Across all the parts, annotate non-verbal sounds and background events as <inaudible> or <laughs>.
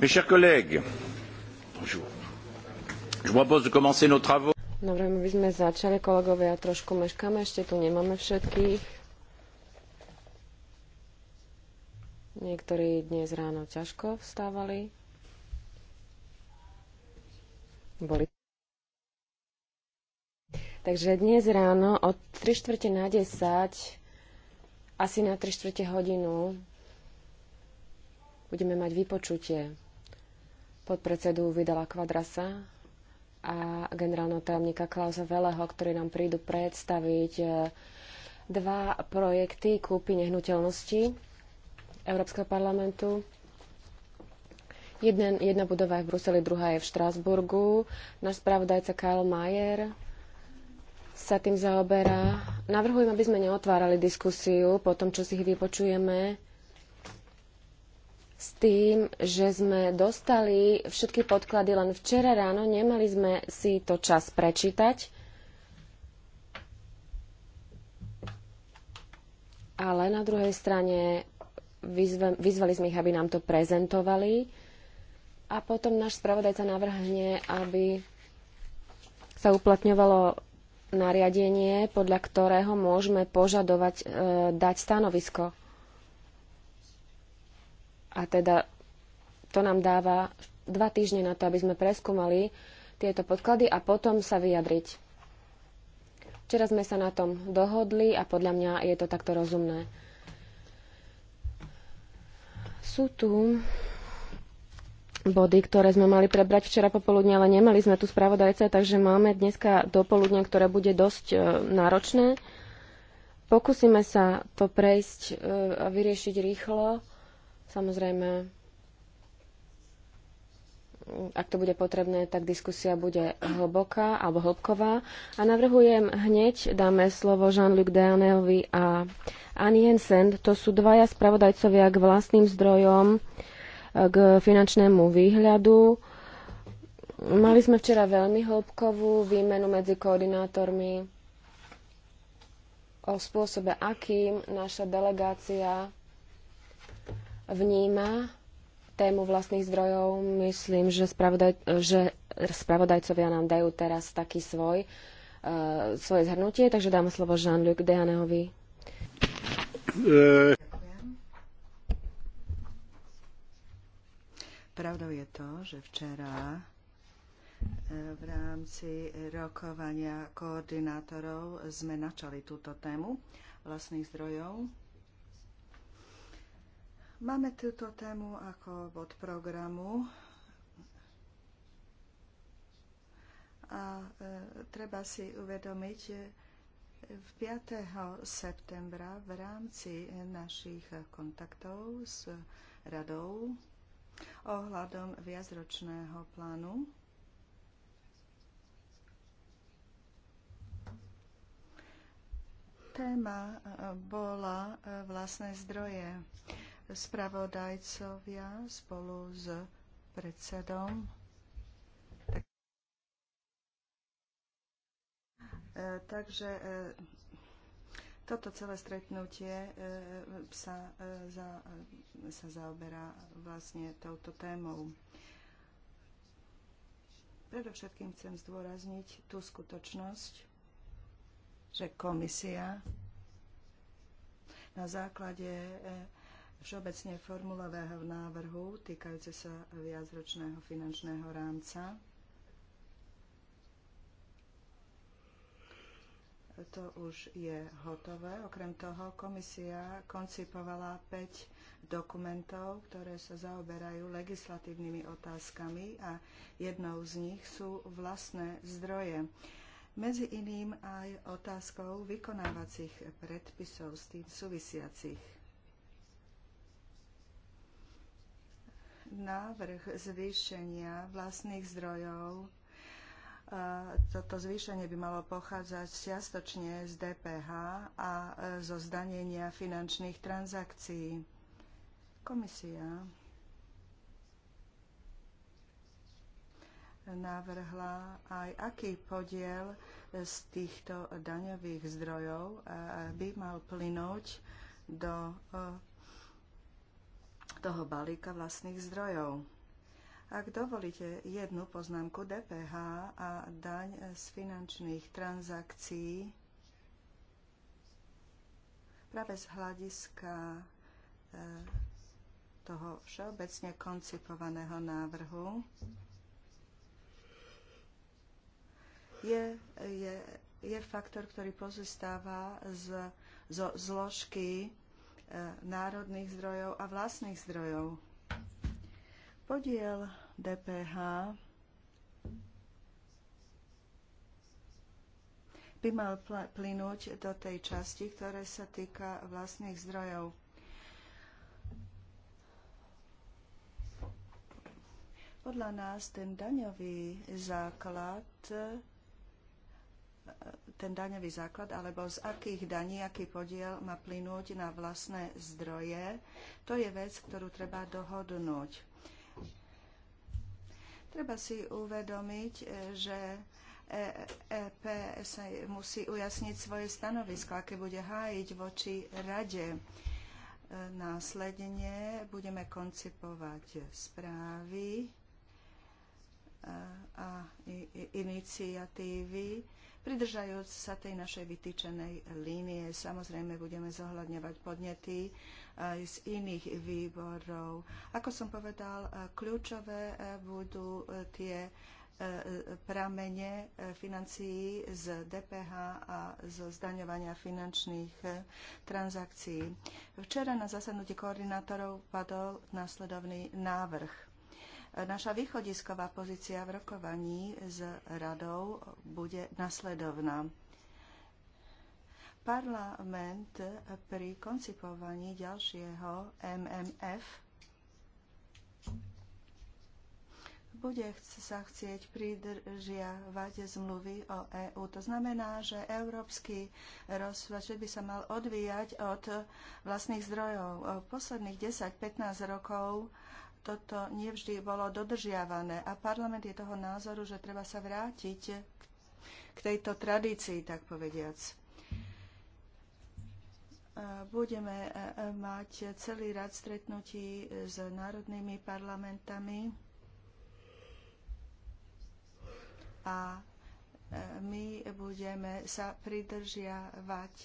Mes chers collègues, Je vous propose de commencer nos travaux. Dobre, my sme začali, kolegovia, trošku meškáme, ešte tu nemáme všetkých. Niektorí dnes ráno ťažko vstávali. Boli. Takže dnes ráno od 3 čtvrte na 10 asi na 3 čtvrte hodinu budeme mať vypočutie podpredsedu Vidala Kvadrasa a generálneho tajomníka Klausa Veleho, ktorí nám prídu predstaviť e, dva projekty kúpy nehnuteľnosti Európskeho parlamentu. Jedna, jedna budova je v Bruseli, druhá je v Štrásburgu. Náš spravodajca Karl Mayer sa tým zaoberá. Navrhujem, aby sme neotvárali diskusiu po tom, čo si ich vypočujeme s tým, že sme dostali všetky podklady len včera ráno, nemali sme si to čas prečítať. Ale na druhej strane vyzve, vyzvali sme ich, aby nám to prezentovali a potom náš spravodajca navrhne, aby sa uplatňovalo nariadenie, podľa ktorého môžeme požadovať e, dať stanovisko a teda to nám dáva dva týždne na to, aby sme preskúmali tieto podklady a potom sa vyjadriť. Včera sme sa na tom dohodli a podľa mňa je to takto rozumné. Sú tu body, ktoré sme mali prebrať včera popoludne, ale nemali sme tu spravodajca, takže máme dneska dopoludne, ktoré bude dosť e, náročné. Pokúsime sa to prejsť e, a vyriešiť rýchlo. Samozrejme, ak to bude potrebné, tak diskusia bude hlboká alebo hĺbková. A navrhujem hneď, dáme slovo Jean-Luc Deaneovi a Annie Jensen. To sú dvaja spravodajcovia k vlastným zdrojom, k finančnému výhľadu. Mali sme včera veľmi hĺbkovú výmenu medzi koordinátormi o spôsobe, akým naša delegácia vníma tému vlastných zdrojov. Myslím, že, spravodaj, že spravodajcovia nám dajú teraz taký svoj, uh, svoje zhrnutie, takže dám slovo Jean-Luc Dejanehovi. E. Pravdou je to, že včera e, v rámci rokovania koordinátorov sme načali túto tému vlastných zdrojov Máme túto tému ako bod programu a e, treba si uvedomiť, že 5. septembra v rámci našich kontaktov s radou ohľadom viacročného plánu téma bola vlastné zdroje spravodajcovia spolu s predsedom. Takže e, toto celé stretnutie e, sa, e, za, sa zaoberá vlastne touto témou. Predovšetkým chcem zdôrazniť tú skutočnosť, že komisia na základe všeobecne formulového návrhu týkajúce sa viacročného finančného rámca. To už je hotové. Okrem toho komisia koncipovala 5 dokumentov, ktoré sa zaoberajú legislatívnymi otázkami a jednou z nich sú vlastné zdroje medzi iným aj otázkou vykonávacích predpisov s tým súvisiacich. návrh zvýšenia vlastných zdrojov toto zvýšenie by malo pochádzať čiastočne z DPH a e, zo zdanenia finančných transakcií. Komisia navrhla aj, aký podiel z týchto daňových zdrojov e, e, by mal plynúť do toho balíka vlastných zdrojov. Ak dovolíte jednu poznámku DPH a daň z finančných transakcií, práve z hľadiska e, toho všeobecne koncipovaného návrhu, je, je, je faktor, ktorý pozostáva z, zo zložky E, národných zdrojov a vlastných zdrojov. Podiel DPH by mal plynúť do tej časti, ktoré sa týka vlastných zdrojov. Podľa nás ten daňový základ e, ten daňový základ, alebo z akých daní, aký podiel má plynúť na vlastné zdroje, to je vec, ktorú treba dohodnúť. Treba si uvedomiť, že EPS e sa musí ujasniť svoje stanovisko, aké bude hájiť voči rade. E, následne budeme koncipovať správy e, a iniciatívy, pridržajúc sa tej našej vytýčenej línie. Samozrejme, budeme zohľadňovať podnety aj z iných výborov. Ako som povedal, e, kľúčové e, budú e, tie pramene financií z DPH a zo zdaňovania finančných transakcií. Včera na zasadnutí koordinátorov padol následovný návrh Naša východisková pozícia v rokovaní s radou bude nasledovná. Parlament pri koncipovaní ďalšieho MMF bude sa chcieť pridržiavať zmluvy o EÚ. To znamená, že európsky rozpočet by sa mal odvíjať od vlastných zdrojov. Posledných 10-15 rokov toto nevždy bolo dodržiavané a parlament je toho názoru, že treba sa vrátiť k tejto tradícii, tak povediac. Budeme e, e, mať celý rad stretnutí s národnými parlamentami a e, my budeme sa pridržiavať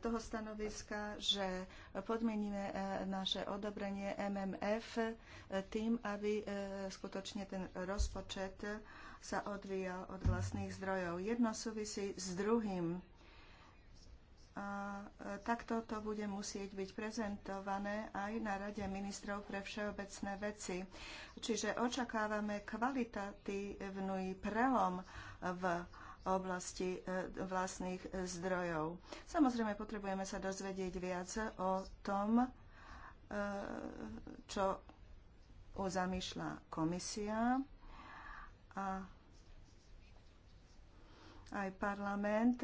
toho stanoviska, že podmeníme e, naše odobrenie MMF e, tým, aby e, skutočne ten rozpočet sa odvíjal od vlastných zdrojov. Jedno súvisí s druhým. A takto to bude musieť byť prezentované aj na Rade ministrov pre všeobecné veci. Čiže očakávame kvalitatívny prelom v oblasti e, vlastných e, zdrojov. Samozrejme, potrebujeme sa dozvedieť viac o tom, e, čo uzamýšľa komisia a aj parlament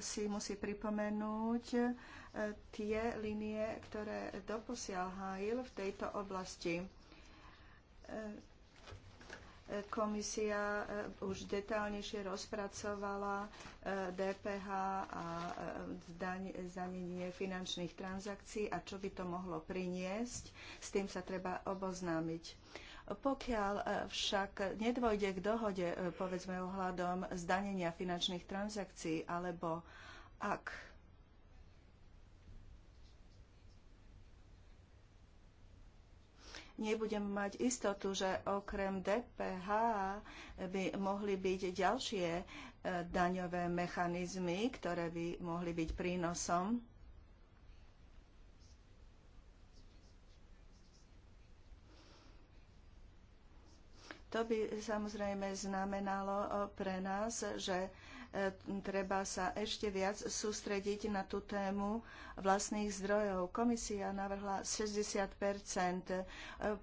si musí pripomenúť tie linie, ktoré doposiaľ hájil v tejto oblasti Komisia eh, už detálnejšie rozpracovala DPH eh, a eh, zdanenie finančných transakcií a čo by to mohlo priniesť. S tým sa treba oboznámiť. Pokiaľ však nedvojde k dohode, povedzme ohľadom zdanenia finančných transakcií, alebo ak nebudem mať istotu, že okrem DPH by mohli byť ďalšie e, daňové mechanizmy, ktoré by mohli byť prínosom. To by samozrejme znamenalo e, pre nás, že treba sa ešte viac sústrediť na tú tému vlastných zdrojov. Komisia navrhla 60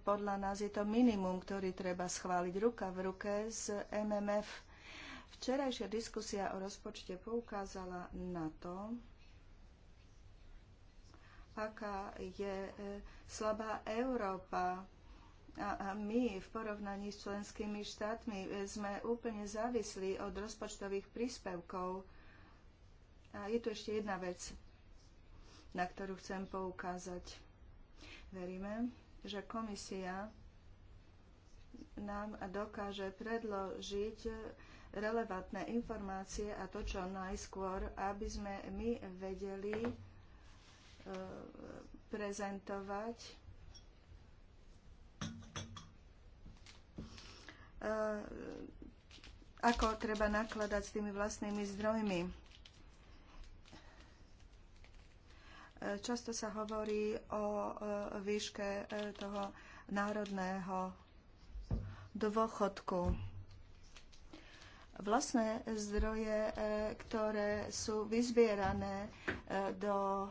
Podľa nás je to minimum, ktorý treba schváliť ruka v ruke s MMF. Včerajšia diskusia o rozpočte poukázala na to, aká je e, slabá Európa a, a my v porovnaní s členskými štátmi e, sme úplne závislí od rozpočtových príspevkov. A je tu ešte jedna vec, na ktorú chcem poukázať. Veríme, že komisia nám dokáže predložiť relevantné informácie a to čo najskôr, aby sme my vedeli e, prezentovať Eh, ako treba nakladať s tými vlastnými zdrojmi. Eh, často sa hovorí o eh, výške toho národného dôchodku. Vlastné zdroje, ktoré sú vyzbierané do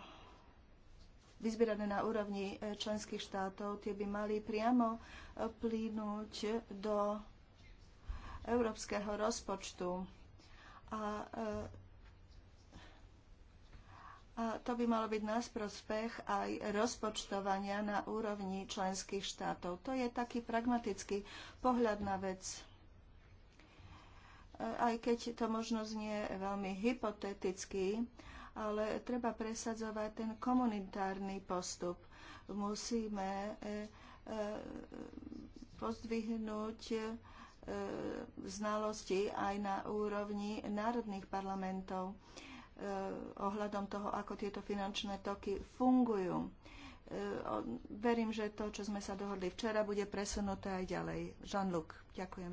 vyzbierané na úrovni členských štátov, tie by mali priamo plínuť do európskeho rozpočtu. A, e, a to by malo byť nás prospech aj rozpočtovania na úrovni členských štátov. To je taký pragmatický pohľad na vec e, aj keď to možno znie veľmi hypoteticky, ale treba presadzovať ten komunitárny postup. Musíme e, pozdvihnúť E, znalosti aj na úrovni národných parlamentov e, ohľadom toho, ako tieto finančné toky fungujú. E, verím, že to, čo sme sa dohodli včera, bude presunuté aj ďalej. Jean-Luc, ďakujem.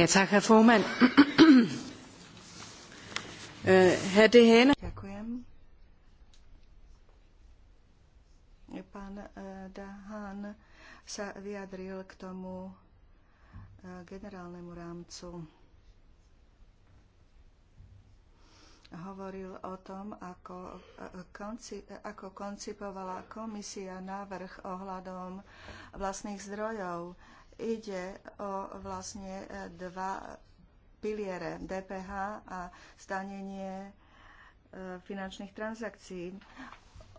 Äh, ďakujem. Pán äh, Dahan sa vyjadril k tomu generálnemu rámcu. Hovoril o tom, ako, e, e, konci, e, ako koncipovala komisia návrh ohľadom vlastných zdrojov. Ide o vlastne dva piliere DPH a stanenie finančných transakcií.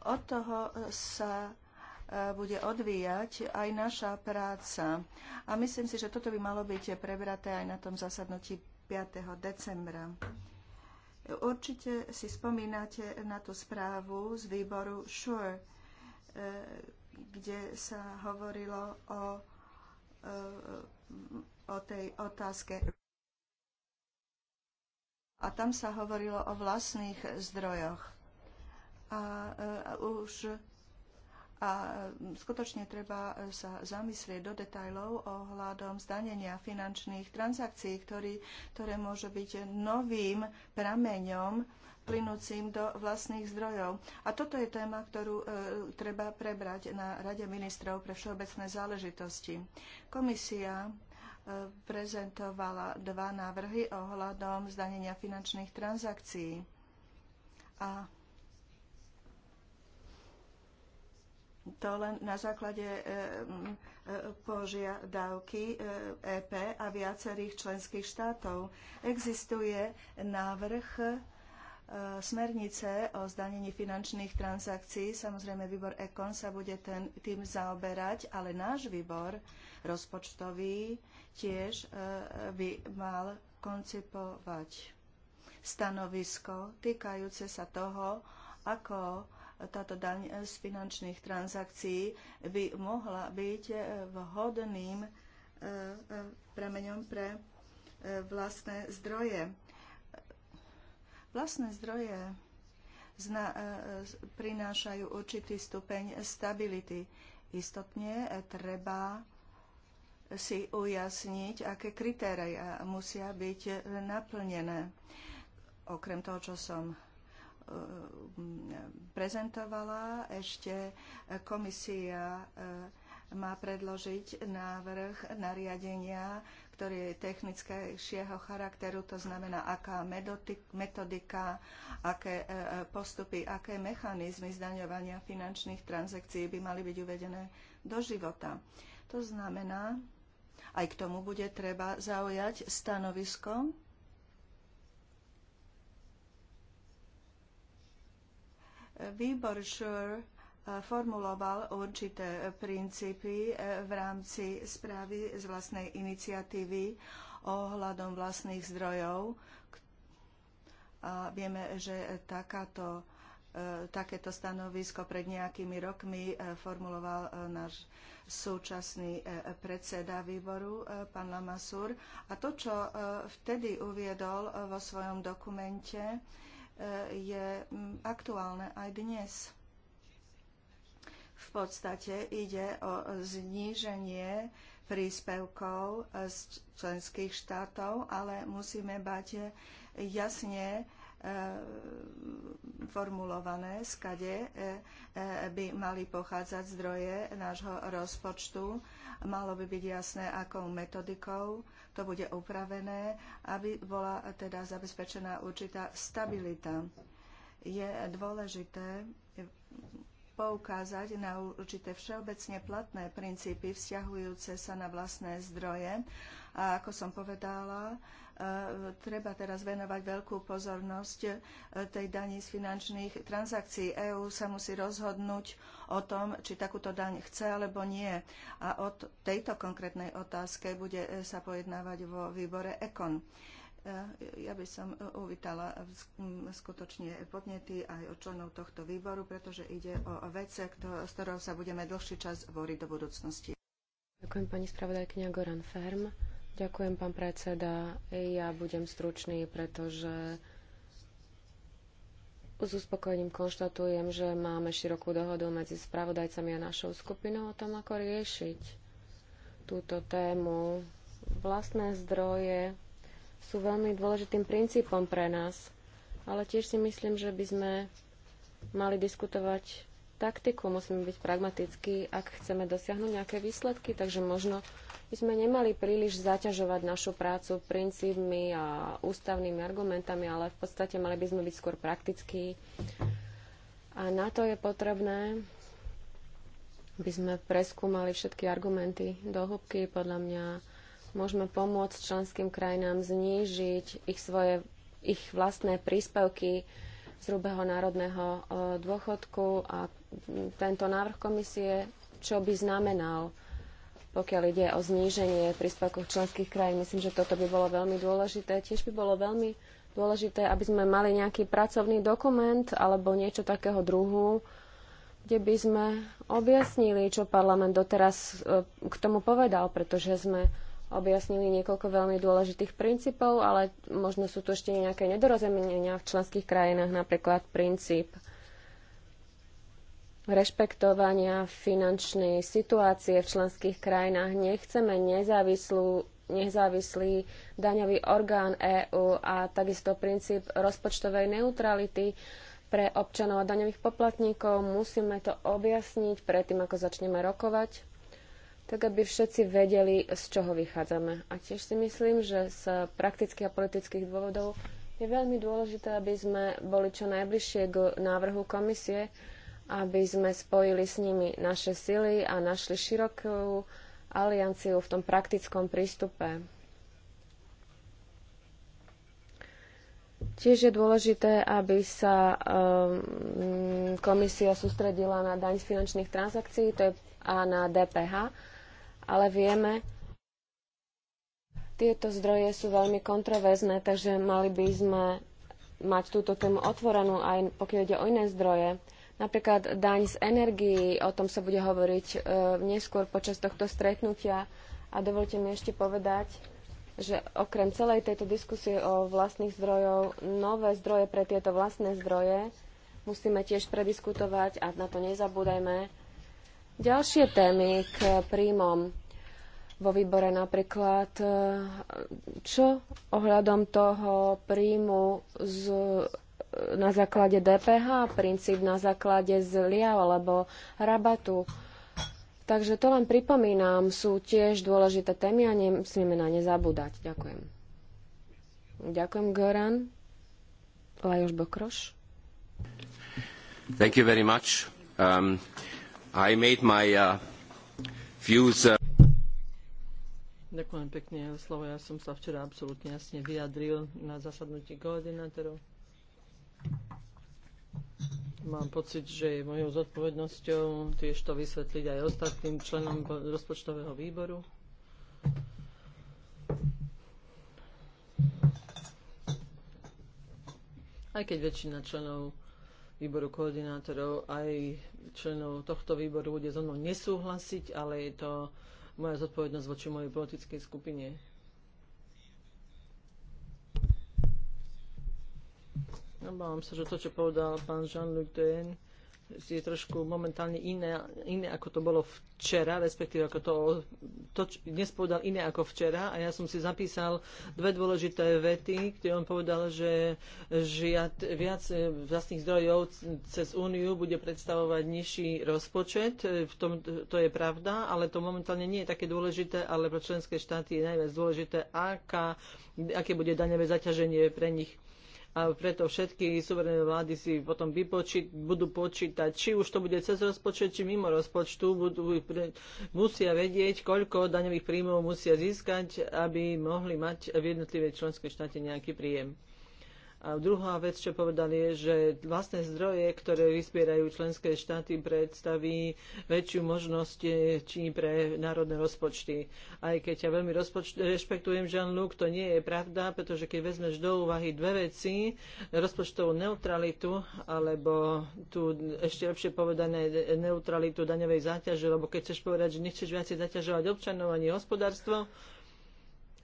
Od toho sa bude odvíjať aj naša práca. A myslím si, že toto by malo byť prebraté aj na tom zasadnutí 5. decembra. Určite si spomínate na tú správu z výboru SURE, e, kde sa hovorilo o, e, o tej otázke. A tam sa hovorilo o vlastných zdrojoch. A, e, a už a e, skutočne treba e, sa zamyslieť do detajlov ohľadom zdanenia finančných transakcií, ktorý, ktoré môže byť novým prameňom plynúcim do vlastných zdrojov. A toto je téma, ktorú e, treba prebrať na Rade ministrov pre všeobecné záležitosti. Komisia e, prezentovala dva návrhy ohľadom zdanenia finančných transakcií. A to len na základe e, e, požiadavky EP e a viacerých členských štátov. Existuje návrh smernice o zdanení finančných transakcií. Samozrejme, výbor EKON sa bude ten, tým zaoberať, ale náš výbor rozpočtový tiež by mal koncipovať stanovisko týkajúce sa toho, ako táto daň z finančných transakcií by mohla byť eh, vhodným eh, premeňom pre eh, vlastné zdroje. Vlastné zdroje zna, prinášajú určitý stupeň stability. Istotne treba si ujasniť, aké kritéria musia byť naplnené. Okrem toho, čo som E, prezentovala. Ešte komisia e, má predložiť návrh nariadenia, ktorý je technickejšieho charakteru, to znamená, aká metodika, aké e, postupy, aké mechanizmy zdaňovania finančných transakcií by mali byť uvedené do života. To znamená, aj k tomu bude treba zaujať stanovisko Výbor ŠUR eh, formuloval určité princípy eh, v rámci správy z vlastnej iniciatívy ohľadom vlastných zdrojov. A vieme, že takáto eh, takéto stanovisko pred nejakými rokmi formuloval náš súčasný predseda výboru, pán Lamasur. A to, čo vtedy uviedol vo svojom dokumente, je mm, aktuálne aj dnes. V podstate ide o zníženie príspevkov z členských štátov, ale musíme bať jasne E, formulované, skade e, e, by mali pochádzať zdroje nášho rozpočtu. Malo by byť jasné, akou metodikou to bude upravené, aby bola teda zabezpečená určitá stabilita. Je dôležité poukázať na určité všeobecne platné princípy vzťahujúce sa na vlastné zdroje. A ako som povedala, E, treba teraz venovať veľkú pozornosť e, tej daní z finančných transakcií. EÚ sa musí rozhodnúť o tom, či takúto daň chce alebo nie. A o tejto konkrétnej otázke bude e, sa pojednávať vo výbore EKON. Ja by som uvítala skutočne podnety aj od členov tohto výboru, pretože ide o vece, s ktorou sa budeme dlhší čas boriť do budúcnosti. Ďakujem pani spravodajkňa Goran Ferm. Ďakujem, pán predseda. Ja budem stručný, pretože s uspokojením konštatujem, že máme širokú dohodu medzi spravodajcami a našou skupinou o tom, ako riešiť túto tému. Vlastné zdroje sú veľmi dôležitým princípom pre nás, ale tiež si myslím, že by sme mali diskutovať taktiku, musíme byť pragmatickí, ak chceme dosiahnuť nejaké výsledky, takže možno by sme nemali príliš zaťažovať našu prácu princípmi a ústavnými argumentami, ale v podstate mali by sme byť skôr praktickí. A na to je potrebné, aby sme preskúmali všetky argumenty do hĺbky. Podľa mňa môžeme pomôcť členským krajinám znížiť ich, svoje, ich vlastné príspevky z hrubého národného e, dôchodku a tento návrh komisie, čo by znamenal pokiaľ ide o zníženie príspevkov členských krajín. Myslím, že toto by bolo veľmi dôležité. Tiež by bolo veľmi dôležité, aby sme mali nejaký pracovný dokument alebo niečo takého druhu, kde by sme objasnili, čo parlament doteraz e, k tomu povedal, pretože sme objasnili niekoľko veľmi dôležitých princípov, ale možno sú tu ešte nejaké nedorozumenia v členských krajinách, napríklad princíp rešpektovania finančnej situácie v členských krajinách. Nechceme nezávislú, nezávislý daňový orgán EÚ a takisto princíp rozpočtovej neutrality pre občanov a daňových poplatníkov. Musíme to objasniť predtým, ako začneme rokovať, tak aby všetci vedeli, z čoho vychádzame. A tiež si myslím, že z praktických a politických dôvodov je veľmi dôležité, aby sme boli čo najbližšie k návrhu komisie, aby sme spojili s nimi naše sily a našli širokú alianciu v tom praktickom prístupe. Tiež je dôležité, aby sa um, komisia sústredila na daň z finančných transakcií to je, a na DPH, ale vieme, tieto zdroje sú veľmi kontroverzné, takže mali by sme mať túto tému otvorenú aj pokiaľ ide o iné zdroje. Napríklad daň z energií, o tom sa bude hovoriť e, neskôr počas tohto stretnutia. A dovolte mi ešte povedať, že okrem celej tejto diskusie o vlastných zdrojov, nové zdroje pre tieto vlastné zdroje musíme tiež prediskutovať a na to nezabúdajme. Ďalšie témy k príjmom vo výbore napríklad, e, čo ohľadom toho príjmu z na základe DPH, princíp na základe zlia alebo rabatu. Takže to len pripomínam, sú tiež dôležité témy a nesmieme na ne zabúdať. Ďakujem. Ďakujem, Goran. Lajos Bokroš. Thank you very much. Um, I made my uh, views uh... Ďakujem pekne slovo. Ja som sa včera absolútne jasne vyjadril na zasadnutí koordinátorov. Mám pocit, že je mojou zodpovednosťou tiež to vysvetliť aj ostatným členom rozpočtového výboru. Aj keď väčšina členov výboru koordinátorov aj členov tohto výboru bude so mnou nesúhlasiť, ale je to moja zodpovednosť voči mojej politickej skupine. Obávam no, sa, že to, čo povedal pán Jean-Luc Dehaene, je trošku momentálne iné, iné, ako to bolo včera, respektíve ako to, to čo dnes povedal iné ako včera a ja som si zapísal dve dôležité vety, kde on povedal, že žiad, viac e, vlastných zdrojov cez Úniu bude predstavovať nižší rozpočet. E, v tom, to je pravda, ale to momentálne nie je také dôležité, ale pre členské štáty je najviac dôležité, aká, aké bude daňové zaťaženie pre nich a preto všetky suverené vlády si potom vypočí, budú počítať, či už to bude cez rozpočet, či mimo rozpočtu, budú, musia vedieť, koľko daňových príjmov musia získať, aby mohli mať v jednotlivé členské štáte nejaký príjem. A druhá vec, čo povedal, je, že vlastné zdroje, ktoré vyspierajú členské štáty, predstaví väčšiu možnosť eh, či pre národné rozpočty. Aj keď ja veľmi rozpoč- rešpektujem Jean-Luc, to nie je pravda, pretože keď vezmeš do úvahy dve veci, rozpočtovú neutralitu, alebo tu ešte lepšie povedané eh, neutralitu daňovej záťaže, lebo keď chceš povedať, že nechceš viacej zaťažovať občanov ani hospodárstvo,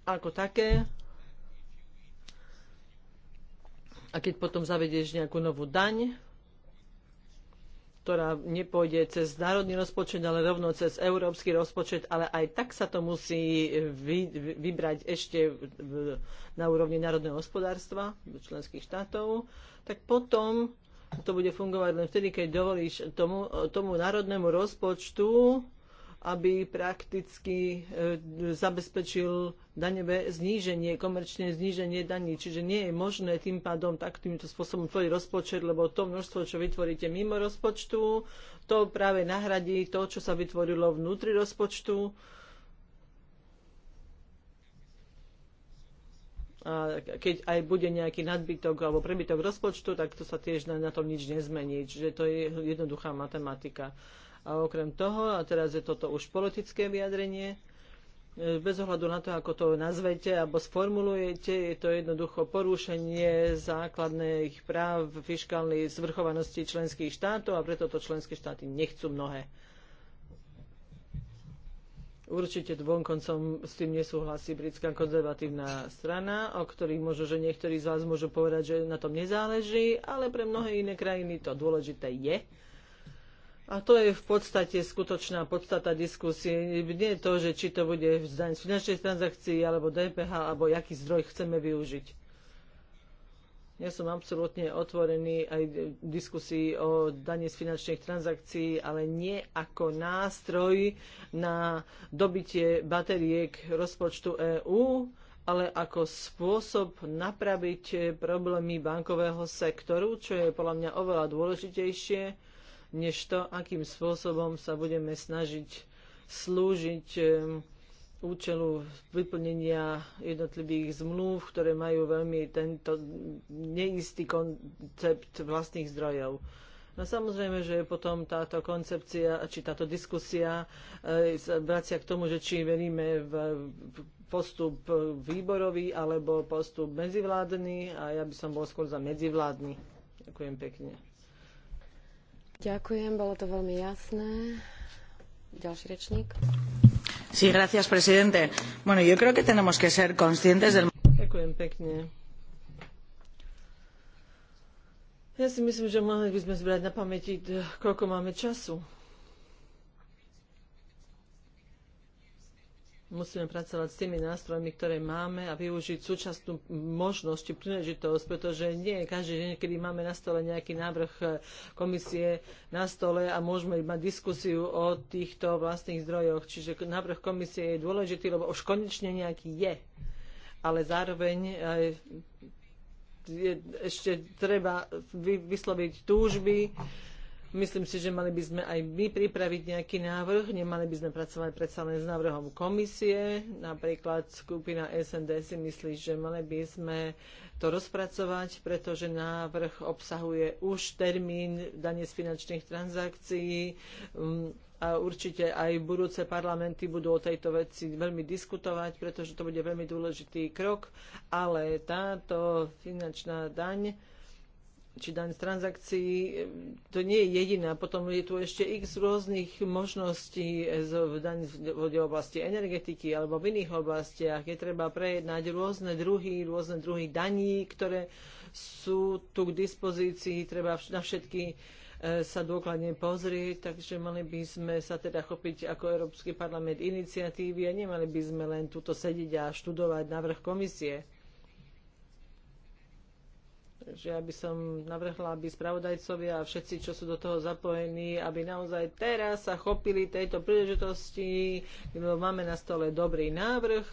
ako také, A keď potom zavedieš nejakú novú daň, ktorá nepôjde cez národný rozpočet, ale rovno cez európsky rozpočet, ale aj tak sa to musí vy, vybrať ešte v, na úrovni národného hospodárstva členských štátov, tak potom to bude fungovať len vtedy, keď dovolíš tomu, tomu národnému rozpočtu aby prakticky e, zabezpečil daňové zníženie, komerčné zníženie daní. Čiže nie je možné tým pádom tak týmto spôsobom tvoriť rozpočet, lebo to množstvo, čo vytvoríte mimo rozpočtu, to práve nahradí to, čo sa vytvorilo vnútri rozpočtu. A keď aj bude nejaký nadbytok alebo prebytok rozpočtu, tak to sa tiež na, na tom nič nezmení. Čiže to je jednoduchá matematika. A okrem toho, a teraz je toto už politické vyjadrenie, e, bez ohľadu na to, ako to nazvete alebo sformulujete, je to jednoducho porušenie základných práv fiskálnej zvrchovanosti členských štátov a preto to členské štáty nechcú mnohé. Určite dvonkoncom s tým nesúhlasí britská konzervatívna strana, o ktorých možno, že niektorí z vás môžu povedať, že na tom nezáleží, ale pre mnohé iné krajiny to dôležité je. A to je v podstate skutočná podstata diskusie. Nie je to, že či to bude zdaň z finančnej transakcií, alebo DPH, alebo aký zdroj chceme využiť. Ja som absolútne otvorený aj diskusii o daní z finančných transakcií, ale nie ako nástroj na dobitie bateriek rozpočtu EÚ, ale ako spôsob napraviť problémy bankového sektoru, čo je podľa mňa oveľa dôležitejšie než to, akým spôsobom sa budeme snažiť slúžiť účelu vyplnenia jednotlivých zmluv, ktoré majú veľmi tento neistý koncept vlastných zdrojov. No samozrejme, že potom táto koncepcia, či táto diskusia e, vracia k tomu, že či veríme v postup výborový alebo postup medzivládny a ja by som bol skôr za medzivládny. Ďakujem pekne. Ďakujem, bolo to veľmi jasné. Ďalší rečník. Sí, gracias, presidente. Bueno, yo creo que tenemos que ser conscientes del... Ďakujem pekne. Ja si myslím, že mali by sme zbrať na pamäti, koľko máme času. musíme pracovať s tými nástrojmi, ktoré máme a využiť súčasnú možnosť či príležitosť, pretože nie každý deň, kedy máme na stole nejaký návrh eh, komisie na stole a môžeme mať diskusiu o týchto vlastných zdrojoch. Čiže návrh komisie je dôležitý, lebo už konečne nejaký je. Ale zároveň aj eh, je, ešte treba vysloviť túžby, Myslím si, že mali by sme aj my pripraviť nejaký návrh, nemali by sme pracovať predsa len s návrhom komisie. Napríklad skupina SND si myslí, že mali by sme to rozpracovať, pretože návrh obsahuje už termín dane z finančných transakcií mm, a určite aj budúce parlamenty budú o tejto veci veľmi diskutovať, pretože to bude veľmi dôležitý krok, ale táto finančná daň či daň z transakcií, to nie je jediná. Potom je tu ešte x rôznych možností eh, v daň v oblasti energetiky alebo v iných oblastiach. Je treba prejednať rôzne druhy, rôzne druhy daní, ktoré sú tu k dispozícii. Treba na všetky eh, sa dôkladne pozrieť, takže mali by sme sa teda chopiť ako Európsky parlament iniciatívy a nemali by sme len tuto sedieť a študovať návrh komisie. Že ja by som navrhla, aby spravodajcovia a všetci, čo sú do toho zapojení, aby naozaj teraz sa chopili tejto príležitosti, lebo máme na stole dobrý návrh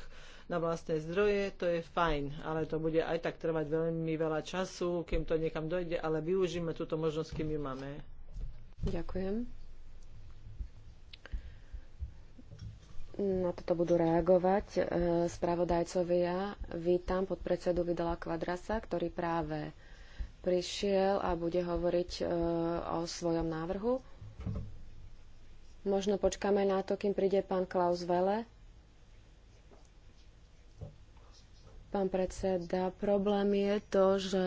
na vlastné zdroje, to je fajn, ale to bude aj tak trvať veľmi veľa času, kým to niekam dojde, ale využíme túto možnosť, kým ju máme. Ďakujem. Na toto budú reagovať e, spravodajcovia. Vítam podpredsedu Vidala Kvadrasa, ktorý práve prišiel a bude hovoriť e, o svojom návrhu. Možno počkáme na to, kým príde pán Klaus Vele. Pán predseda, problém je to, že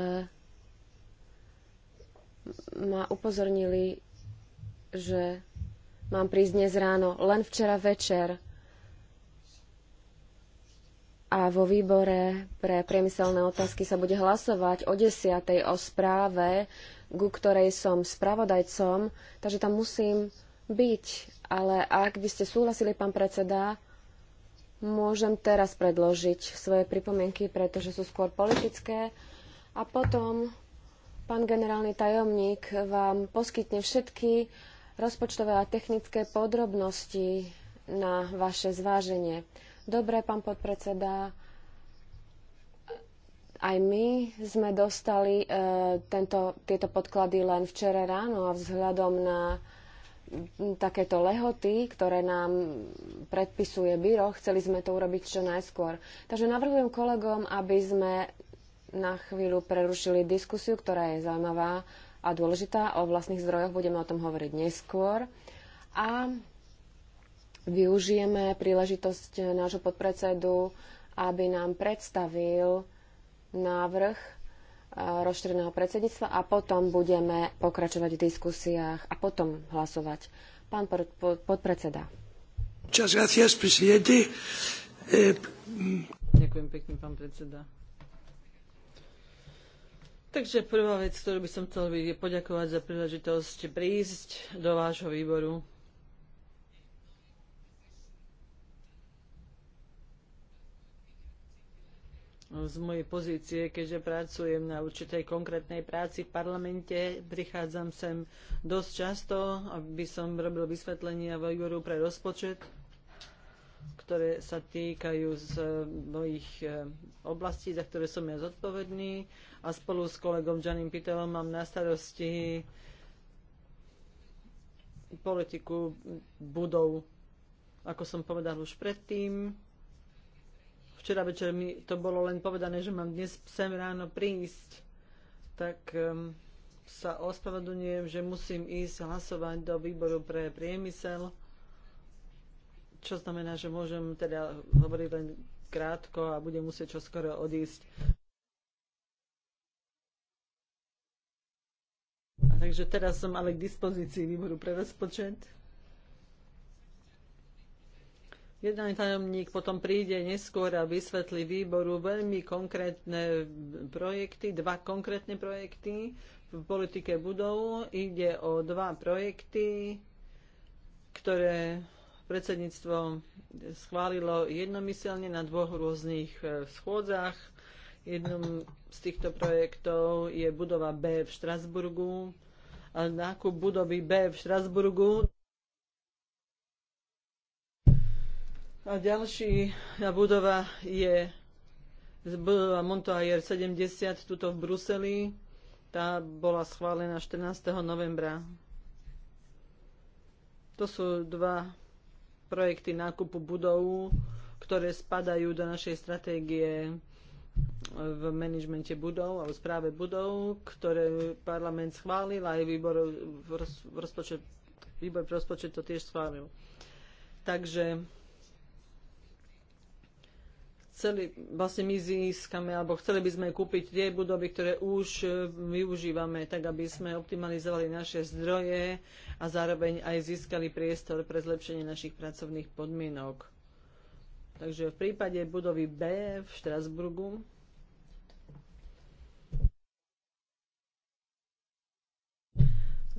ma upozornili, že mám prísť dnes ráno, len včera večer a vo výbore pre priemyselné otázky sa bude hlasovať o 10. o správe, ku ktorej som spravodajcom, takže tam musím byť. Ale ak by ste súhlasili, pán predseda, môžem teraz predložiť svoje pripomienky, pretože sú skôr politické. A potom pán generálny tajomník vám poskytne všetky rozpočtové a technické podrobnosti na vaše zváženie. Dobre, pán podpredseda, aj my sme dostali e, tento, tieto podklady len včera ráno a vzhľadom na takéto lehoty, ktoré nám predpisuje byro, chceli sme to urobiť čo najskôr. Takže navrhujem kolegom, aby sme na chvíľu prerušili diskusiu, ktorá je zaujímavá a dôležitá. O vlastných zdrojoch budeme o tom hovoriť neskôr. A využijeme príležitosť nášho podpredsedu, aby nám predstavil návrh eh, rozšíreného predsedníctva a potom budeme pokračovať v diskusiách a potom hlasovať. Pán podpredseda. Eh, mm. Ďakujem pekne, pán predseda. Takže prvá vec, ktorú by som chcel byť, je poďakovať za príležitosť prísť do vášho výboru z mojej pozície, keďže pracujem na určitej konkrétnej práci v parlamente, prichádzam sem dosť často, aby som robil vysvetlenia vo výboru pre rozpočet, ktoré sa týkajú z eh, mojich eh, oblastí, za ktoré som ja zodpovedný a spolu s kolegom Janim Pitelom mám na starosti politiku budov. Ako som povedal už predtým, Včera večer mi to bolo len povedané, že mám dnes sem ráno prísť. Tak um, sa ospravedlňujem, že musím ísť hlasovať do výboru pre priemysel, čo znamená, že môžem teda hovoriť len krátko a budem musieť čoskoro odísť. A takže teraz som ale k dispozícii výboru pre rozpočet. Jeden tajomník potom príde neskôr a vysvetlí výboru veľmi konkrétne projekty, dva konkrétne projekty v politike budov. Ide o dva projekty, ktoré predsedníctvo schválilo jednomyselne na dvoch rôznych e, schôdzach. Jednom z týchto projektov je budova B v Štrasburgu, nákup budovy B v Štrasburgu A ďalší budova je budova Montoyer 70, tuto v Bruseli. Tá bola schválená 14. novembra. To sú dva projekty nákupu budov, ktoré spadajú do našej stratégie v manažmente budov alebo správe budov, ktoré parlament schválil a aj výbor, v rozpočet, výbor v rozpočet to tiež schválil. Takže chceli, vlastne my získame, alebo chceli by sme kúpiť tie budovy, ktoré už e, využívame, tak aby sme optimalizovali naše zdroje a zároveň aj získali priestor pre zlepšenie našich pracovných podmienok. Takže v prípade budovy B v Štrasburgu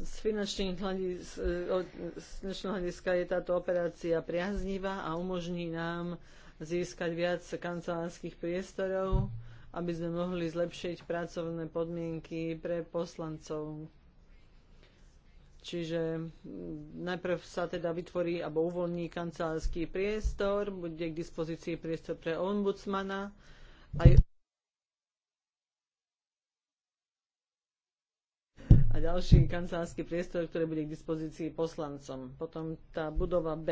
z e, finančného hľadiska, je táto operácia priaznivá a umožní nám získať viac kancelárskych priestorov, aby sme mohli zlepšiť pracovné podmienky pre poslancov. Čiže mm, najprv sa teda vytvorí alebo uvoľní kancelársky priestor, bude k dispozícii priestor pre ombudsmana. Aj a ďalší kancelársky priestor, ktorý bude k dispozícii poslancom. Potom tá budova B,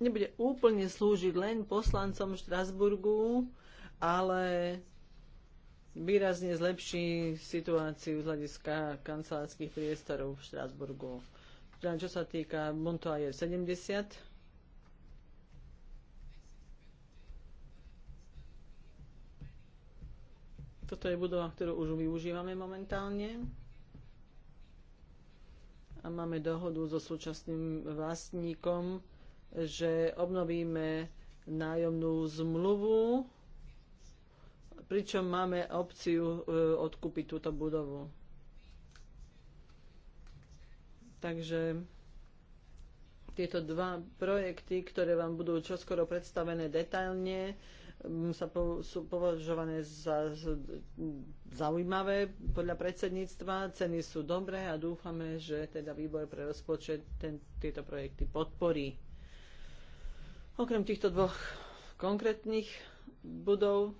nebude úplne slúžiť len poslancom Štrasburgu, ale výrazne zlepší situáciu z hľadiska kancelárskych priestorov v Štrasburgu. Čo sa týka Montoa je 70. Toto je budova, ktorú už využívame momentálne. A máme dohodu so súčasným vlastníkom, že obnovíme nájomnú zmluvu, pričom máme opciu e, odkúpiť túto budovu. Takže tieto dva projekty, ktoré vám budú čoskoro predstavené detailne, mm, sa po, sú považované za zaujímavé podľa predsedníctva. Ceny sú dobré a dúfame, že teda výbor pre rozpočet ten, tieto projekty podporí. Okrem týchto dvoch konkrétnych budov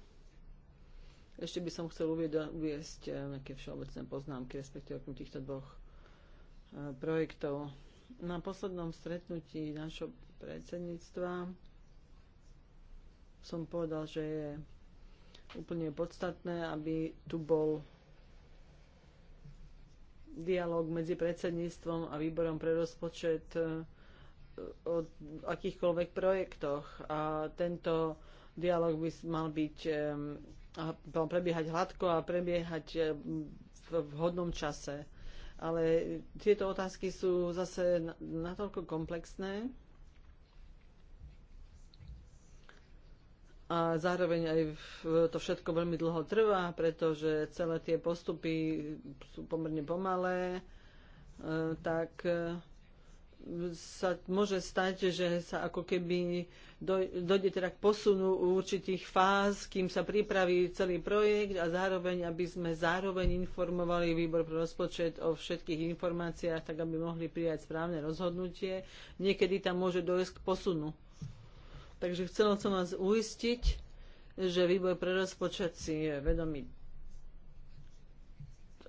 ešte by som chcel uviesť eh, nejaké všeobecné poznámky, respektíve okrem týchto dvoch eh, projektov. Na poslednom stretnutí našho predsedníctva som povedal, že je úplne podstatné, aby tu bol dialog medzi predsedníctvom a výborom pre rozpočet eh, o akýchkoľvek projektoch. A tento dialog by mal byť mal prebiehať hladko a prebiehať v vhodnom čase. Ale tieto otázky sú zase natoľko komplexné a zároveň aj to všetko veľmi dlho trvá, pretože celé tie postupy sú pomerne pomalé, eh, tak eh, sa môže stať, že sa ako keby dojde teda k posunu určitých fáz, kým sa pripraví celý projekt a zároveň, aby sme zároveň informovali výbor pre rozpočet o všetkých informáciách, tak aby mohli prijať správne rozhodnutie. Niekedy tam môže dojsť k posunu. Takže chcela som vás uistiť, že výbor pre rozpočet si je vedomý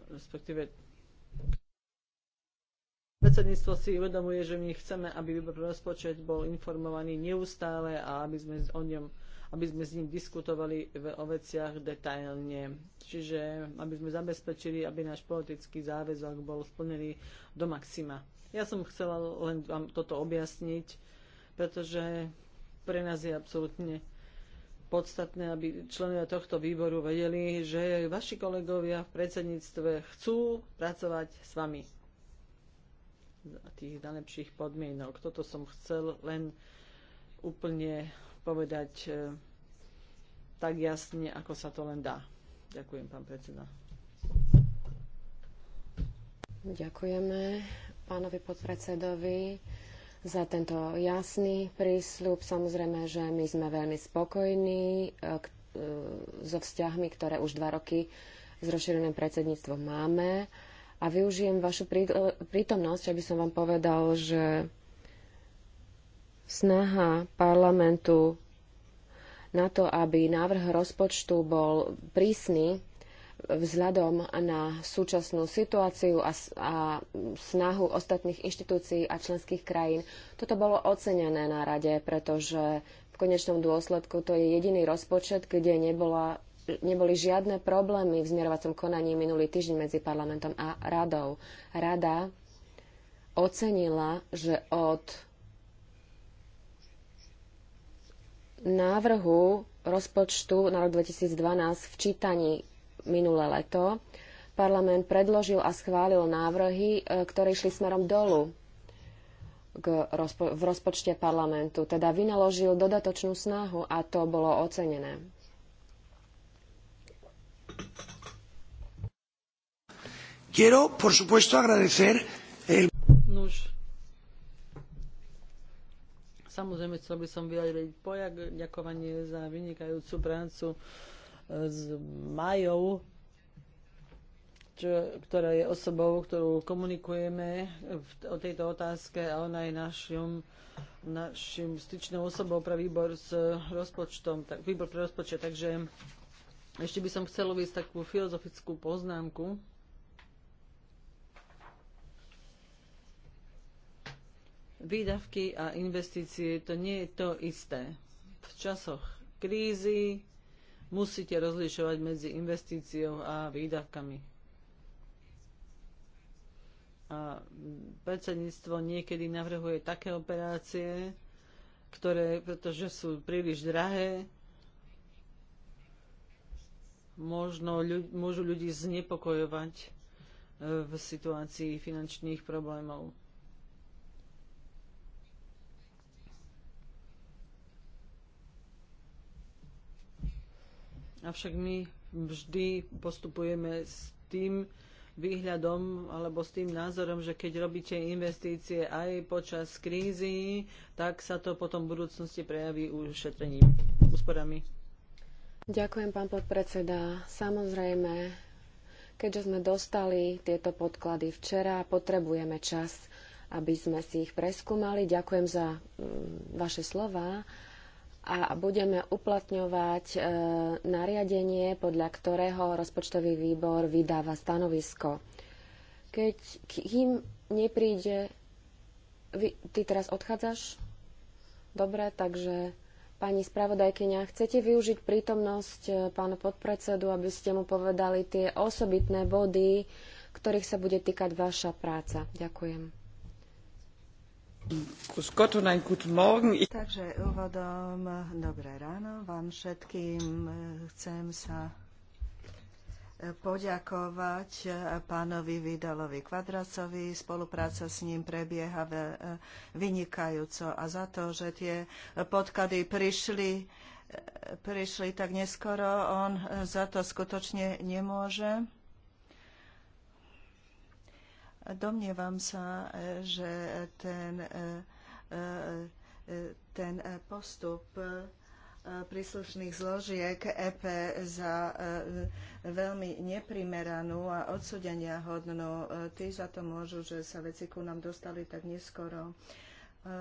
respektíve Predsedníctvo si uvedomuje, že my chceme, aby výbor rozpočet bol informovaný neustále a aby sme o ňom aby sme s ním diskutovali o veciach detailne. Čiže aby sme zabezpečili, aby náš politický záväzok bol splnený do maxima. Ja som chcela len vám toto objasniť, pretože pre nás je absolútne podstatné, aby členovia tohto výboru vedeli, že vaši kolegovia v predsedníctve chcú pracovať s vami tých najlepších podmienok. Toto som chcel len úplne povedať e, tak jasne, ako sa to len dá. Ďakujem, pán predseda. Ďakujeme pánovi podpredsedovi za tento jasný prísľub. Samozrejme, že my sme veľmi spokojní e, e, so vzťahmi, ktoré už dva roky s rozšíreným predsedníctvom máme a využijem vašu prítomnosť, aby som vám povedal, že snaha parlamentu na to, aby návrh rozpočtu bol prísny vzhľadom na súčasnú situáciu a, a snahu ostatných inštitúcií a členských krajín. Toto bolo ocenené na rade, pretože v konečnom dôsledku to je jediný rozpočet, kde nebola neboli žiadne problémy v zmierovacom konaní minulý týždeň medzi parlamentom a radou. Rada ocenila, že od návrhu rozpočtu na rok 2012 v čítaní minulé leto parlament predložil a schválil návrhy, e, ktoré išli smerom dolu rozpo v rozpočte parlamentu, teda vynaložil dodatočnú snahu a to bolo ocenené. Quiero, por supuesto, agradecer el... Nuž. Samozrejme, chcel by som vyjadriť poďakovanie za vynikajúcu prácu eh, s Majou, čo, ktorá je osobou, ktorú komunikujeme v, o tejto otázke a ona je našim, našim styčnou osobou pre výbor s rozpočtom, tak, výbor pre rozpočet. Takže ešte by som chcela uvieť takú filozofickú poznámku. Výdavky a investície to nie je to isté. V časoch krízy musíte rozlišovať medzi investíciou a výdavkami a predsedníctvo niekedy navrhuje také operácie, ktoré, pretože sú príliš drahé, možno ľud, môžu ľudí znepokojovať e, v situácii finančných problémov. Avšak my vždy postupujeme s tým výhľadom alebo s tým názorom, že keď robíte investície aj počas krízy, tak sa to potom v budúcnosti prejaví ušetrením, úsporami. Ďakujem, pán podpredseda. Samozrejme, keďže sme dostali tieto podklady včera, potrebujeme čas, aby sme si ich preskúmali. Ďakujem za mm, vaše slova a budeme uplatňovať e, nariadenie, podľa ktorého rozpočtový výbor vydáva stanovisko. Keď kým nepríde... Vy, ty teraz odchádzaš? Dobre, takže Pani spravodajkyňa, chcete využiť prítomnosť e, pána podpredsedu, aby ste mu povedali tie osobitné body, ktorých sa bude týkať vaša práca? Ďakujem. Takže úvodom dobré ráno vám všetkým. E, chcem sa poďakovať e, pánovi Vidalovi Kvadracovi. Spolupráca s ním prebieha e, vynikajúco a za to, že tie podklady prišli, e, prišli tak neskoro, on za to skutočne nemôže. Domnievam sa, že ten, ten postup príslušných zložiek EP za e, veľmi neprimeranú a odsudenia hodnú. E, tí za to môžu, že sa veci ku nám dostali tak neskoro. E,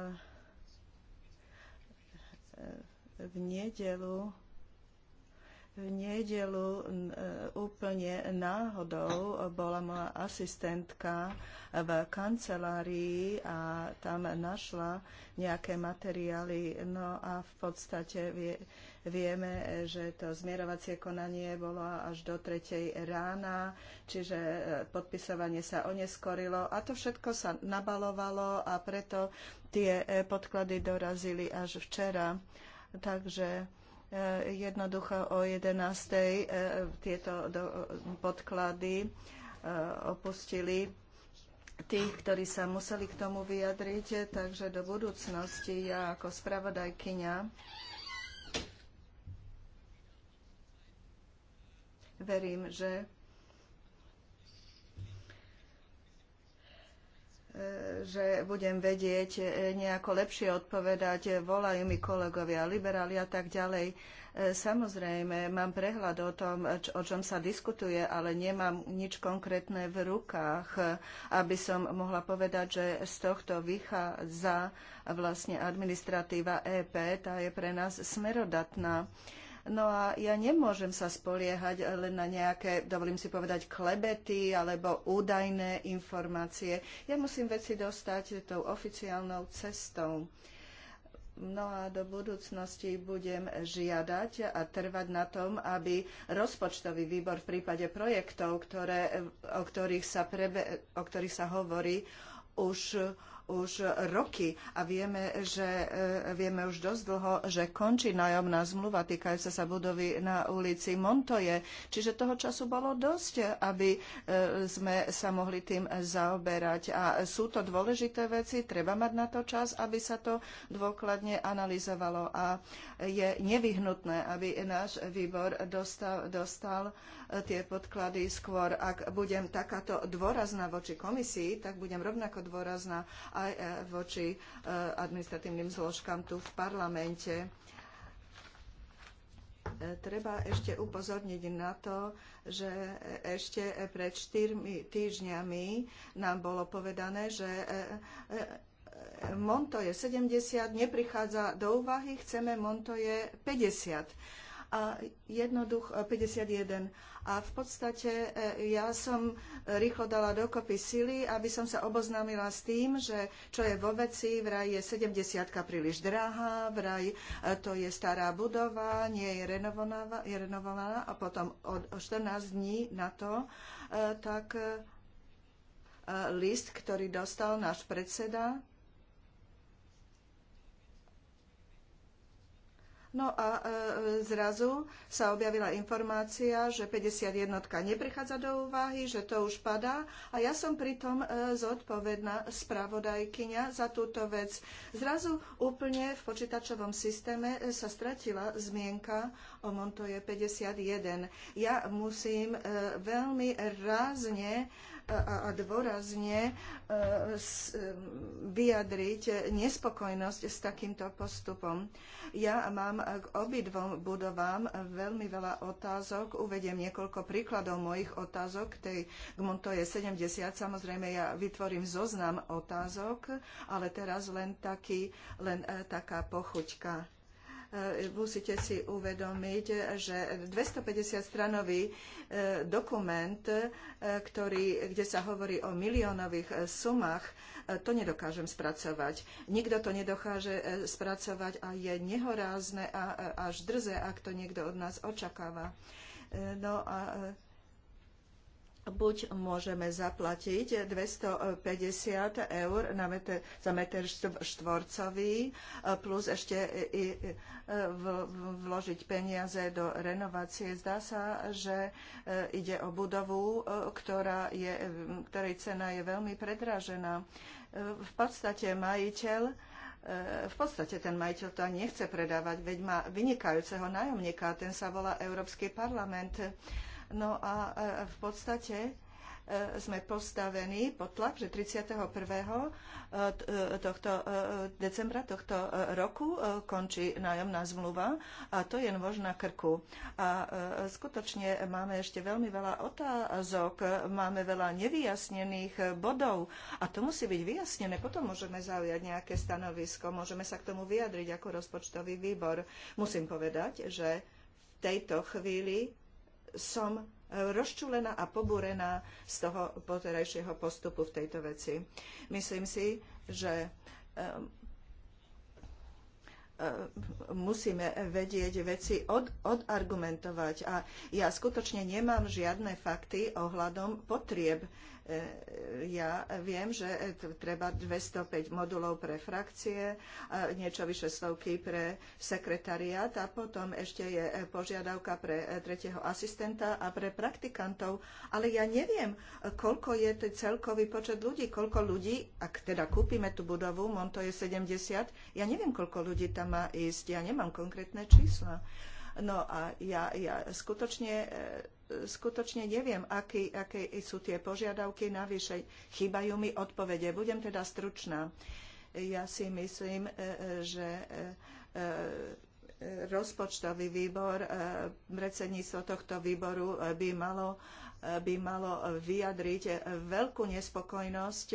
v nedelu v nedelu e, úplne náhodou bola moja asistentka v kancelárii a tam našla nejaké materiály. No a v podstate vie, vieme, že to zmierovacie konanie bolo až do tretej rána, čiže e, podpisovanie sa oneskorilo a to všetko sa nabalovalo a preto tie e, podklady dorazili až včera. Takže Eh, jednoducho o 11. Eh, tieto podklady eh, opustili tých, ktorí sa museli k tomu vyjadriť. Takže do budúcnosti ja ako spravodajkyňa verím, že že budem vedieť e, nejako lepšie odpovedať. E, volajú mi kolegovia liberáli a tak ďalej. E, samozrejme, mám prehľad o tom, o čom sa diskutuje, ale nemám nič konkrétne v rukách, aby som mohla povedať, že z tohto vychádza vlastne administratíva EP, tá je pre nás smerodatná. No a ja nemôžem sa spoliehať len na nejaké, dovolím si povedať, klebety alebo údajné informácie. Ja musím veci dostať tou oficiálnou cestou. No a do budúcnosti budem žiadať a trvať na tom, aby rozpočtový výbor v prípade projektov, ktoré, o, ktorých sa prebe, o ktorých sa hovorí, už už roky a vieme, že, e, vieme už dosť dlho, že končí nájomná zmluva týkajúca sa budovy na ulici Montoje. Čiže toho času bolo dosť, aby e, sme sa mohli tým zaoberať. A sú to dôležité veci, treba mať na to čas, aby sa to dôkladne analyzovalo. A je nevyhnutné, aby náš výbor dostal, dostal tie podklady skôr. Ak budem takáto dôrazná voči komisii, tak budem rovnako dôrazná aj e, voči e, administratívnym zložkám tu v parlamente e, treba ešte upozorniť na to, že ešte pred štyrmi týždňami nám bolo povedané, že Montoje 70 neprichádza do úvahy, chceme Montoje 50 a jednoducho 51. A v podstate e, ja som rýchlo dala dokopy sily, aby som sa oboznámila s tým, že čo je vo veci, vraj je 70 príliš drahá, vraj e, to je stará budova, nie je renovovaná, je renovovaná a potom o 14 dní na to, e, tak list, ktorý dostal náš predseda No a e, zrazu sa objavila informácia, že 51 neprichádza do úvahy, že to už padá a ja som pritom e, zodpovedná spravodajkyňa za túto vec. Zrazu úplne v počítačovom systéme e, sa stratila zmienka o Montoje 51. Ja musím veľmi rázne a, a dôrazne e, e, vyjadriť nespokojnosť s takýmto postupom. Ja mám k obidvom budovám veľmi veľa otázok. Uvediem niekoľko príkladov mojich otázok. Tej, to je 70. Samozrejme, ja vytvorím zoznam otázok, ale teraz len, taký, len e, taká pochuťka E, musíte si uvedomiť, že 250-stranový e, dokument, e, ktorý, kde sa hovorí o miliónových sumách, to nedokážem spracovať. Nikto to nedokáže spracovať a je nehorázne a až drze, ak to niekto od nás očakáva. No a buď môžeme zaplatiť 250 eur na meter, za meter štvorcový e, plus ešte i e, vložiť peniaze do renovácie. Zdá sa, že e, ide o budovu, ktorá je, ktorej cena je veľmi predražená. V podstate majiteľ v podstate ten majiteľ to ani nechce predávať, veď má vynikajúceho nájomníka, ten sa volá Európsky parlament. No a e, v podstate e, sme postavení pod tlak, že 31. E, tohto decembra tohto roku končí nájomná zmluva a to je nôž na krku. A skutočne máme ešte veľmi veľa otázok, máme veľa nevyjasnených bodov a to musí byť vyjasnené. Potom môžeme zaujať nejaké stanovisko, môžeme sa k tomu vyjadriť ako rozpočtový výbor. Musím povedať, že v tejto chvíli som e, rozčulená a pobúrená z toho poterajšieho postupu v tejto veci. Myslím si, že e, e, musíme vedieť veci od, odargumentovať. A ja skutočne nemám žiadne fakty ohľadom potrieb E, ja viem, že treba 205 modulov pre frakcie, e, niečo vyše stovky pre sekretariát a potom ešte je e, požiadavka pre tretieho asistenta a pre praktikantov. Ale ja neviem, koľko je to celkový počet ľudí, koľko ľudí, ak teda kúpime tú budovu, Monto je 70, ja neviem, koľko ľudí tam má ísť, ja nemám konkrétne čísla. No a ja, ja skutočne skutočne neviem, aké, aké sú tie požiadavky navyše. Chýbajú mi odpovede. Budem teda stručná. Ja si myslím, e, e, že e, rozpočtový výbor, predsedníctvo tohto výboru by malo by malo vyjadriť veľkú nespokojnosť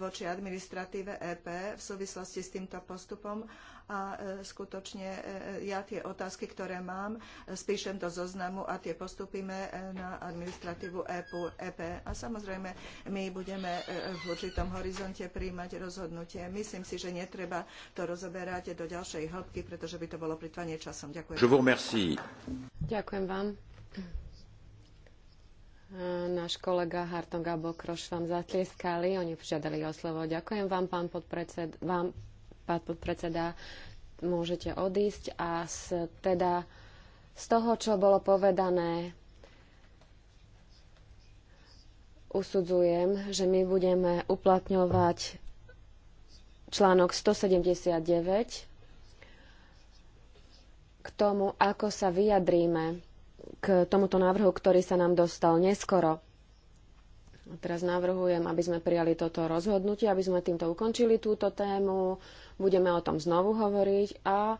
voči administratíve EP v súvislosti s týmto postupom a e, skutočne e, e, ja tie otázky, ktoré mám, spíšem do zoznamu a tie postupíme na administratívu EP. A samozrejme, my budeme v určitom horizonte príjmať rozhodnutie. Myslím si, že netreba to rozoberať do ďalšej hĺbky, pretože by to bolo pritvanie časom. Ďakujem. Ďakujem vám. Náš kolega Harton a Bokroš vám zatlieskali, oni požiadali o slovo. Ďakujem vám, pán podpredsed, vám, pán podpredseda, môžete odísť a z, teda z toho, čo bolo povedané, usudzujem, že my budeme uplatňovať článok 179 k tomu, ako sa vyjadríme k tomuto návrhu, ktorý sa nám dostal neskoro. Teraz navrhujem, aby sme prijali toto rozhodnutie, aby sme týmto ukončili túto tému. Budeme o tom znovu hovoriť a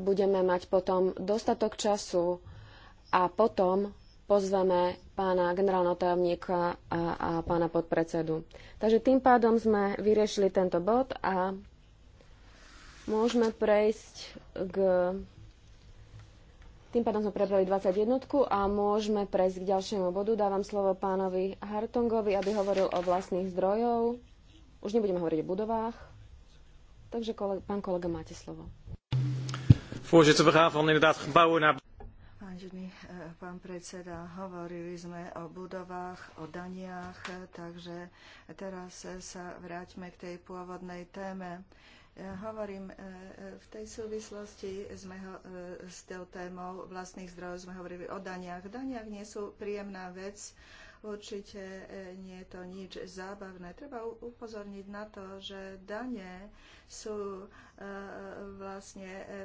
budeme mať potom dostatok času a potom pozveme pána generálneho tajomníka a, a pána podpredsedu. Takže tým pádom sme vyriešili tento bod a môžeme prejsť k... Tým pádom sme prebrali 21 a môžeme prejsť k ďalšiemu bodu. Dávam slovo pánovi Hartongovi, aby hovoril o vlastných zdrojov. Už nebudeme hovoriť o budovách. Takže kolega, pán kolega, máte slovo. Voorzitter, we gaan van inderdaad gebouwen naar... Vážený eh, pán predseda, hovorili sme o budovách, o daniach, eh, takže teraz eh, sa vráťme k tej pôvodnej téme. Ja hovorím, v tej súvislosti sme ho, s tou témou vlastných zdrojov sme hovorili o daniach. Daniach nie sú príjemná vec, Určite e, nie je to nič zábavné. Treba upozorniť na to, že dane sú e, vlastne e,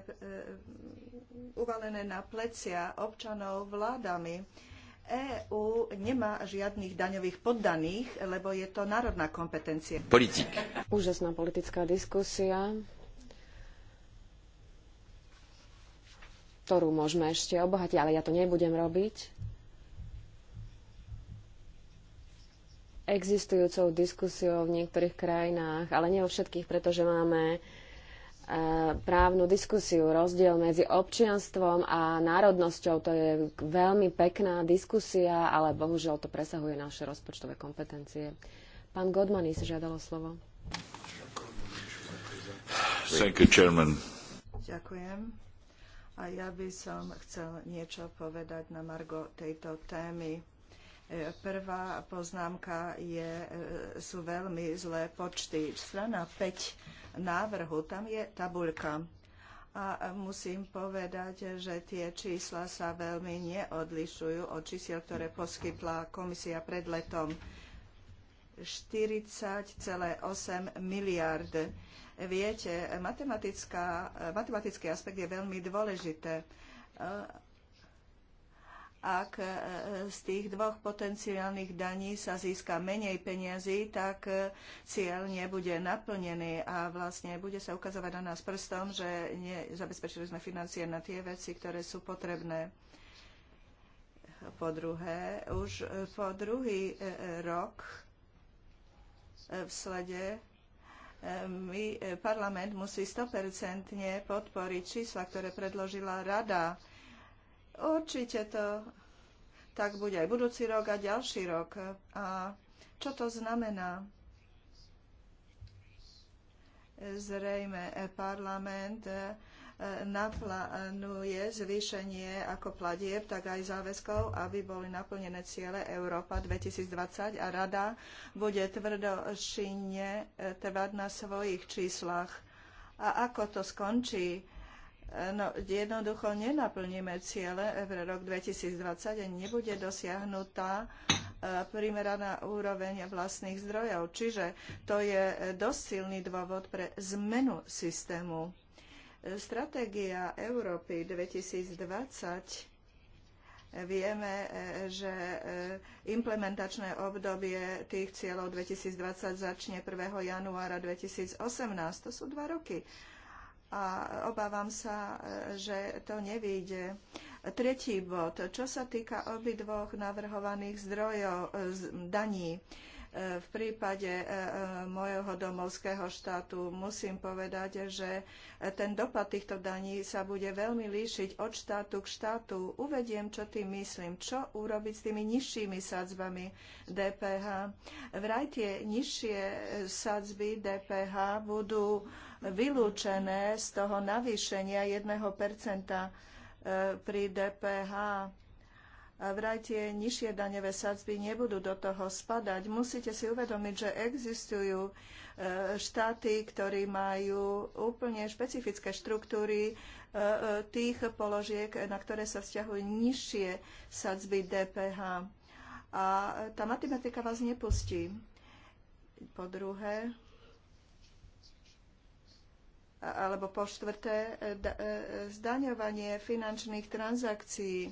uvalené na plecia občanov vládami. EÚ nemá žiadnych daňových poddaných, lebo je to národná kompetencia. Politik. Úžasná politická diskusia, ktorú môžeme ešte obohatiť, ale ja to nebudem robiť. existujúcou diskusiou v niektorých krajinách, ale nie vo všetkých, pretože máme e, právnu diskusiu, rozdiel medzi občianstvom a národnosťou. To je veľmi pekná diskusia, ale bohužiaľ to presahuje naše rozpočtové kompetencie. Pán Godmany si žiadalo slovo. You, Ďakujem. A ja by som chcel niečo povedať na margo tejto témy. Prvá poznámka je, e, sú veľmi zlé počty. Strana 5 návrhu, tam je tabuľka. A musím povedať, že tie čísla sa veľmi neodlišujú od čísiel, ktoré poskytla komisia pred letom. 40,8 miliard. Viete, matematický aspekt je veľmi dôležité ak e, z tých dvoch potenciálnych daní sa získa menej peniazy, tak e, cieľ nebude naplnený a vlastne bude sa ukazovať na nás prstom, že nezabezpečili sme financie na tie veci, ktoré sú potrebné. Po druhé, už e, po druhý rok v slede my, parlament musí 100% podporiť čísla, ktoré predložila rada Určite to tak bude aj budúci rok a ďalší rok. A čo to znamená? Zrejme e, parlament e, naplánuje zvýšenie ako platieb, tak aj záväzkov, aby boli naplnené ciele Európa 2020 a rada bude tvrdošine e, trvať na svojich číslach. A ako to skončí? No, jednoducho nenaplníme ciele pre rok 2020 a nebude dosiahnutá e, primeraná úroveň vlastných zdrojov. Čiže to je dosť silný dôvod pre zmenu systému. E, stratégia Európy 2020 e, Vieme, že implementačné obdobie tých cieľov 2020 začne 1. januára 2018. To sú dva roky a obávam sa, že to nevyjde. Tretí bod. Čo sa týka obidvoch navrhovaných zdrojov daní, e, v prípade e, e, mojho domovského štátu musím povedať, že ten dopad týchto daní sa bude veľmi líšiť od štátu k štátu. Uvediem, čo tým myslím. Čo urobiť s tými nižšími sadzbami DPH? Vraj tie nižšie sadzby DPH budú vylúčené z toho navýšenia 1% e, pri DPH. Vraj tie nižšie daňové sadzby nebudú do toho spadať. Musíte si uvedomiť, že existujú e, štáty, ktorí majú úplne špecifické štruktúry e, tých položiek, na ktoré sa vzťahujú nižšie sadzby DPH. A tá matematika vás nepustí. Po druhé, alebo po štvrté e, e, zdaňovanie finančných transakcií. E,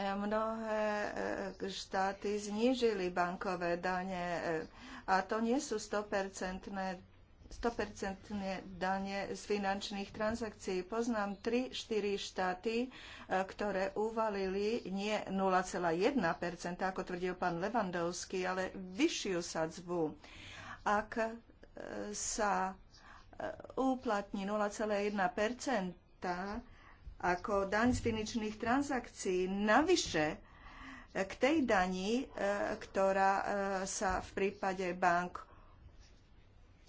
mnohé štáty znížili bankové dane a to nie sú 100% 100% dane z finančných transakcií. Poznám 3-4 štáty, ktoré uvalili nie 0,1%, ako tvrdil pán Levandovský, ale vyššiu sadzbu. Ak sa uplatní 0,1 ako daň z finančných transakcií. Navyše k tej dani, e, ktorá e, sa v prípade bank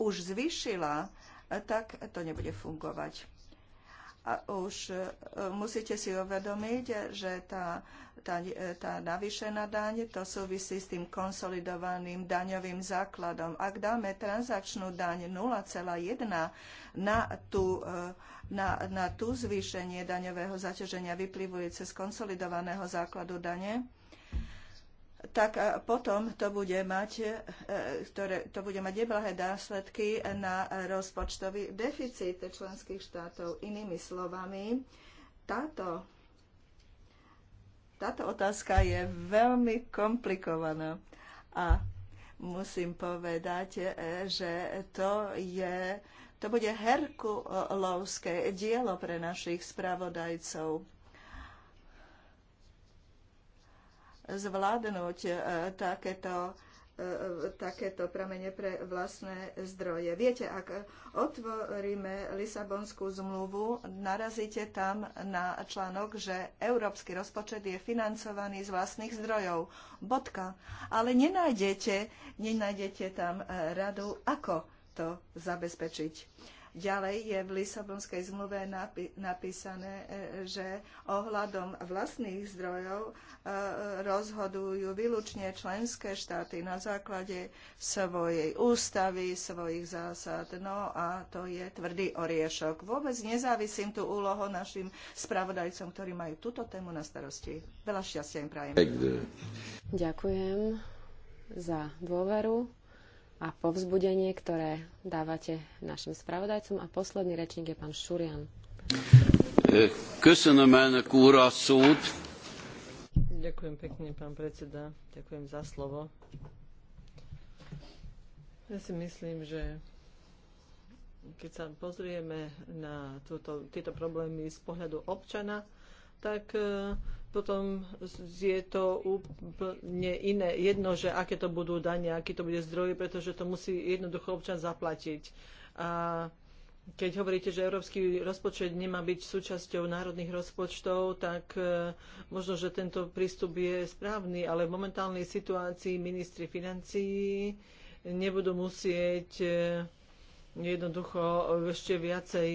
už zvyšila, e, tak to nebude fungovať a už e, musíte si uvedomiť, že tá, tá, tá navýšená daň to súvisí s tým konsolidovaným daňovým základom. Ak dáme transakčnú daň 0,1 na tú, e, na, na tú zvýšenie daňového zaťaženia vyplývajúce z konsolidovaného základu dane, tak potom to bude mať, e, ktoré, to bude mať neblahé následky na rozpočtový deficit členských štátov. Inými slovami, táto, táto otázka je veľmi komplikovaná a musím povedať, e, že to je to bude herkulovské dielo pre našich spravodajcov zvládnuť e, takéto e, e, takéto pramene pre vlastné zdroje. Viete, ak otvoríme Lisabonskú zmluvu, narazíte tam na článok, že európsky rozpočet je financovaný z vlastných zdrojov. Bodka. Ale nenájdete, nenájdete tam radu, ako to zabezpečiť. Ďalej je v Lisabonskej zmluve napísané, e, že ohľadom vlastných zdrojov e, rozhodujú výlučne členské štáty na základe svojej ústavy, svojich zásad. No a to je tvrdý oriešok. Vôbec nezávisím tú úlohu našim spravodajcom, ktorí majú túto tému na starosti. Veľa šťastia im prajem. Ďakujem za dôveru a povzbudenie, ktoré dávate našim spravodajcom. A posledný rečník je pán Šurian. Ďakujem pekne, pán predseda. Ďakujem za slovo. Ja si myslím, že keď sa pozrieme na túto, tieto problémy z pohľadu občana, tak eh, potom je to úplne iné. Jedno, že aké to budú dania, aký to bude zdroj, pretože to musí jednoducho občan zaplatiť. A keď hovoríte, že európsky rozpočet nemá byť súčasťou národných rozpočtov, tak e, možno, že tento prístup je správny, ale v momentálnej situácii ministri financií nebudú musieť e, jednoducho ešte viacej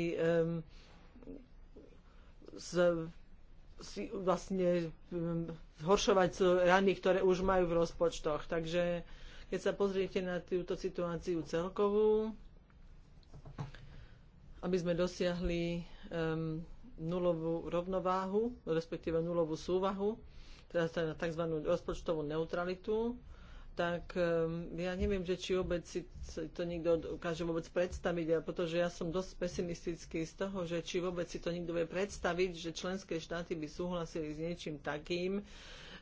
z si vlastne um, zhoršovať rany, ktoré už majú v rozpočtoch. Takže keď sa pozriete na túto situáciu celkovú, aby sme dosiahli um, nulovú rovnováhu, respektíve nulovú súvahu, teda, teda tzv. rozpočtovú neutralitu, tak ehm, ja neviem, že či vôbec si to nikto dokáže vôbec predstaviť, pretože ja som dosť pesimistický z toho, že či vôbec si to nikto vie predstaviť, že členské štáty by súhlasili s niečím takým,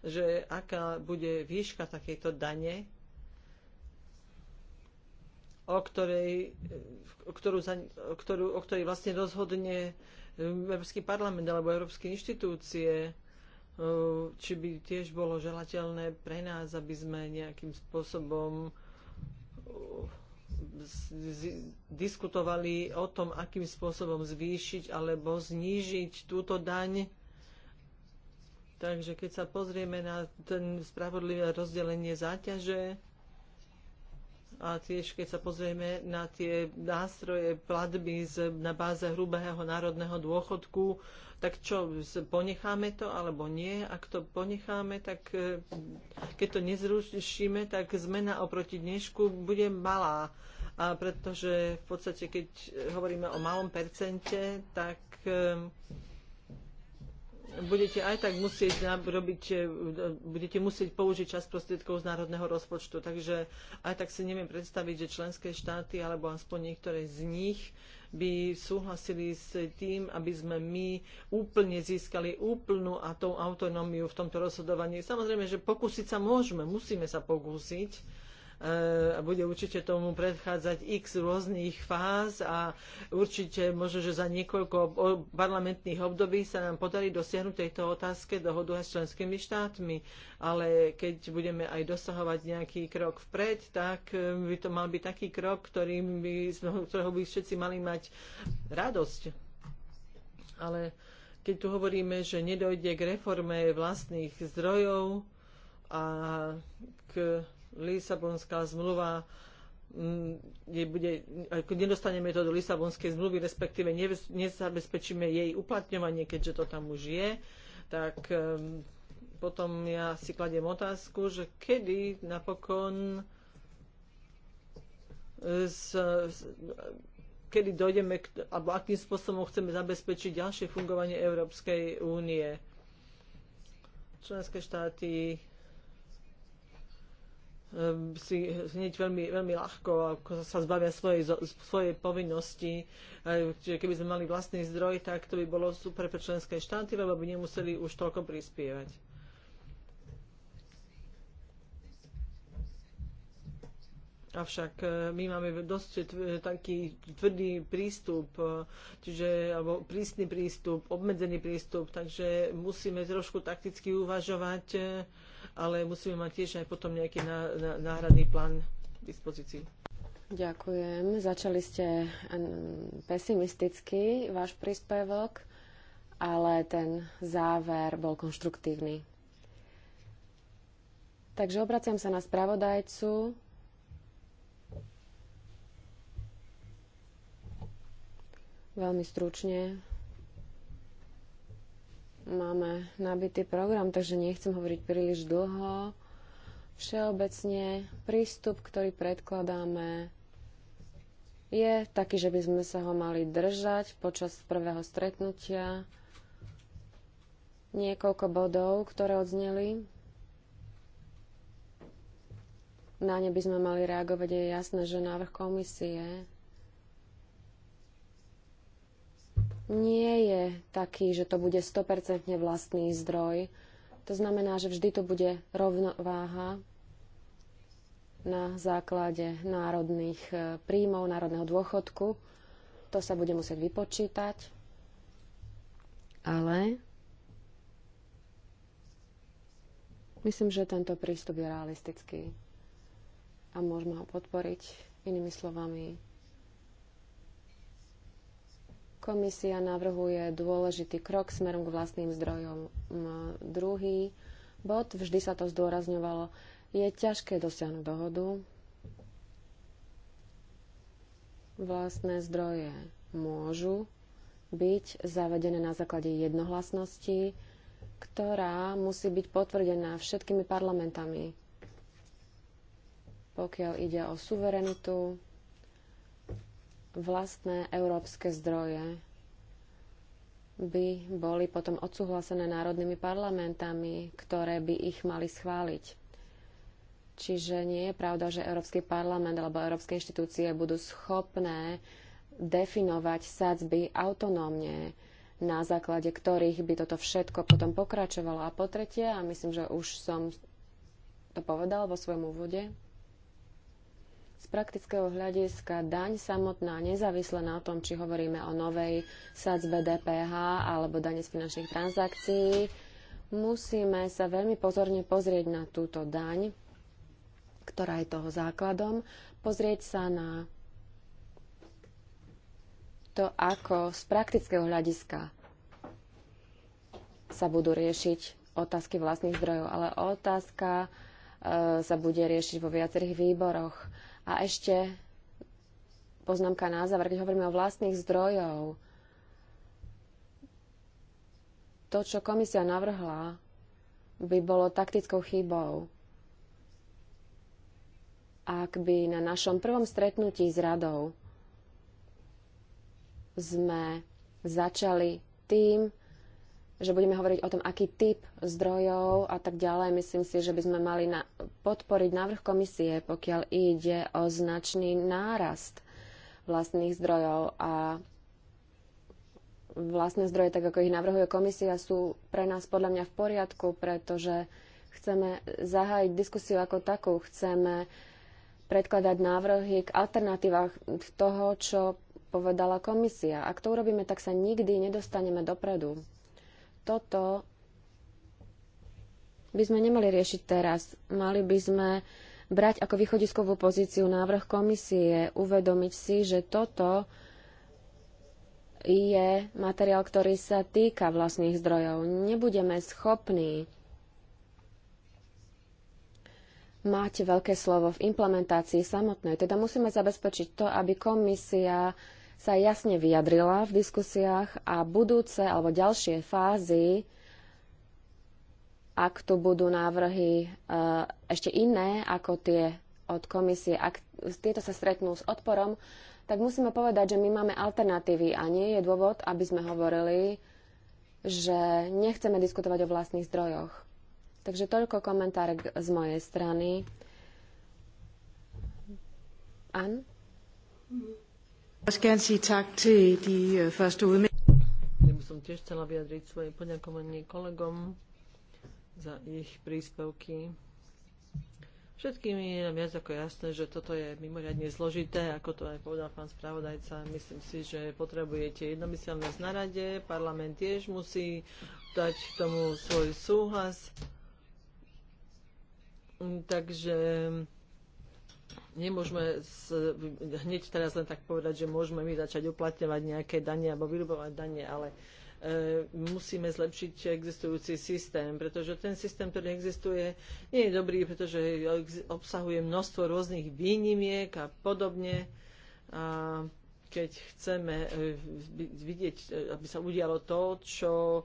že aká bude výška takejto dane, o ktorej, o ktorú, o ktorú, o ktorej vlastne rozhodne ehm, Európsky parlament alebo Európske inštitúcie Eh, či by tiež bolo želateľné pre nás, aby sme nejakým spôsobom eh, diskutovali o tom, akým spôsobom zvýšiť alebo znížiť túto daň. Takže keď sa pozrieme na ten spravodlivé rozdelenie záťaže, a tiež keď sa pozrieme na tie nástroje platby z, na báze hrubého národného dôchodku, tak čo, ponecháme to alebo nie? Ak to ponecháme, tak e, keď to nezrušíme, tak zmena oproti dnešku bude malá. A pretože v podstate, keď hovoríme o malom percente, tak e, budete aj tak musieť robiť, e, e, budete musieť použiť čas prostriedkov z národného rozpočtu. Takže aj tak si neviem predstaviť, že členské štáty alebo aspoň niektoré z nich by súhlasili s tým, aby sme my úplne získali úplnú a tou autonómiu v tomto rozhodovaní. Samozrejme, že pokúsiť sa môžeme, musíme sa pokúsiť, a bude určite tomu predchádzať x rôznych fáz a určite možno, že za niekoľko parlamentných období sa nám podarí dosiahnuť tejto otázke dohodu aj s členskými štátmi. Ale keď budeme aj dosahovať nejaký krok vpred, tak eh, by to mal byť taký krok, ktorým by, ktorého by všetci mali mať radosť. Ale keď tu hovoríme, že nedojde k reforme vlastných zdrojov a k Lisabonská zmluva nebude, mm, ako nedostaneme to do Lisabonskej zmluvy, respektíve nezabezpečíme jej uplatňovanie, keďže to tam už je, tak potom ja si kladiem otázku, že kedy napokon z, e, z, kedy dojdeme, alebo akým spôsobom chceme zabezpečiť ďalšie fungovanie Európskej únie. Členské štáty Ehm, si hneď veľmi, veľmi ľahko ako sa zbavia svojej, svojej povinnosti. Čiže keby sme mali vlastný zdroj, tak to by bolo super pre členské štáty, lebo by nemuseli už toľko prispievať. Avšak e, my máme dosť taký tvrdý prístup, e, čiže, alebo prísny prístup, obmedzený prístup, takže musíme trošku takticky uvažovať, e, ale musíme mať tiež aj potom nejaký náhradný plán k dispozícii. Ďakujem. Začali ste pesimisticky váš príspevok, ale ten záver bol konštruktívny. Takže obraciam sa na spravodajcu Veľmi stručne. Máme nabitý program, takže nechcem hovoriť príliš dlho. Všeobecne prístup, ktorý predkladáme, je taký, že by sme sa ho mali držať počas prvého stretnutia. Niekoľko bodov, ktoré odzneli. Na ne by sme mali reagovať. Je jasné, že návrh komisie nie je taký, že to bude 100% vlastný zdroj. To znamená, že vždy to bude rovnováha na základe národných e, príjmov, národného dôchodku. To sa bude musieť vypočítať. Ale myslím, že tento prístup je realistický a môžeme ho podporiť. Inými slovami, Komisia navrhuje dôležitý krok smerom k vlastným zdrojom. Mm, druhý bod, vždy sa to zdôrazňovalo, je ťažké dosiahnuť dohodu. Vlastné zdroje môžu byť zavedené na základe jednohlasnosti, ktorá musí byť potvrdená všetkými parlamentami, pokiaľ ide o suverenitu, vlastné európske zdroje by boli potom odsúhlasené národnými parlamentami, ktoré by ich mali schváliť. Čiže nie je pravda, že Európsky parlament alebo európske inštitúcie budú schopné definovať sadzby autonómne, na základe ktorých by toto všetko potom pokračovalo. A po tretie, a myslím, že už som to povedal vo svojom úvode, z praktického hľadiska daň samotná, nezávisle na tom, či hovoríme o novej sadzbe DPH alebo dane z finančných transakcií, musíme sa veľmi pozorne pozrieť na túto daň, ktorá je toho základom, pozrieť sa na to, ako z praktického hľadiska sa budú riešiť otázky vlastných zdrojov, ale otázka e, sa bude riešiť vo viacerých výboroch. A ešte poznámka na záver, keď hovoríme o vlastných zdrojov. To, čo komisia navrhla, by bolo taktickou chybou, ak by na našom prvom stretnutí s radou sme začali tým, že budeme hovoriť o tom, aký typ zdrojov a tak ďalej. Myslím si, že by sme mali na, podporiť návrh komisie, pokiaľ ide o značný nárast vlastných zdrojov a vlastné zdroje, tak ako ich navrhuje komisia, sú pre nás podľa mňa v poriadku, pretože chceme zahájiť diskusiu ako takú, chceme predkladať návrhy k alternatívach toho, čo povedala komisia. Ak to urobíme, tak sa nikdy nedostaneme dopredu toto by sme nemali riešiť teraz. Mali by sme brať ako východiskovú pozíciu návrh komisie, uvedomiť si, že toto je materiál, ktorý sa týka vlastných zdrojov. Nebudeme schopní mať veľké slovo v implementácii samotnej. Teda musíme zabezpečiť to, aby komisia sa jasne vyjadrila v diskusiách a budúce alebo ďalšie fázy, ak tu budú návrhy e, ešte iné ako tie od komisie, ak tieto sa stretnú s odporom, tak musíme povedať, že my máme alternatívy a nie je dôvod, aby sme hovorili, že nechceme diskutovať o vlastných zdrojoch. Takže toľko komentár z mojej strany. Ann? Mm-hmm. Også gerne sige tak til de øh, første udmeldinger. Ja by som tiež chcela vyjadriť svoje poďakovanie kolegom za ich príspevky. Všetkým je nám viac ako jasné, že toto je mimoriadne zložité, ako to aj povedal pán spravodajca. Myslím si, že potrebujete jednomyselnosť na rade, parlament tiež musí dať k tomu svoj súhlas. Takže nemôžeme s, hneď teraz len tak povedať, že môžeme my začať uplatňovať nejaké dane alebo vyrobovať dane, ale e, musíme zlepšiť existujúci systém, pretože ten systém, ktorý existuje, nie je dobrý, pretože obsahuje množstvo rôznych výnimiek a podobne. A keď chceme e, vidieť, e, aby sa udialo to, čo e,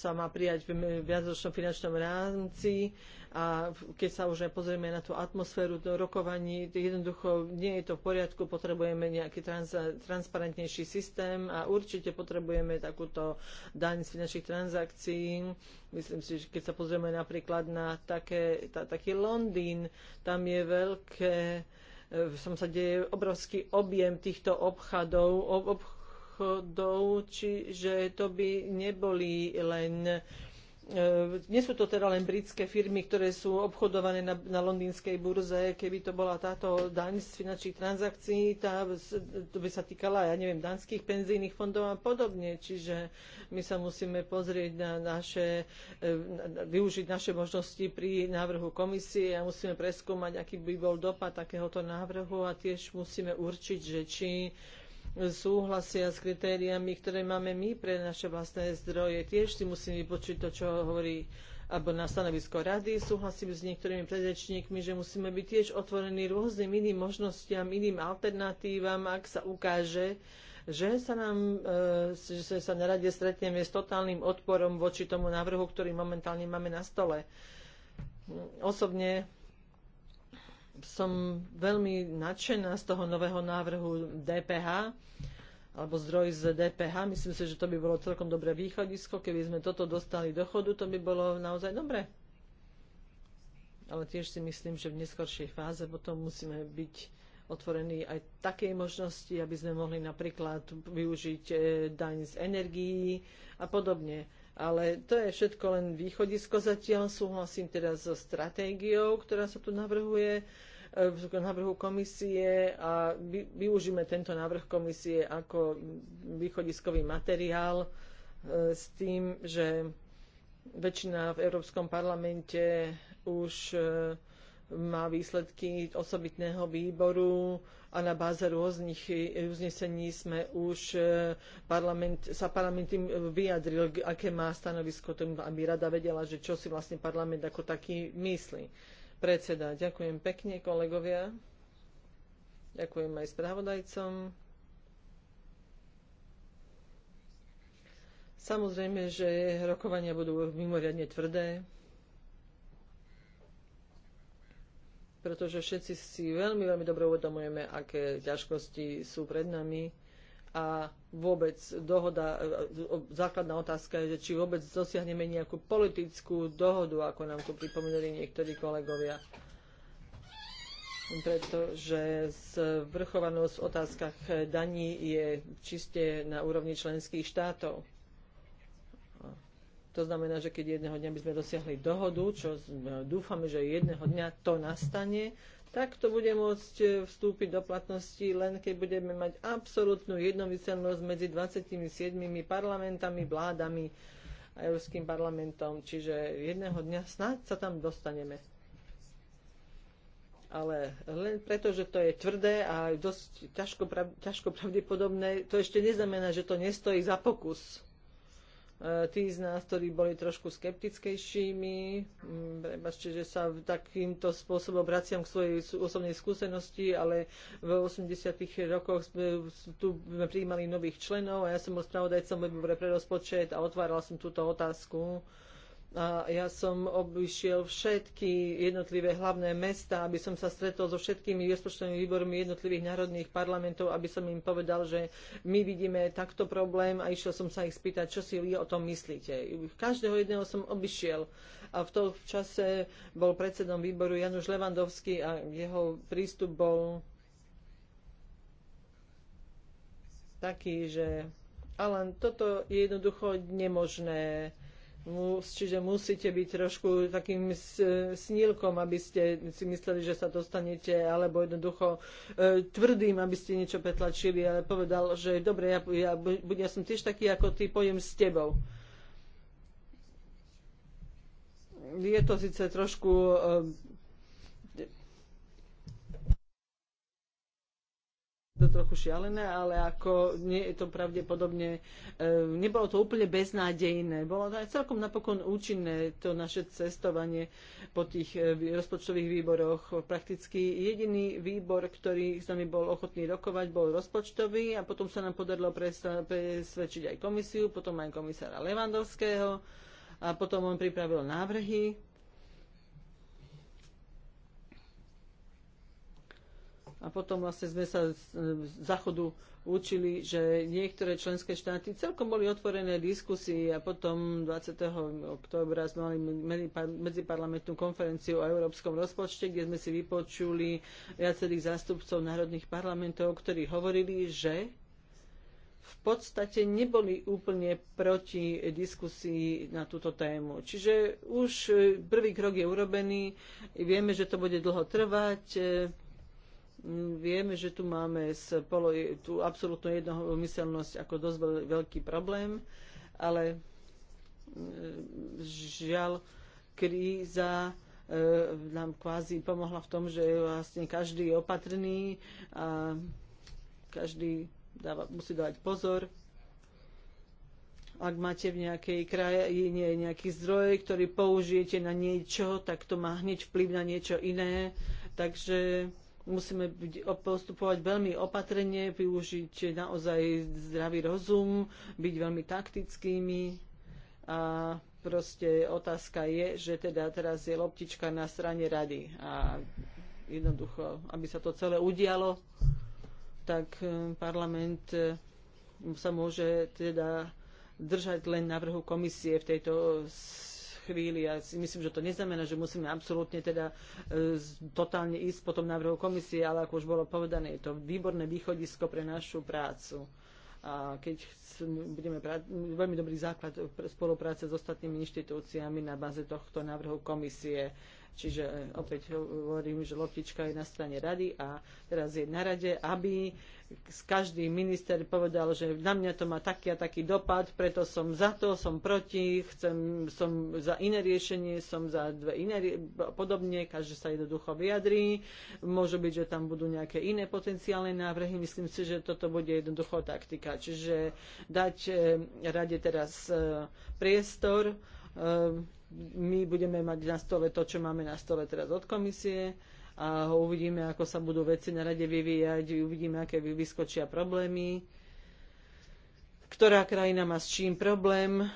sa má prijať v viacročnom finančnom rámci, a keď sa už aj pozrieme na tú atmosféru do rokovaní, jednoducho nie je to v poriadku, potrebujeme nejaký trans, transparentnejší systém a určite potrebujeme takúto daň z finančných transakcií. Myslím si, že keď sa pozrieme napríklad na také, tá, taký Londýn, tam je veľké e, som sa deje obrovský objem týchto obchadov, ob, obchodov, čiže to by neboli len E, nie sú to teda len britské firmy, ktoré sú obchodované na, na londýnskej burze. Keby to bola táto daň z finančných transakcií, tá, to by sa týkala, ja neviem, dánskych penzijných fondov a podobne. Čiže my sa musíme pozrieť na naše, e, na, využiť naše možnosti pri návrhu komisie a musíme preskúmať, aký by bol dopad takéhoto návrhu a tiež musíme určiť, že či súhlasia s kritériami, ktoré máme my pre naše vlastné zdroje. Tiež si musíme vypočuť to, čo hovorí alebo na stanovisko rady. Súhlasím s niektorými predrečníkmi, že musíme byť tiež otvorení rôznym iným možnostiam, iným alternatívam, ak sa ukáže, že sa, nám, e, že sa na rade stretneme s totálnym odporom voči tomu návrhu, ktorý momentálne máme na stole. Osobne som veľmi nadšená z toho nového návrhu DPH alebo zdroj z DPH. Myslím si, že to by bolo celkom dobré východisko. Keby sme toto dostali do chodu, to by bolo naozaj dobré. Ale tiež si myslím, že v neskoršej fáze potom musíme byť otvorení aj takej možnosti, aby sme mohli napríklad využiť eh, daň z energií a podobne ale to je všetko len východisko zatiaľ. Súhlasím teda so stratégiou, ktorá sa tu navrhuje e, v návrhu komisie a využíme tento návrh komisie ako východiskový materiál e, s tým, že väčšina v Európskom parlamente už e, má výsledky osobitného výboru a na báze rôznych eh, uznesení sme už eh, parlament, sa parlament tým eh, vyjadril, aké má stanovisko tomu, aby rada vedela, že čo si vlastne parlament ako taký myslí. Predseda, ďakujem pekne kolegovia. Ďakujem aj spravodajcom. Samozrejme, že rokovania budú mimoriadne tvrdé. pretože všetci si veľmi, veľmi dobre uvedomujeme, aké ťažkosti sú pred nami a vôbec dohoda, e, e, základná otázka je, že či vôbec dosiahneme nejakú politickú dohodu, ako nám tu pripomínali niektorí kolegovia. Pretože zvrchovanosť v otázkach daní je čiste na úrovni členských štátov. To znamená, že keď jedného dňa by sme dosiahli dohodu, čo dúfame, že jedného dňa to nastane, tak to bude môcť e, vstúpiť do platnosti len keď budeme mať absolútnu jednomyselnosť medzi 27 parlamentami, vládami a Európskym parlamentom. Čiže jedného dňa snáď sa tam dostaneme. Ale len preto, že to je tvrdé a dosť ťažko, ťažko pravdepodobné, to ešte neznamená, že to nestojí za pokus tí z nás, ktorí boli trošku skeptickejšími, mm, prebačte, že sa takýmto spôsobom vraciam k svojej osobnej skúsenosti, ale v 80. rokoch sme, tu sme prijímali nových členov a ja som bol spravodajcom výbore pre rozpočet a otváral som túto otázku a ja som obišiel všetky jednotlivé hlavné mesta, aby som sa stretol so všetkými rozpočtovými výbormi jednotlivých národných parlamentov, aby som im povedal, že my vidíme takto problém a išiel som sa ich spýtať, čo si vy o tom myslíte. Každého jedného som obišiel a v tom čase bol predsedom výboru Januš Levandovský a jeho prístup bol taký, že ale toto je jednoducho nemožné Mus, čiže musíte byť trošku takým snílkom, aby ste si mysleli, že sa dostanete, alebo jednoducho e, tvrdým, aby ste niečo pretlačili, ale povedal, že dobre, ja, ja, ja som tiež taký ako ty, pojem s tebou. Je to síce trošku e, to trochu šialené, ale ako nie je to pravdepodobne, e, nebolo to úplne beznádejné. Bolo to aj celkom napokon účinné to naše cestovanie po tých e, rozpočtových výboroch. Prakticky jediný výbor, ktorý s nami bol ochotný rokovať, bol rozpočtový a potom sa nám podarilo presvedčiť aj komisiu, potom aj komisára Levandovského a potom on pripravil návrhy A potom vlastne sme sa z e, záchodu učili, že niektoré členské štáty celkom boli otvorené diskusie a potom 20. októbra sme mali medziparlamentnú konferenciu o európskom rozpočte, kde sme si vypočuli viacerých zástupcov národných parlamentov, ktorí hovorili, že v podstate neboli úplne proti diskusii na túto tému. Čiže už e, prvý krok je urobený, vieme, že to bude dlho trvať, e, Vieme, že tu máme spolo, tú absolútnu jednomyselnosť ako dosť veľký problém, ale mm, žiaľ, kríza e, nám kvázi pomohla v tom, že vlastne každý je opatrný a každý dáva, musí dávať pozor. Ak máte v nejakej krajine nejaký zdroj, ktorý použijete na niečo, tak to má hneď vplyv na niečo iné. Takže musíme postupovať veľmi opatrne, využiť naozaj zdravý rozum, byť veľmi taktickými a proste otázka je, že teda teraz je loptička na strane rady a jednoducho, aby sa to celé udialo, tak e, parlament e, sa môže teda držať len na vrhu komisie v tejto chvíli. Ja si myslím, že to neznamená, že musíme absolútne teda e, totálne ísť potom návrhu komisie, ale ako už bolo povedané, je to výborné východisko pre našu prácu. A keď budeme pra- veľmi dobrý základ spolupráce s ostatnými inštitúciami na báze tohto návrhu komisie. Čiže e, opäť hovorím, že loptička je na strane rady a teraz je na rade, aby každý minister povedal, že na mňa to má taký a taký dopad, preto som za to, som proti, chcem, som za iné riešenie, som za dve iné podobne, každý sa jednoducho vyjadrí. Môže byť, že tam budú nejaké iné potenciálne návrhy. Myslím si, že toto bude jednoducho taktika. Čiže dať eh, rade teraz eh, priestor. Eh, my budeme mať na stole to, čo máme na stole teraz od komisie a uvidíme, ako sa budú veci na rade vyvíjať, uvidíme, aké vyskočia problémy, ktorá krajina má s čím problém,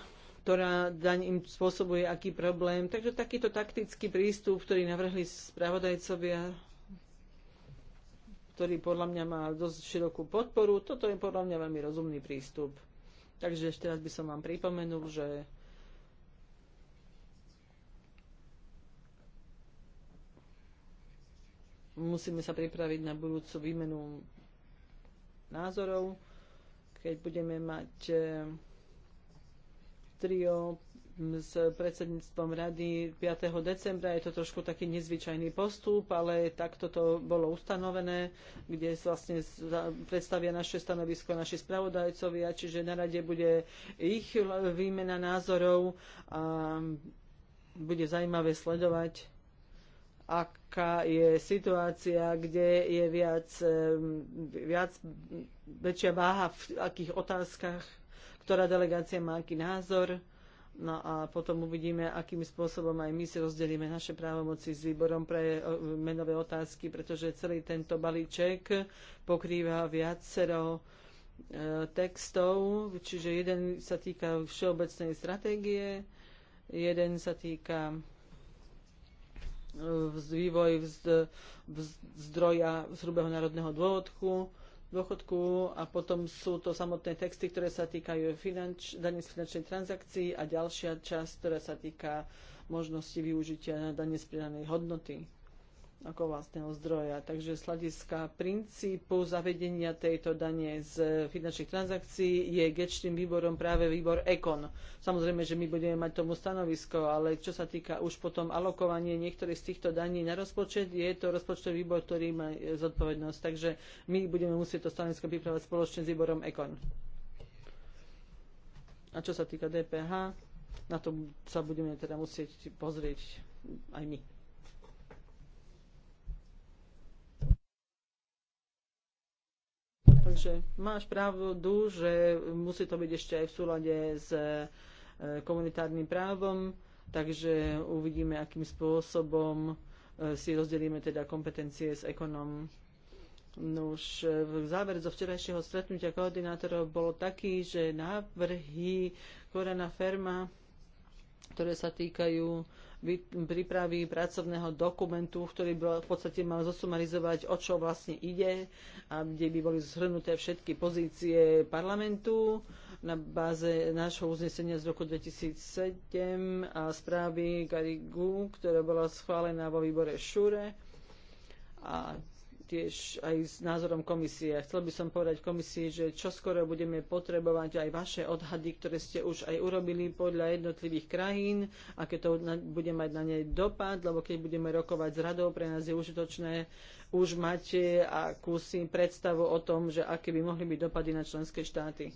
ktorá daň im spôsobuje aký problém. Takže takýto taktický prístup, ktorý navrhli spravodajcovia, ktorý podľa mňa má dosť širokú podporu, toto je podľa mňa veľmi rozumný prístup. Takže ešte raz by som vám pripomenul, že musíme sa pripraviť na budúcu výmenu názorov, keď budeme mať e, trio s predsedníctvom rady 5. decembra. Je to trošku taký nezvyčajný postup, ale takto to bolo ustanovené, kde vlastne predstavia naše stanovisko naši spravodajcovia, čiže na rade bude ich výmena názorov a bude zaujímavé sledovať aká je situácia, kde je viac, viac väčšia váha v akých otázkach, ktorá delegácia má aký názor. No a potom uvidíme, akým spôsobom aj my si rozdelíme naše právomoci s výborom pre eh, menové otázky, pretože celý tento balíček pokrýva viacero eh, textov, čiže jeden sa týka všeobecnej stratégie, jeden sa týka vývoj vzd, zdroja zhrubého národného dôvodku, dôchodku a potom sú to samotné texty, ktoré sa týkajú finanč, dane z finančnej transakcií a ďalšia časť, ktorá sa týka možnosti využitia dane z pridanej hodnoty ako vlastného zdroja. Takže z hľadiska princípu zavedenia tejto dane z finančných transakcií je gečným výborom práve výbor EKON. Samozrejme, že my budeme mať tomu stanovisko, ale čo sa týka už potom alokovanie niektorých z týchto daní na rozpočet, je to rozpočtový výbor, ktorý má zodpovednosť. Takže my budeme musieť to stanovisko pripravať spoločne s výborom EKON. A čo sa týka DPH, na to sa budeme teda musieť pozrieť aj my. Takže máš pravdu, že musí to byť ešte aj v súlade s e, komunitárnym právom, takže uvidíme, akým spôsobom e, si rozdelíme teda kompetencie s ekonom. No už e, záver zo včerajšieho stretnutia koordinátorov bolo taký, že návrhy Korana Ferma, ktoré sa týkajú prípravy pracovného dokumentu, ktorý by v podstate mal zosumarizovať, o čo vlastne ide a kde by boli zhrnuté všetky pozície parlamentu na báze nášho uznesenia z roku 2007 a správy Garigu, ktorá bola schválená vo výbore Šure. A tiež aj s názorom komisie. Chcel by som povedať komisii, že čoskoro budeme potrebovať aj vaše odhady, ktoré ste už aj urobili podľa jednotlivých krajín, aké to bude mať na nej dopad, lebo keď budeme rokovať s radou, pre nás je užitočné už mať eh, kúsim predstavu o tom, že aké by mohli byť dopady na členské štáty.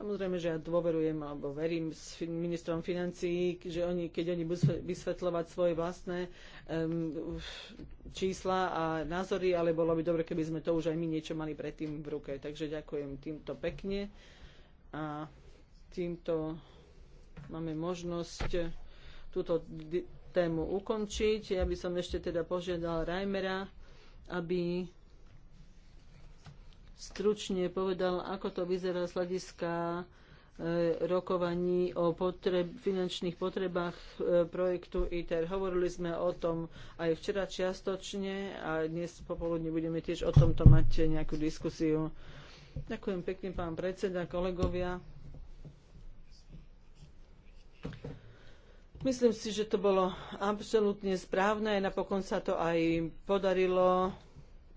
Samozrejme, že ja dôverujem alebo verím s ministrom financií, že oni, keď oni budú vysvetľovať svoje vlastné um, čísla a názory, ale bolo by dobre, keby sme to už aj my niečo mali predtým v ruke. Takže ďakujem týmto pekne a týmto máme možnosť túto tému ukončiť. Ja by som ešte teda požiadal Reimera, aby stručne povedal, ako to vyzerá z hľadiska e, rokovaní o potreb, finančných potrebách e, projektu ITER. Hovorili sme o tom aj včera čiastočne a dnes popoludne budeme tiež o tomto mať nejakú diskusiu. Ďakujem pekne, pán predseda, kolegovia. Myslím si, že to bolo absolútne správne. Napokon sa to aj podarilo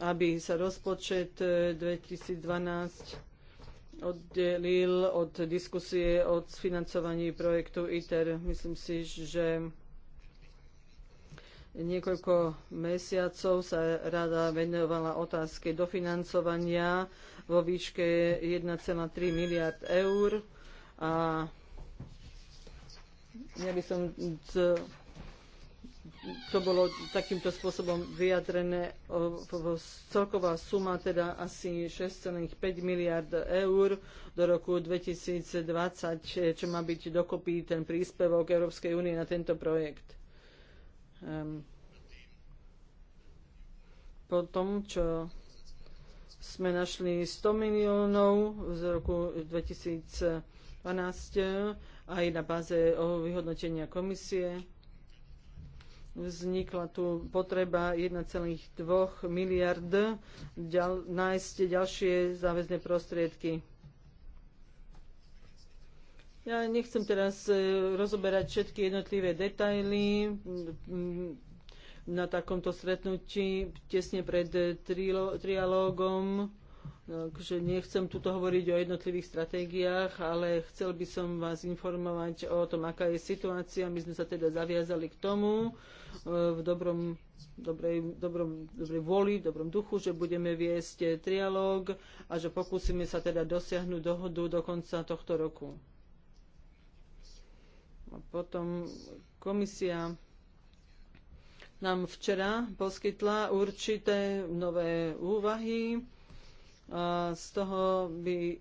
aby sa rozpočet 2012 e, oddelil od diskusie o financovaní projektu ITER. Myslím si, že niekoľko mesiacov sa rada venovala otázke dofinancovania vo výške 1,3 miliard eur a ja by som to bolo takýmto spôsobom vyjadrené. Celková suma teda asi 6,5 miliard eur do roku 2020, čo má byť dokopy ten príspevok Európskej únie na tento projekt. Ehm, po tom, čo sme našli 100 miliónov z roku 2012 aj na báze vyhodnotenia komisie, vznikla tu potreba 1,2 miliard ďal, nájsť ďalšie záväzné prostriedky. Ja nechcem teraz e, rozoberať všetky jednotlivé detaily na takomto stretnutí tesne pred trialógom. Takže nechcem tu hovoriť o jednotlivých stratégiách, ale chcel by som vás informovať o tom, aká je situácia. My sme sa teda zaviazali k tomu e, v dobrom, dobrej, dobrom, dobrej voli, v dobrom duchu, že budeme viesť trialóg a že pokúsime sa teda dosiahnuť dohodu do konca tohto roku. A potom komisia nám včera poskytla určité nové úvahy z toho by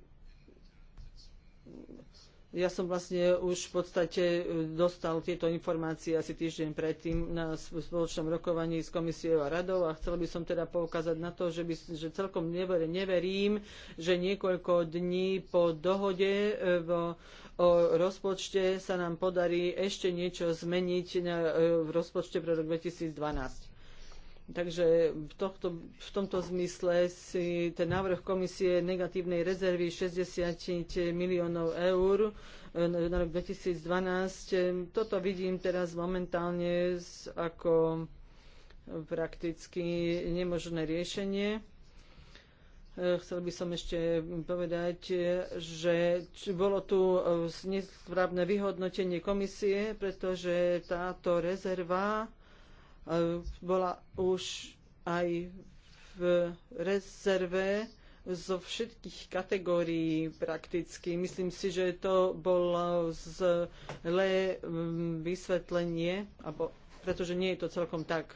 ja som vlastne už v podstate e, dostal tieto informácie asi týždeň predtým na spoločnom rokovaní s komisiou a radou a chcel by som teda poukázať na to, že, by, že celkom neverím, že niekoľko dní po dohode e, v o rozpočte sa nám podarí ešte niečo zmeniť na, e, v rozpočte pre rok 2012. Takže v, tohto, v tomto zmysle si ten návrh komisie negatívnej rezervy 60 miliónov eur e, na rok 2012, toto vidím teraz momentálne ako prakticky nemožné riešenie. E, chcel by som ešte povedať, že bolo tu e, nesprávne vyhodnotenie komisie, pretože táto rezerva bola už aj v rezerve zo všetkých kategórií prakticky. Myslím si, že to bolo zlé mm, vysvetlenie, pretože nie je to celkom tak,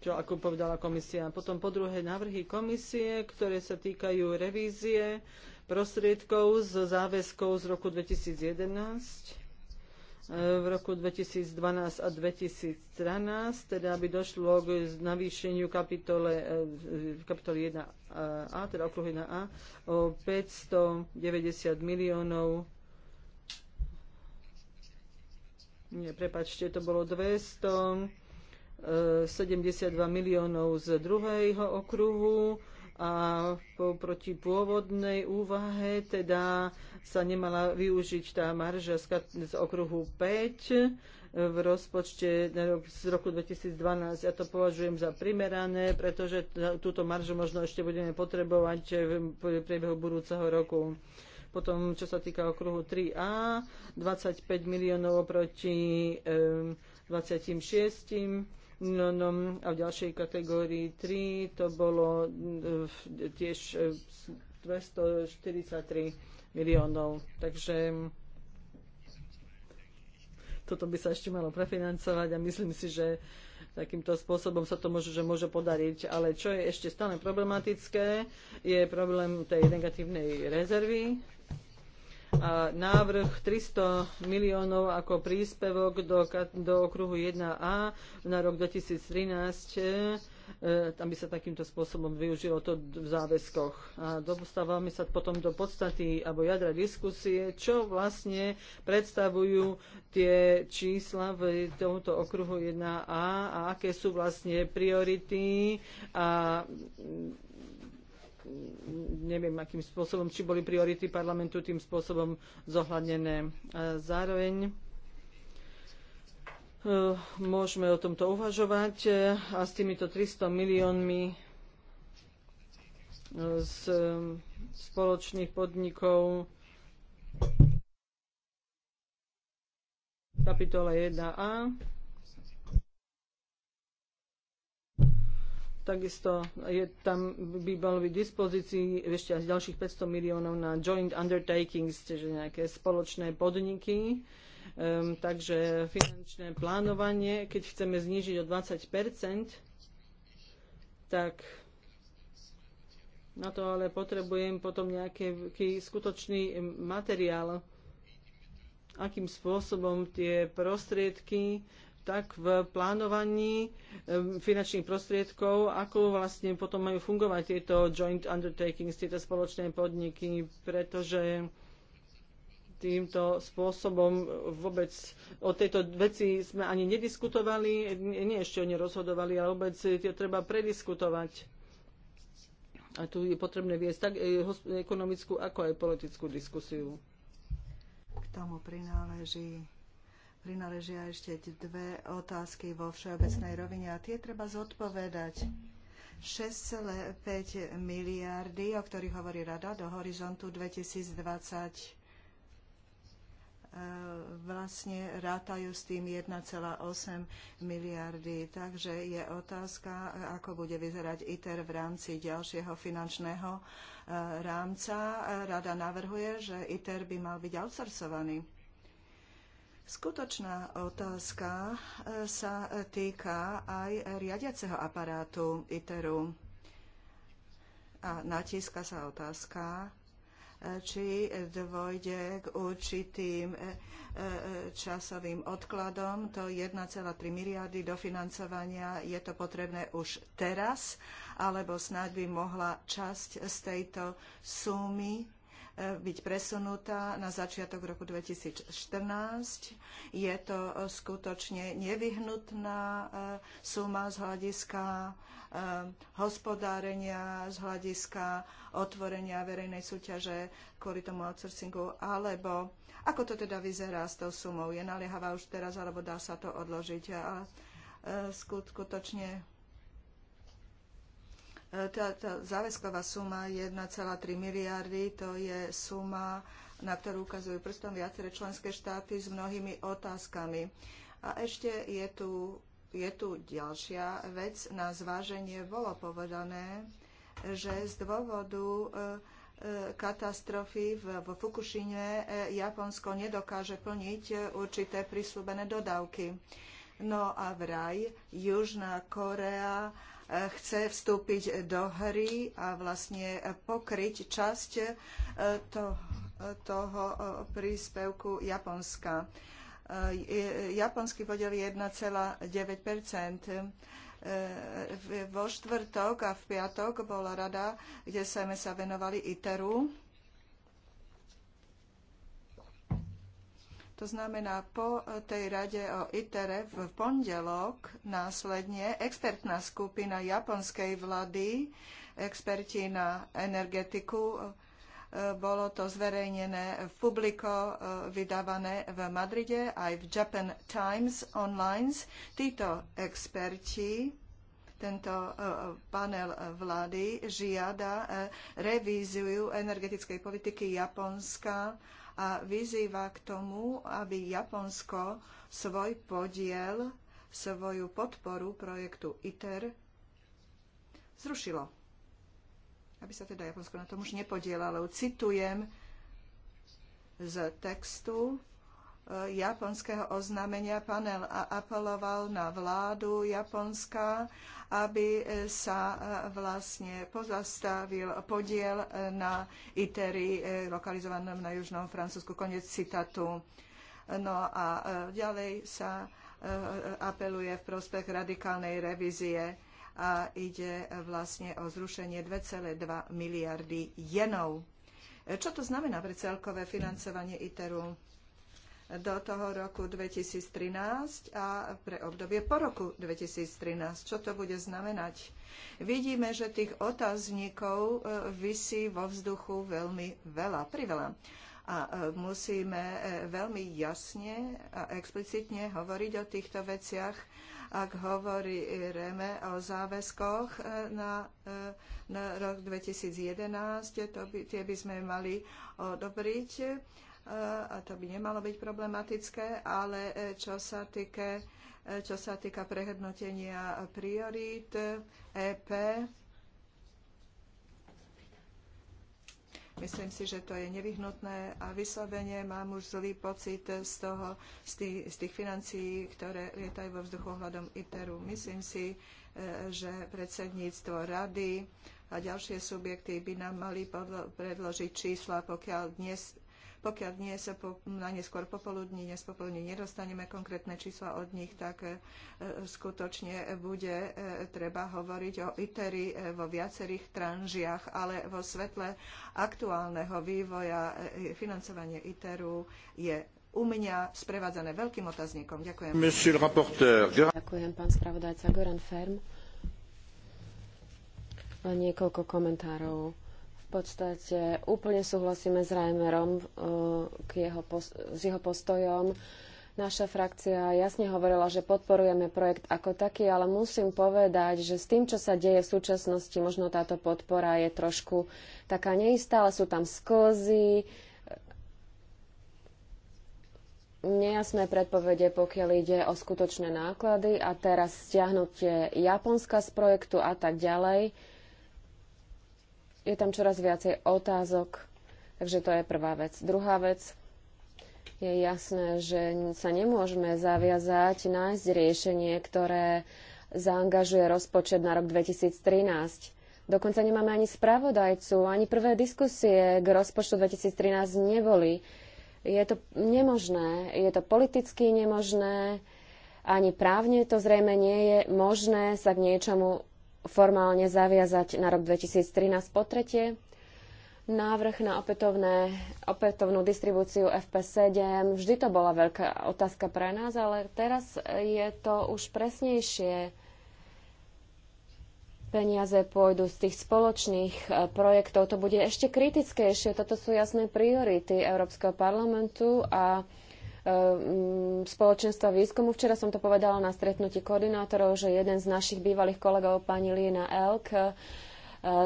čo ako povedala komisia. Potom po druhé návrhy komisie, ktoré sa týkajú revízie prostriedkov z záväzkov z roku 2011 v roku 2012 a 2013, teda aby došlo k navýšeniu kapitole, e, kapitole 1a, e, teda okruh 1a, o 590 miliónov. Nie, prepačte, to bolo 272 e, miliónov z druhého okruhu a proti pôvodnej úvahe teda sa nemala využiť tá marža z okruhu 5 v rozpočte z roku 2012. Ja to považujem za primerané, pretože túto maržu možno ešte budeme potrebovať v priebehu budúceho roku. Potom, čo sa týka okruhu 3A, 25 miliónov proti 26 No, no, a v ďalšej kategórii 3 to bolo e, tiež 243 e, miliónov. Takže toto by sa ešte malo prefinancovať a myslím si, že takýmto spôsobom sa to môže, že môže podariť. Ale čo je ešte stále problematické, je problém tej negatívnej rezervy, návrh 300 miliónov ako príspevok do, do okruhu 1A na rok 2013 e, aby sa takýmto spôsobom využilo to v záväzkoch. A dostávame sa potom do podstaty alebo jadra diskusie, čo vlastne predstavujú tie čísla v tomto okruhu 1A a aké sú vlastne priority a neviem akým spôsobom, či boli priority parlamentu tým spôsobom zohľadnené. Zároveň e, môžeme o tomto uvažovať e, a s týmito 300 miliónmi e, z spoločných podnikov kapitola 1a Takisto je, tam by malo byť dispozícii ešte z ďalších 500 miliónov na joint undertakings, čiže nejaké spoločné podniky. Um, takže finančné plánovanie, keď chceme znižiť o 20 tak na to ale potrebujem potom nejaký skutočný materiál, akým spôsobom tie prostriedky tak v plánovaní finančných prostriedkov, ako vlastne potom majú fungovať tieto joint undertakings, tieto spoločné podniky, pretože týmto spôsobom vôbec o tejto veci sme ani nediskutovali, nie ešte o nej rozhodovali, ale vôbec to treba prediskutovať. A tu je potrebné viesť tak eh, ekonomickú, ako aj politickú diskusiu. K tomu prináleží prináležia ešte dve otázky vo všeobecnej rovine a tie treba zodpovedať. 6,5 miliardy, o ktorých hovorí Rada, do horizontu 2020 e, vlastne rátajú s tým 1,8 miliardy. Takže je otázka, ako bude vyzerať ITER v rámci ďalšieho finančného e, rámca. Rada navrhuje, že ITER by mal byť outsourcovaný Skutočná otázka e, sa e, týka aj riadiaceho aparátu ITERu. A natíska sa otázka, e, či dôjde k určitým časovým odkladom. To 1,3 miliardy do financovania. je to potrebné už teraz, alebo snáď by mohla časť z tejto sumy byť presunutá na začiatok roku 2014. Je to e, skutočne nevyhnutná e, suma z hľadiska e, hospodárenia, z hľadiska otvorenia verejnej súťaže kvôli tomu outsourcingu, alebo ako to teda vyzerá s tou sumou? Je naliehavá už teraz, alebo dá sa to odložiť? A skutočne táto záväzková suma 1,3 miliardy, to je suma, na ktorú ukazujú prstom viaceré členské štáty s mnohými otázkami. A ešte je tu, je tu ďalšia vec. Na zváženie bolo povedané, že z dôvodu e, e, katastrofy v, v Fukušine e, Japonsko nedokáže plniť určité prislúbené dodávky. No a vraj Južná Korea chce vstúpiť do hry a vlastne pokryť časť e, toho, e, príspevku Japonska. E, japonský podiel je 1,9 Vo štvrtok a v piatok bola rada, kde sme sa venovali ITERu To znamená, po e, tej rade o ITERE v pondelok následne expertná skupina japonskej vlády, experti na energetiku, e, bolo to zverejnené v publiko, e, vydávané v Madride aj v Japan Times online. Títo experti tento panel vlády žiada revíziu energetickej politiky Japonska a vyzýva k tomu, aby Japonsko svoj podiel, svoju podporu projektu ITER zrušilo. Aby sa teda Japonsko na tom už nepodielalo. Citujem z textu japonského oznámenia panel a apeloval na vládu Japonska, aby sa e, vlastne pozastavil podiel e, na ITERI e, lokalizovanom na južnom Francúzsku. Konec citatu. No a ďalej sa apeluje v prospech radikálnej revízie a ide vlastne o zrušenie 2,2 miliardy jenov. Čo to znamená pre celkové financovanie ITERu? do toho roku 2013 a pre obdobie po roku 2013. Čo to bude znamenať? Vidíme, že tých otáznikov e, vysí vo vzduchu veľmi veľa, priveľa. A e, musíme e, veľmi jasne a explicitne hovoriť o týchto veciach, ak hovoríme o záväzkoch na, na rok 2011, to by, tie by sme mali odobriť a to by nemalo byť problematické, ale e, čo sa týka, e, čo sa týka prehodnotenia priorít EP, Myslím si, že to je nevyhnutné a vyslovene mám už zlý pocit z, toho, z, tých, z tých financií, ktoré lietajú vo vzduchu ohľadom ITERu. Myslím si, e, že predsedníctvo rady a ďalšie subjekty by nám mali predložiť čísla, pokiaľ dnes pokiaľ nie, na neskôr popoludní, dnes popoludní nedostaneme konkrétne čísla od nich, tak e, skutočne bude e, treba hovoriť o ITERI e, vo viacerých tranžiach, ale vo svetle aktuálneho vývoja financovanie ITERu je u mňa sprevádzané veľkým otazníkom. Ďakujem. Ďakujem, pán spravodajca Goran Ferm. Len niekoľko komentárov v podstate úplne súhlasíme s Reimerom e, k jeho, s jeho postojom. Naša frakcia jasne hovorila, že podporujeme projekt ako taký, ale musím povedať, že s tým, čo sa deje v súčasnosti, možno táto podpora je trošku taká neistá, ale sú tam sklzy, nejasné predpovede, pokiaľ ide o skutočné náklady a teraz stiahnutie Japonska z projektu a tak ďalej. Uh, je tam čoraz viacej otázok, takže to je prvá vec. Druhá vec, je jasné, že sa nemôžeme zaviazať nájsť riešenie, ktoré zaangažuje rozpočet na rok 2013. Dokonca nemáme ani spravodajcu, ani prvé diskusie k rozpočtu 2013 neboli. Je to nemožné, je to politicky nemožné, ani právne to zrejme nie je možné sa k niečomu formálne zaviazať na rok 2013. Po tretie, návrh na opätovné, opätovnú distribúciu FP7. Vždy to bola veľká otázka pre nás, ale teraz je to už presnejšie. Peniaze pôjdu z tých spoločných e, projektov. To bude ešte kritickejšie. Toto sú jasné priority Európskeho parlamentu a E, spoločenstva výskumu. Včera som to povedala na stretnutí koordinátorov, že jeden z našich bývalých kolegov, pani Lina Elk, e,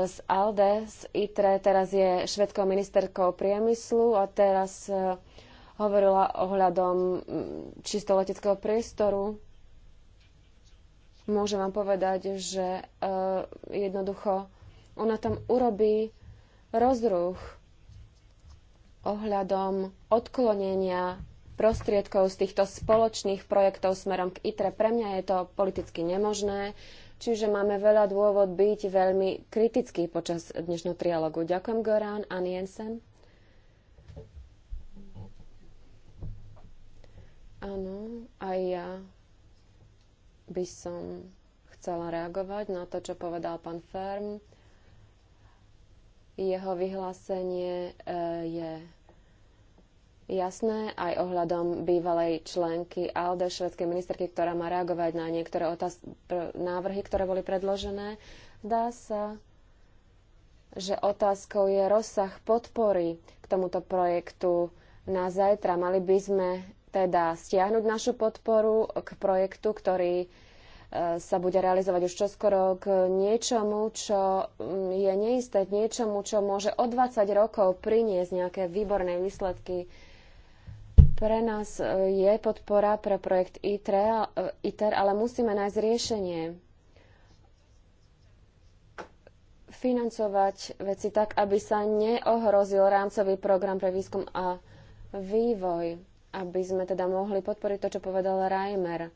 z ALDE, z ITRE, teraz je švedskou ministerkou priemyslu a teraz e, hovorila ohľadom čisto leteckého priestoru. Môžem vám povedať, že jednoducho ona tam urobí rozruch ohľadom odklonenia prostriedkov z týchto spoločných projektov smerom k ITRE. Pre mňa je to politicky nemožné, čiže máme veľa dôvod byť veľmi kritický počas dnešného trialogu. Ďakujem, Goran. Ann Jensen. Áno, aj ja by som chcela reagovať na to, čo povedal pán Ferm. Jeho vyhlásenie eh, je jasné aj ohľadom bývalej členky ALDE, švedskej ministerky, ktorá má reagovať na niektoré otáz- návrhy, ktoré boli predložené. Zdá sa, že otázkou je rozsah podpory k tomuto projektu na zajtra. Mali by sme teda stiahnuť našu podporu k projektu, ktorý e, sa bude realizovať už čoskoro k niečomu, čo je neisté, k niečomu, čo môže o 20 rokov priniesť nejaké výborné výsledky pre nás e, je podpora pre projekt e, ITER, ale musíme nájsť riešenie. Financovať veci tak, aby sa neohrozil rámcový program pre výskum a vývoj, aby sme teda mohli podporiť to, čo povedal Reimer.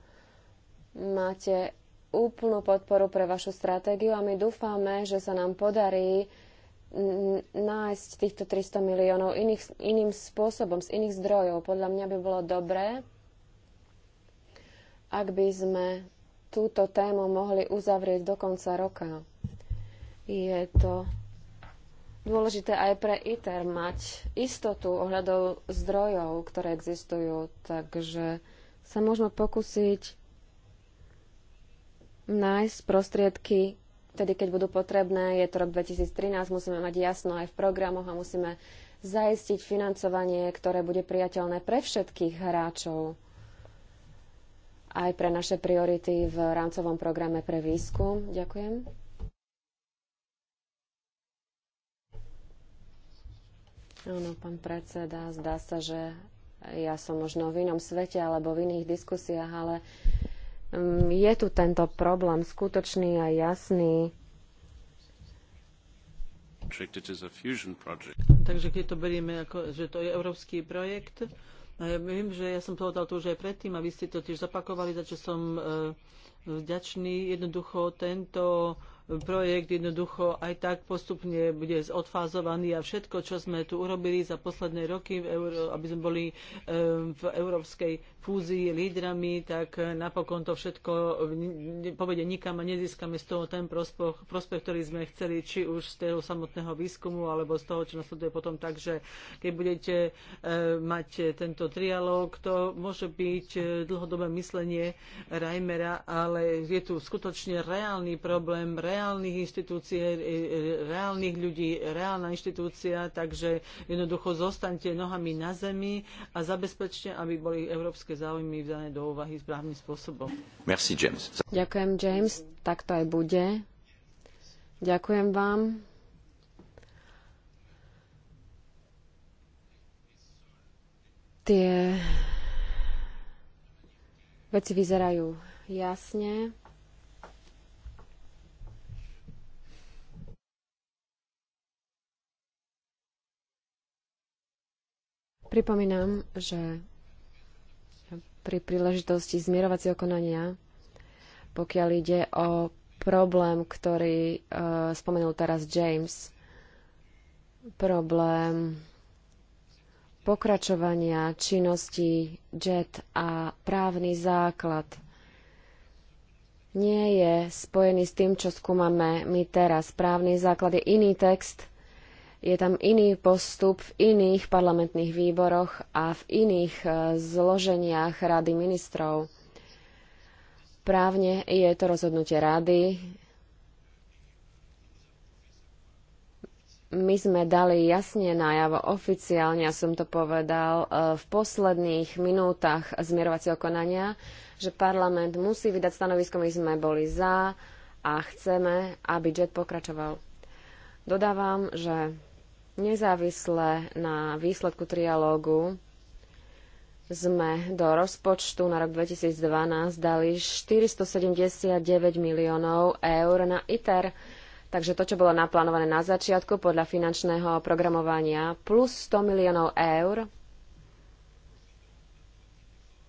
Máte úplnú podporu pre vašu stratégiu a my dúfame, že sa nám podarí nájsť týchto 300 miliónov iných, iným spôsobom, z iných zdrojov. Podľa mňa by bolo dobré, ak by sme túto tému mohli uzavrieť do konca roka. Je to dôležité aj pre ITER mať istotu ohľadov zdrojov, ktoré existujú, takže sa môžeme pokúsiť nájsť prostriedky vtedy, keď budú potrebné. Je to rok 2013, musíme mať jasno aj v programoch a musíme zaistiť financovanie, ktoré bude priateľné pre všetkých hráčov aj pre naše priority v rámcovom programe pre výskum. Ďakujem. Áno, pán predseda, zdá sa, že ja som možno v inom svete alebo v iných diskusiách, ale uh, Mm, je tu tento problém skutočný a jasný. Takže keď to berieme ako, že to je európsky projekt, ja viem, že ja som povedal to už aj predtým a vy ste to tiež zapakovali, za čo som e, vďačný. Jednoducho tento projekt jednoducho aj tak postupne bude odfázovaný a všetko, čo sme tu urobili za posledné roky, aby sme boli eh, v európskej fúzii lídrami, tak eh, napokon to všetko povede nikam a nezískame z toho ten prospech, prospech, ktorý sme chceli, či už z toho samotného výskumu, alebo z toho, čo nasleduje potom. Takže keď budete eh, mať tento trialóg, to môže byť dlhodobé myslenie Reimera, ale je tu skutočne reálny problém, reálny reálnych inštitúcií, e, e, reálnych ľudí, reálna inštitúcia, takže jednoducho zostaňte nohami na zemi a zabezpečte, aby boli európske záujmy vzané do úvahy správnym spôsobom. Merci, James. Ďakujem, James. Tak to aj bude. Ďakujem vám. Tie veci vyzerajú jasne. Pripomínam, že pri príležitosti zmierovacieho konania, pokiaľ ide o problém, ktorý uh, spomenul teraz James, problém pokračovania činnosti JET a právny základ nie je spojený s tým, čo skúmame my teraz. Právny základ je iný text, je tam iný postup v iných parlamentných výboroch a v iných e, zloženiach Rady ministrov. Právne je to rozhodnutie Rady. My sme dali jasne najavo oficiálne, ja som to povedal, e, v posledných minútach zmierovacieho konania, že parlament musí vydať stanovisko, my sme boli za a chceme, aby JET pokračoval. Dodávam, že Nezávisle na výsledku trialógu sme do rozpočtu na rok 2012 dali 479 miliónov eur na ITER. Takže to, čo bolo naplánované na začiatku podľa finančného programovania, plus 100 miliónov eur,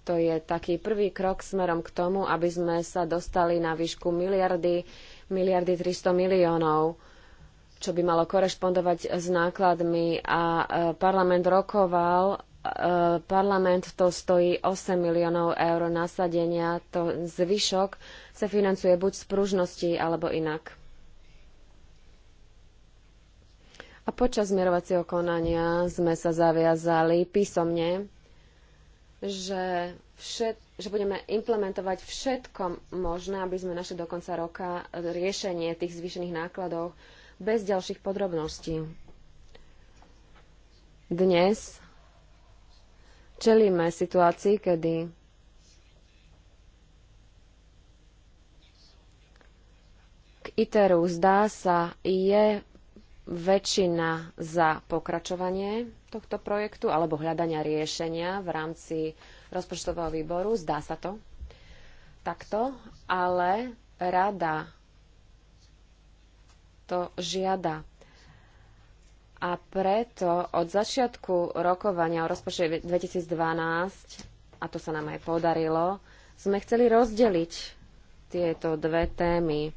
to je taký prvý krok smerom k tomu, aby sme sa dostali na výšku miliardy, miliardy 300 miliónov čo by malo korešpondovať s nákladmi a e, parlament rokoval e, parlament to stojí 8 miliónov eur nasadenia, to zvyšok sa financuje buď z pružnosti alebo inak. A počas zmierovacieho konania sme sa zaviazali písomne, že, všet, že budeme implementovať všetko možné, aby sme našli do konca roka riešenie tých zvýšených nákladov, bez ďalších podrobností. Dnes čelíme situácii, kedy k ITERu zdá sa je väčšina za pokračovanie tohto projektu alebo hľadania riešenia v rámci rozpočtového výboru. Zdá sa to takto, ale rada to žiada. A preto od začiatku rokovania o rozpočte 2012, a to sa nám aj podarilo, sme chceli rozdeliť tieto dve témy,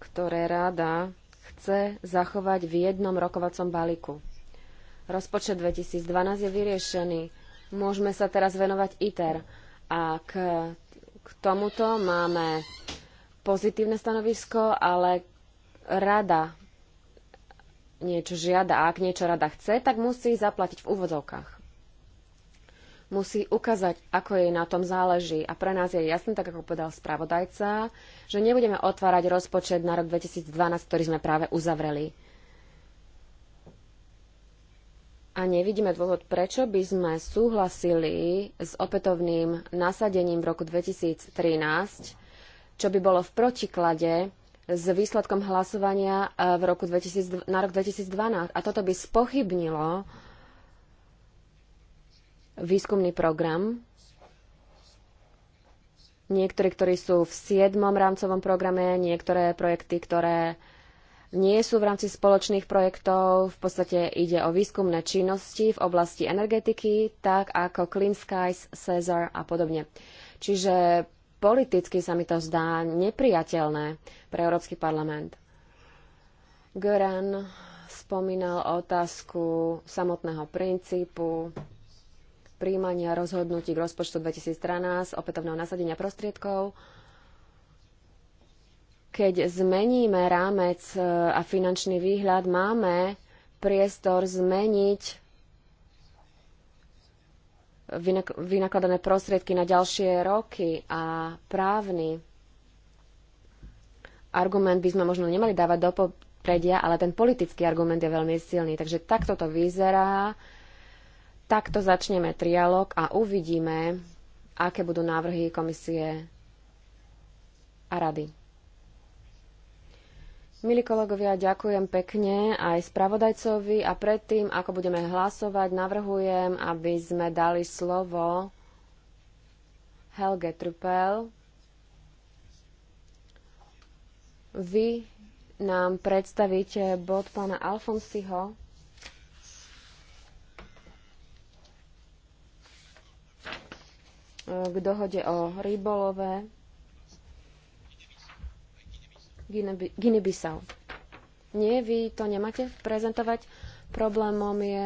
ktoré rada chce zachovať v jednom rokovacom balíku. Rozpočet 2012 je vyriešený. Môžeme sa teraz venovať ITER. A k, k tomuto máme pozitívne stanovisko, ale rada niečo žiada a ak niečo rada chce, tak musí zaplatiť v úvodzovkách. Musí ukázať, ako jej na tom záleží. A pre nás je jasné, tak ako povedal spravodajca, že nebudeme otvárať rozpočet na rok 2012, ktorý sme práve uzavreli. A nevidíme dôvod, prečo by sme súhlasili s opätovným nasadením v roku 2013, čo by bolo v protiklade s výsledkom hlasovania e, v roku 2000, na rok 2012. A toto by spochybnilo výskumný program. Niektorí, ktorí sú v 7. rámcovom programe, niektoré projekty, ktoré nie sú v rámci spoločných projektov. V podstate ide o výskumné činnosti v oblasti energetiky, tak ako Clean Skies, Cesar a podobne. Čiže politicky sa mi to zdá nepriateľné pre Európsky parlament. Göran spomínal otázku samotného princípu príjmania rozhodnutí k rozpočtu 2013, opätovného nasadenia prostriedkov. Keď zmeníme rámec e, a finančný výhľad, máme priestor zmeniť vynakladané prostriedky na ďalšie roky a právny argument by sme možno nemali dávať do popredia, ale ten politický argument je veľmi silný. Takže takto to vyzerá, takto začneme trialog a uvidíme, aké budú návrhy komisie a rady. Milí kolegovia, ďakujem pekne aj spravodajcovi a predtým, ako budeme hlasovať, navrhujem, aby sme dali slovo Helge Trupel. Vy nám predstavíte bod pána Alfonsiho. k dohode o rybolove. Guinea-Bissau. Nie, vy to nemáte prezentovať. Problémom je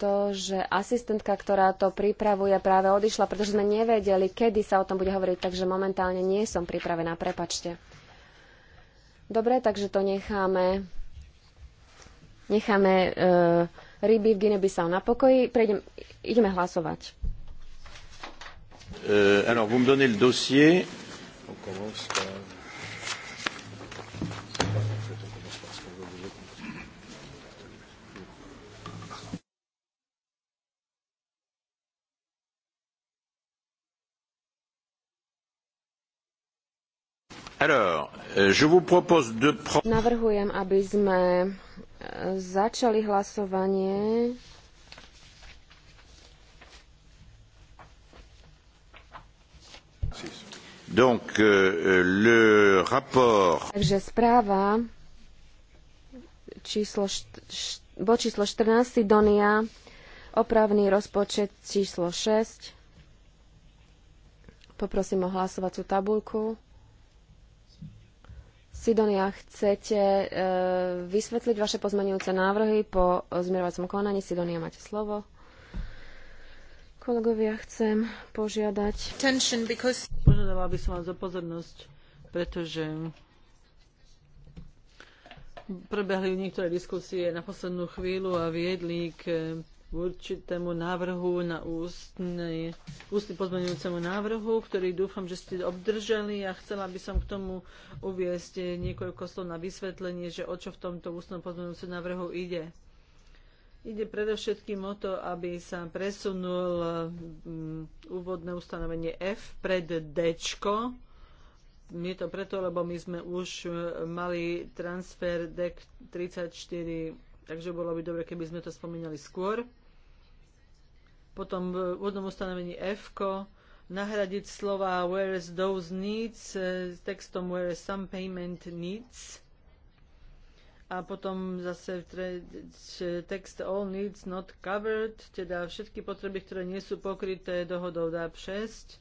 to, že asistentka, ktorá to pripravuje, práve odišla, pretože sme nevedeli, kedy sa o tom bude hovoriť, takže momentálne nie som pripravená, prepačte. Dobre, takže to necháme, necháme e, ryby v Guinea-Bissau na pokoji. Prejdem, ideme hlasovať. Uh, alors, vous me donnez le dossier. On commence par... Euh, Navrhujem, aby sme e, začali hlasovanie. Donc, euh, rapport... Takže správa číslo št- bod číslo 14 Donia, opravný rozpočet číslo 6. Poprosím o hlasovacú tabulku. Sidonia, chcete e, vysvetliť vaše pozmenujúce návrhy po zmierovacom konaní? Sidonia, máte slovo. Kolegovia, chcem požiadať... because... Požiadala by som vás o pozornosť, pretože prebehli niektoré diskusie na poslednú chvíľu a viedli k určitému návrhu na ústnej, ústny pozmeňujúcemu návrhu, ktorý dúfam, že ste obdrželi a chcela by som k tomu uviezť niekoľko slov na vysvetlenie, že o čo v tomto ústnom pozmeňujúcom návrhu ide. Ide predovšetkým o to, aby sa presunul mm, úvodné ustanovenie F pred D. Je to preto, lebo my sme už mali transfer DEC 34 takže bolo by dobre, keby sme to spomínali skôr. Potom v úvodnom ustanovení F nahradiť slova where is those needs eh, s textom is some payment needs a potom zase eh, text all needs not covered, teda všetky potreby, ktoré nie sú pokryté dohodou DAP 6,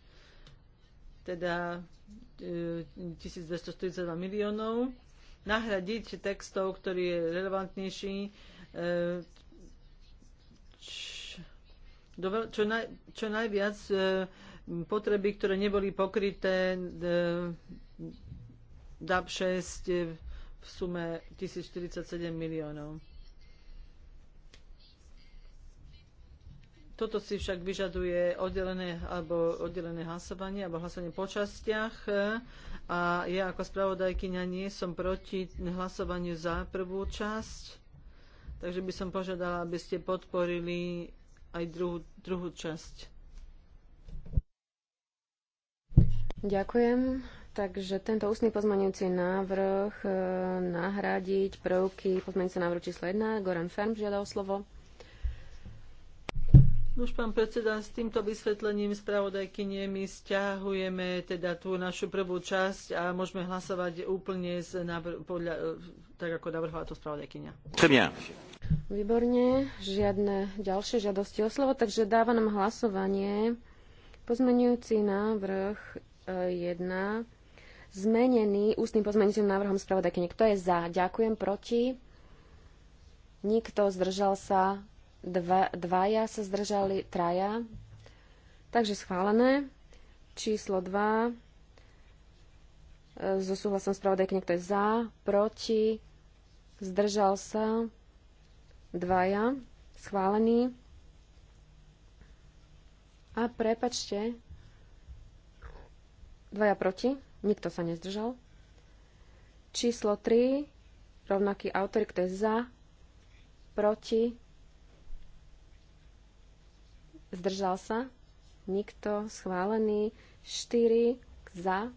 teda 1242 eh, miliónov nahradiť textov, ktorý je relevantnejší, e, čo, naj, čo najviac e, potreby, ktoré neboli pokryté e, DAP 6 v sume 1047 miliónov. Toto si však vyžaduje oddelené, alebo oddelené hlasovanie alebo hlasovanie po častiach a ja ako spravodajkyňa nie som proti hlasovaniu za prvú časť, takže by som požiadala, aby ste podporili aj druhú, druhú časť. Ďakujem. Takže tento ústny pozmaňujúci návrh eh, Nahradiť prvky pozmaňujúce návrhu číslo 1. Goran Ferm žiadal slovo. Už pán predseda, s týmto vysvetlením spravodajkynie my stiahujeme teda tú našu prvú časť a môžeme hlasovať úplne z navr- podľa, e, tak, ako navrhová to spravodajkynia. Výborne, žiadne ďalšie žiadosti o slovo, takže dáva nám hlasovanie. Pozmenujúci návrh 1 e, zmenený ústnym pozmenujúcim návrhom spravodajkyne. Kto je za? Ďakujem. Proti? Nikto zdržal sa? Dva, dvaja sa zdržali, traja. Takže schválené. Číslo 2. E, so súhlasom spravodajky niekto je za, proti, zdržal sa, dvaja, schválený. A prepačte, dvaja proti, nikto sa nezdržal. Číslo 3, rovnaký autor, kto je za, proti, zdržal sa, nikto, schválený, 4 za,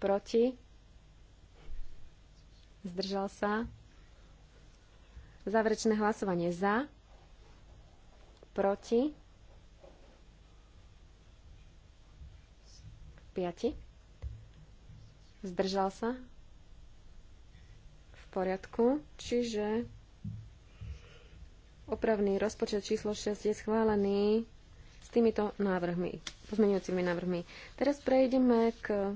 proti, zdržal sa, záverečné hlasovanie za, proti, 5, zdržal sa, v poriadku, čiže Opravný rozpočet číslo 6 je schválený s týmito návrhmi, pozmeňujúcimi návrhmi. Teraz prejdeme k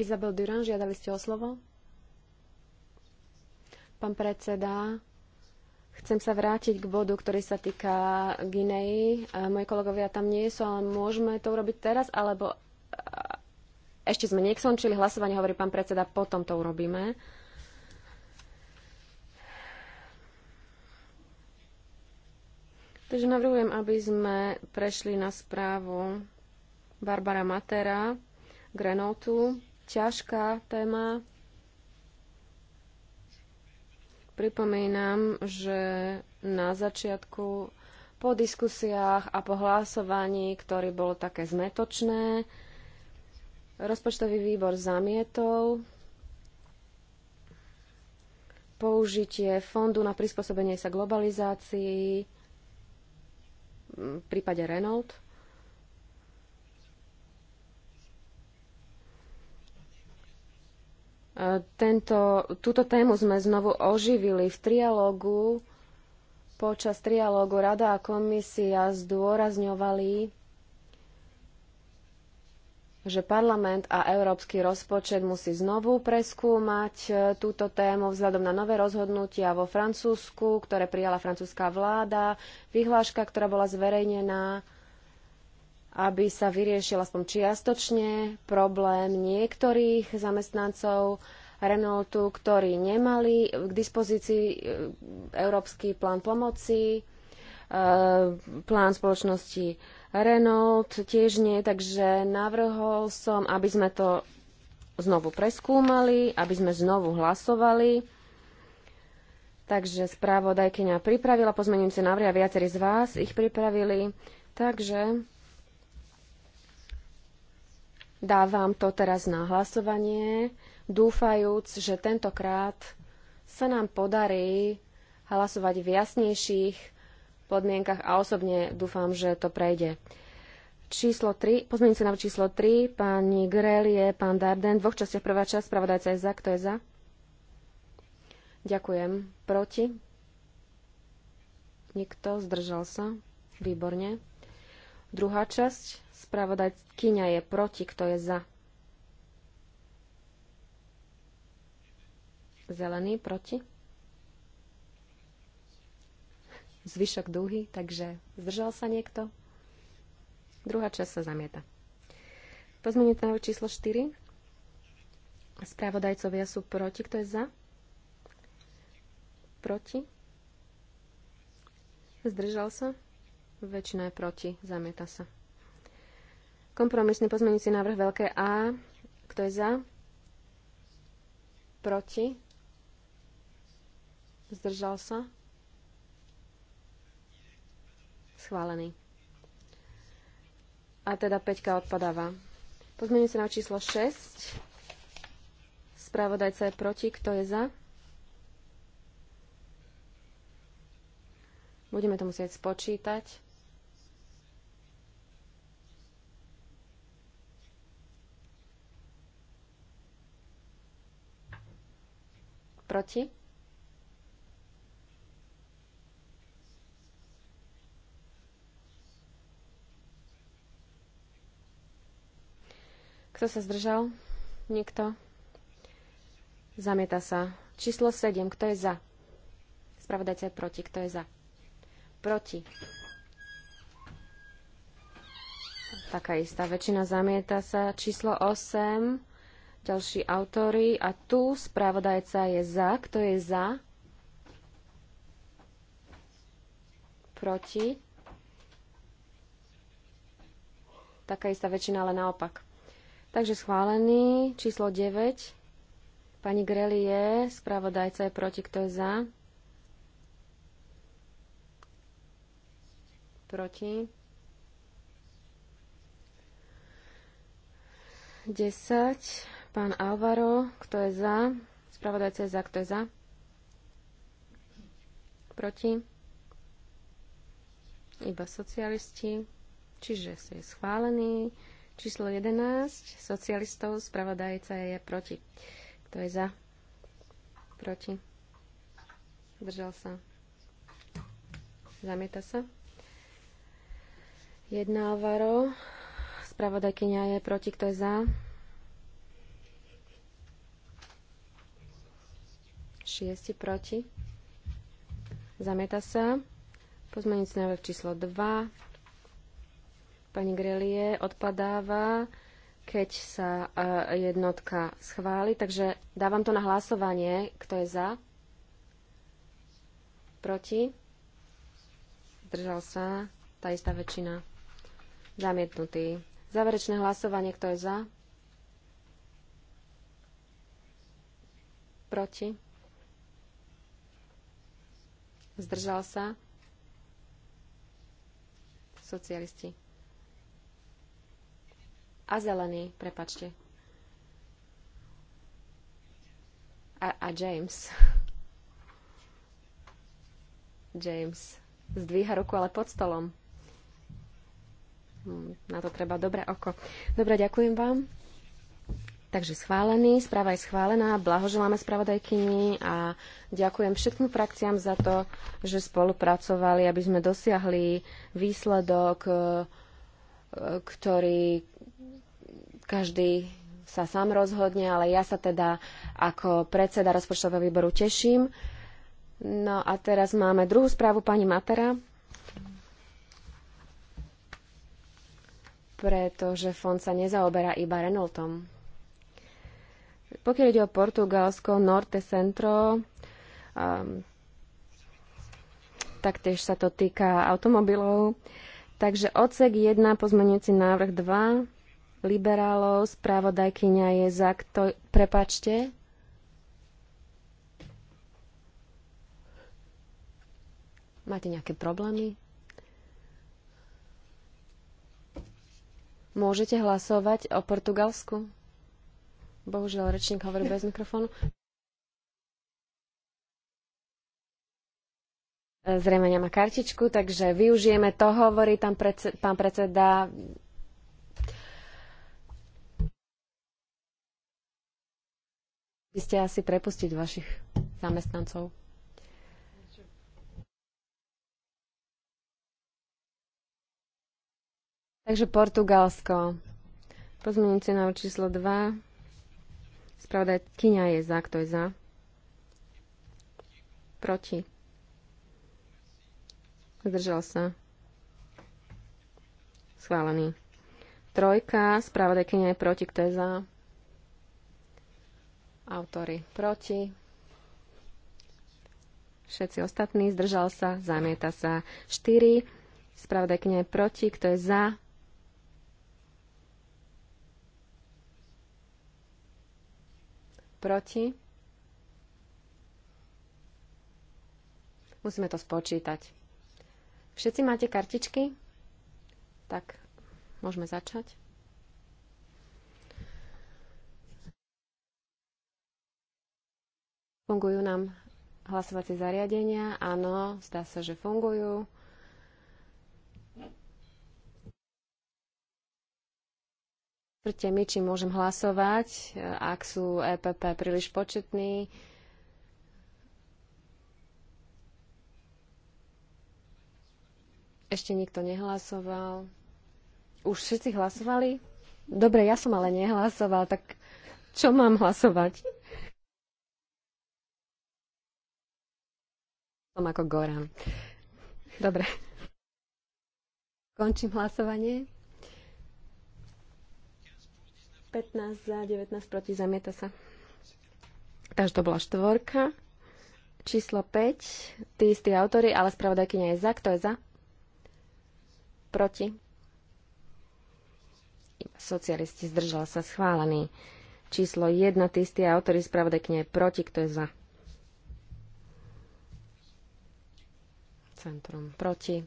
Izabel Duran, žiadali ste o slovo? Pán predseda, Chcem sa vrátiť k bodu, ktorý sa týka Gineji. Moji kolegovia tam nie sú, ale môžeme to urobiť teraz, alebo ešte sme nekončili hlasovanie, hovorí pán predseda, potom to urobíme. Takže navrhujem, aby sme prešli na správu Barbara Matera, Grenotu. Ťažká téma, Pripomínam, že na začiatku po diskusiách a po hlasovaní, ktorý bolo také zmetočné, rozpočtový výbor zamietol použitie fondu na prispôsobenie sa globalizácii v prípade Renault Tento, túto tému sme znovu oživili v trialógu. Počas trialógu Rada a komisia zdôrazňovali, že parlament a európsky rozpočet musí znovu preskúmať e, túto tému vzhľadom na nové rozhodnutia vo Francúzsku, ktoré prijala francúzska vláda, vyhláška, ktorá bola zverejnená aby sa vyriešil aspoň čiastočne problém niektorých zamestnancov Renaultu, ktorí nemali k dispozícii e, európsky plán pomoci, e, plán spoločnosti Renault tiež nie, takže navrhol som, aby sme to znovu preskúmali, aby sme znovu hlasovali. Takže správodajkyňa pripravila pozmenujúce návrhy a viacerí z vás ich pripravili. Takže Dávam to teraz na hlasovanie, dúfajúc, že tentokrát sa nám podarí hlasovať v jasnejších podmienkach a osobne dúfam, že to prejde. Číslo 3, pozmeňujúci návrh číslo 3, pani Grelie, pán Darden, v dvoch častiach prvá časť, spravodajca je za, kto je za? Ďakujem. Proti? Nikto, zdržal sa. Výborne. Druhá časť, Spravodajkyňa je proti, kto je za? Zelený proti? Zvyšok dúhy, takže zdržal sa niekto? Druhá časť sa zamieta. Pozmeňujúci návrh číslo 4. Spravodajcovia sú proti. Kto je za? Proti? Zdržal sa? Väčšina je proti. Zamieta sa. Kompromisný pozmeňujúci návrh veľké A. Kto je za? Proti? Zdržal sa? Schválený. A teda 5 odpadáva. Pozmeňujúci návrh číslo 6. Spravodajca je proti. Kto je za? Budeme to musieť spočítať. Proti? Kto sa zdržal? Nikto? Zamieta sa. Číslo 7. Kto je za? Spravodajca je proti. Kto je za? Proti. Taká istá väčšina zamieta sa. Číslo 8 ďalší autory a tu spravodajca je za. Kto je za? Proti? Taká istá väčšina, ale naopak. Takže schválený číslo 9. Pani Greli je, správodajca je proti, kto je za? Proti. 10. Pán Alvaro, kto je za? Spravodajca je za, kto je za? Proti? Iba socialisti. Čiže je schválený. Číslo 11 socialistov, spravodajca je proti. Kto je za? Proti. Držal sa. Zamieta sa. Jedna Alvaro. Spravodajkynia je proti. Kto je za? 6 proti. Zamieta sa. Pozmeníci návrh číslo 2. Pani Grelie odpadáva, keď sa e, jednotka schváli. Takže dávam to na hlasovanie. Kto je za? Proti? Zdržal sa. Tá istá väčšina. Zamietnutý. Záverečné hlasovanie. Kto je za? Proti? Zdržal sa? Socialisti. A zelený, prepačte. A, a James. <laughs> James. Zdvíha ruku, ale pod stolom. Hm, na to treba dobré oko. Dobre, ďakujem vám. Takže schválený, správa je schválená, blahoželáme spravodajkyni a ďakujem všetkým frakciám za to, že spolupracovali, aby sme dosiahli výsledok, e, ktorý každý sa sám rozhodne, ale ja sa teda ako predseda rozpočtového výboru teším. No a teraz máme druhú správu pani Matera. pretože fond sa nezaoberá iba Renaultom. Pokiaľ ide o Portugalsko, Norte Centro, um, taktiež sa to týka automobilov. Takže odsek 1, pozmenujúci návrh 2, liberálov, správodajkyňa je za kto... Prepačte. Máte nejaké problémy? Môžete hlasovať o Portugalsku? Bohužiaľ, rečník hovorí bez mikrofónu. E, Zrejme nemá kartičku, takže využijeme to, hovorí tam predse- pán predseda. Vy ste asi prepustiť vašich zamestnancov. Takže Portugalsko. Pozmienujúci návrh číslo 2. Spravodajkyňa je za, kto je za? Proti. Zdržal sa. Schválený. Trojka, spravodajkyňa je proti, kto je za? Autory proti. Všetci ostatní, zdržal sa, zamieta sa. 4. Spravodajkyňa je proti, kto je za? Proti? Musíme to spočítať. Všetci máte kartičky? Tak môžeme začať. Fungujú nám hlasovacie zariadenia? Áno, zdá sa, že fungujú. Tvrdte mi, či môžem hlasovať, ak sú EPP príliš početní. Ešte nikto nehlasoval. Už všetci hlasovali? Dobre, ja som ale nehlasoval, tak čo mám hlasovať? Som ako Goran. Dobre. Končím hlasovanie. 15 za, 19 proti, zamieta sa. Takže to bola štvorka. Číslo 5, tí istí autory, ale spravodajkynia je za. Kto je za? Proti. Socialisti zdržala sa schválený. Číslo 1, tí istí autory, spravodajkynia je proti. Kto je za? Centrum proti.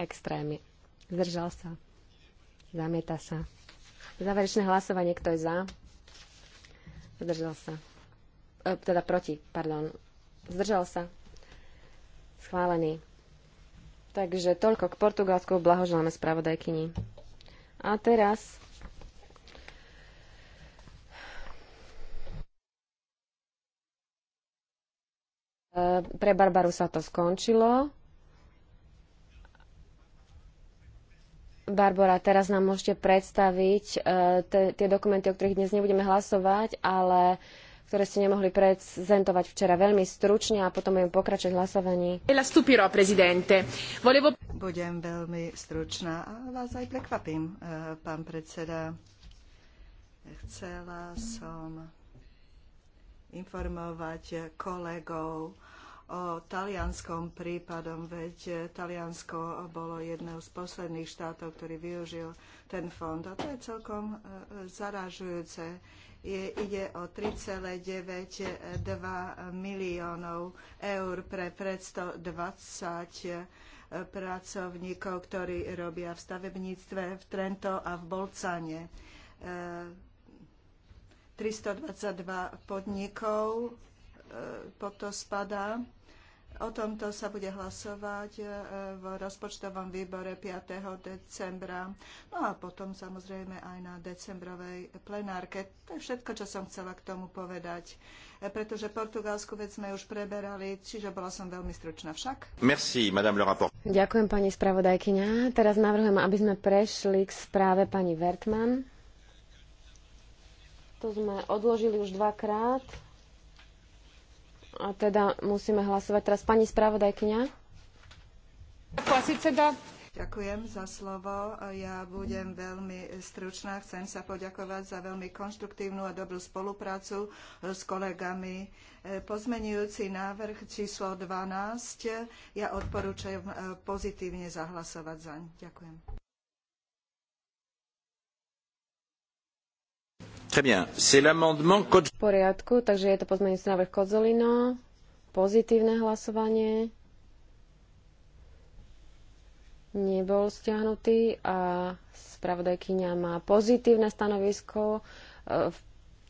Extrémy. Zdržal sa. Zamieta sa. Záverečné hlasovanie, kto je za? Zdržal sa. E, teda proti, pardon. Zdržal sa. Schválený. Takže toľko k Portugalsku. Blahoželáme spravodajkyni. A teraz e, pre Barbaru sa to skončilo. Barbara, teraz nám môžete predstaviť e, tie dokumenty, o ktorých dnes nebudeme hlasovať, ale ktoré ste nemohli prezentovať včera veľmi stručne a potom budem pokračovať v hlasovaní. Budem veľmi stručná a vás aj prekvapím, e, pán predseda. Chcela som informovať kolegov o talianskom prípadom, veď e, Taliansko bolo jednou z posledných štátov, ktorý využil ten fond. A to je celkom e, zaražujúce. Je, ide o 3,92 miliónov eur pre 520 e, pracovníkov, ktorí robia v stavebníctve v Trento a v Bolcane. 322 podnikov pod to spadá. O tomto sa bude hlasovať e, v rozpočtovom výbore 5. decembra. No a potom samozrejme aj na decembrovej plenárke. To je všetko, čo som chcela k tomu povedať. E, pretože portugalskú vec sme už preberali, čiže bola som veľmi stručná však. Merci, madame le rapport. Ďakujem, pani spravodajkyňa. Teraz navrhujem, aby sme prešli k správe pani Vertman. To sme odložili už dvakrát. A teda musíme hlasovať teraz pani spravodajkyňa. Ďakujem za slovo. Ja budem veľmi stručná. Chcem sa poďakovať za veľmi konštruktívnu a dobrú spoluprácu s kolegami. Pozmenujúci návrh číslo 12 ja odporúčam pozitívne zahlasovať zaň. Ďakujem. V poriadku, takže je to pozmeňujúci návrh Kozolino. Pozitívne hlasovanie. Nebol stiahnutý a spravodajkyňa má pozitívne stanovisko. E,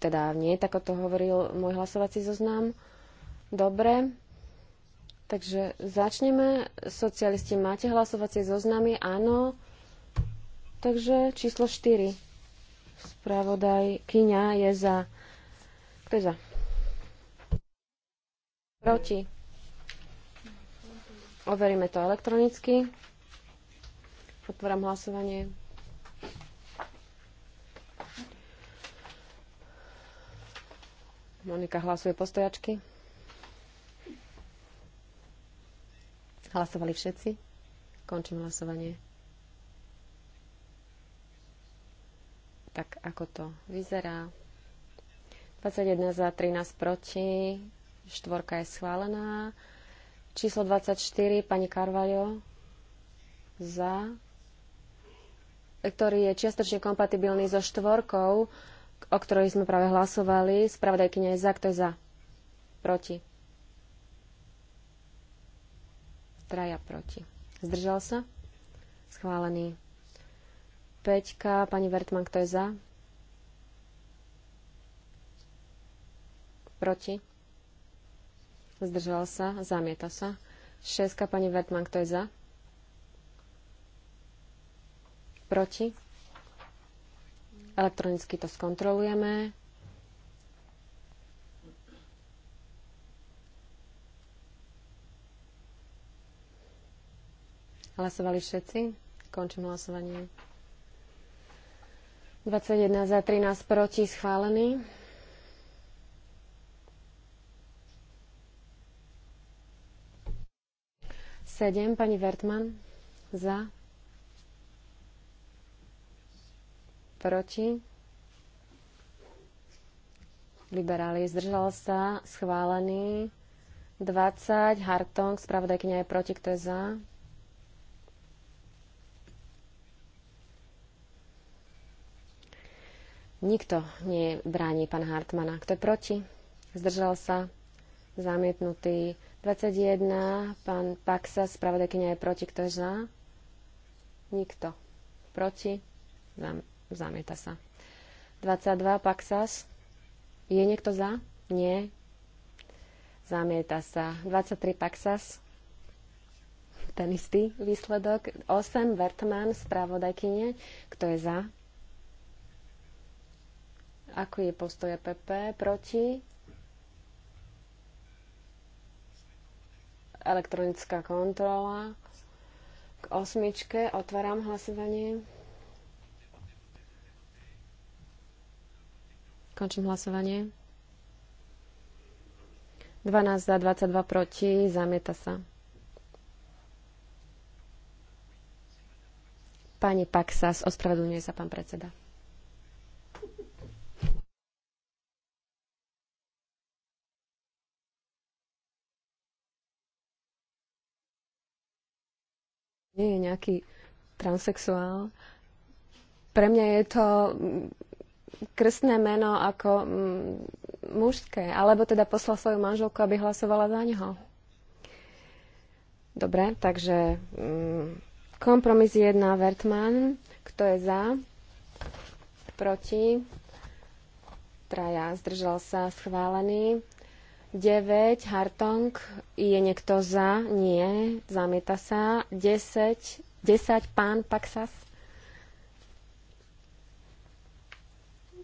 teda nie, tak to hovoril môj hlasovací zoznam. Dobre. Takže začneme. Socialisti, máte hlasovacie zoznamy? Áno. Takže číslo 4. Spravodaj je za. Kto je za? Proti. Overíme to elektronicky. Otváram hlasovanie. Monika hlasuje postojačky. Hlasovali všetci? Končím hlasovanie. tak ako to vyzerá. 21 za 13 proti, štvorka je schválená. Číslo 24, pani Carvalho za, ktorý je čiastočne kompatibilný so štvorkou, o ktorej sme práve hlasovali. Spravodajkyňa je za, kto je za? Proti. Traja proti. Zdržal sa? Schválený. Peťka. Pani Vertman, kto je za? Proti? Zdržal sa? Zamieta sa. Šeska. Pani Vertman, kto je za? Proti? Elektronicky to skontrolujeme. Hlasovali všetci? Končím hlasovanie. 21 za 13 proti schválený. Sedem, pani Vertman, za, proti, liberáli, zdržal sa, schválený, 20, Hartong, spravodajkynia je proti, kto je za, Nikto nebráni pán Hartmana. Kto je proti? Zdržal sa? Zamietnutý. 21. Pán Paxa, spravodajkynia je proti. Kto je za? Nikto. Proti? Zam, zamieta sa. 22. Paxas. Je niekto za? Nie. Zamieta sa. 23. Paxas. Ten istý výsledok. 8. Vertman, spravodajkynie. Kto je za? Ako je postoj PP e proti? Elektronická kontrola. K osmičke otváram hlasovanie. Končím hlasovanie. 12 za 22 proti, zamieta sa. Pani Paksas, ospravedlňuje sa pán predseda. nie je nejaký transexuál. Pre mňa je to krstné meno ako mm, mužské, alebo teda poslal svoju manželku, aby hlasovala za neho. Dobre, takže mm, kompromis jedna Vertman, kto je za, proti, traja, zdržal sa, schválený. 9, Hartong, je niekto za? Nie, zamieta sa. 10, 10, pán Paxas.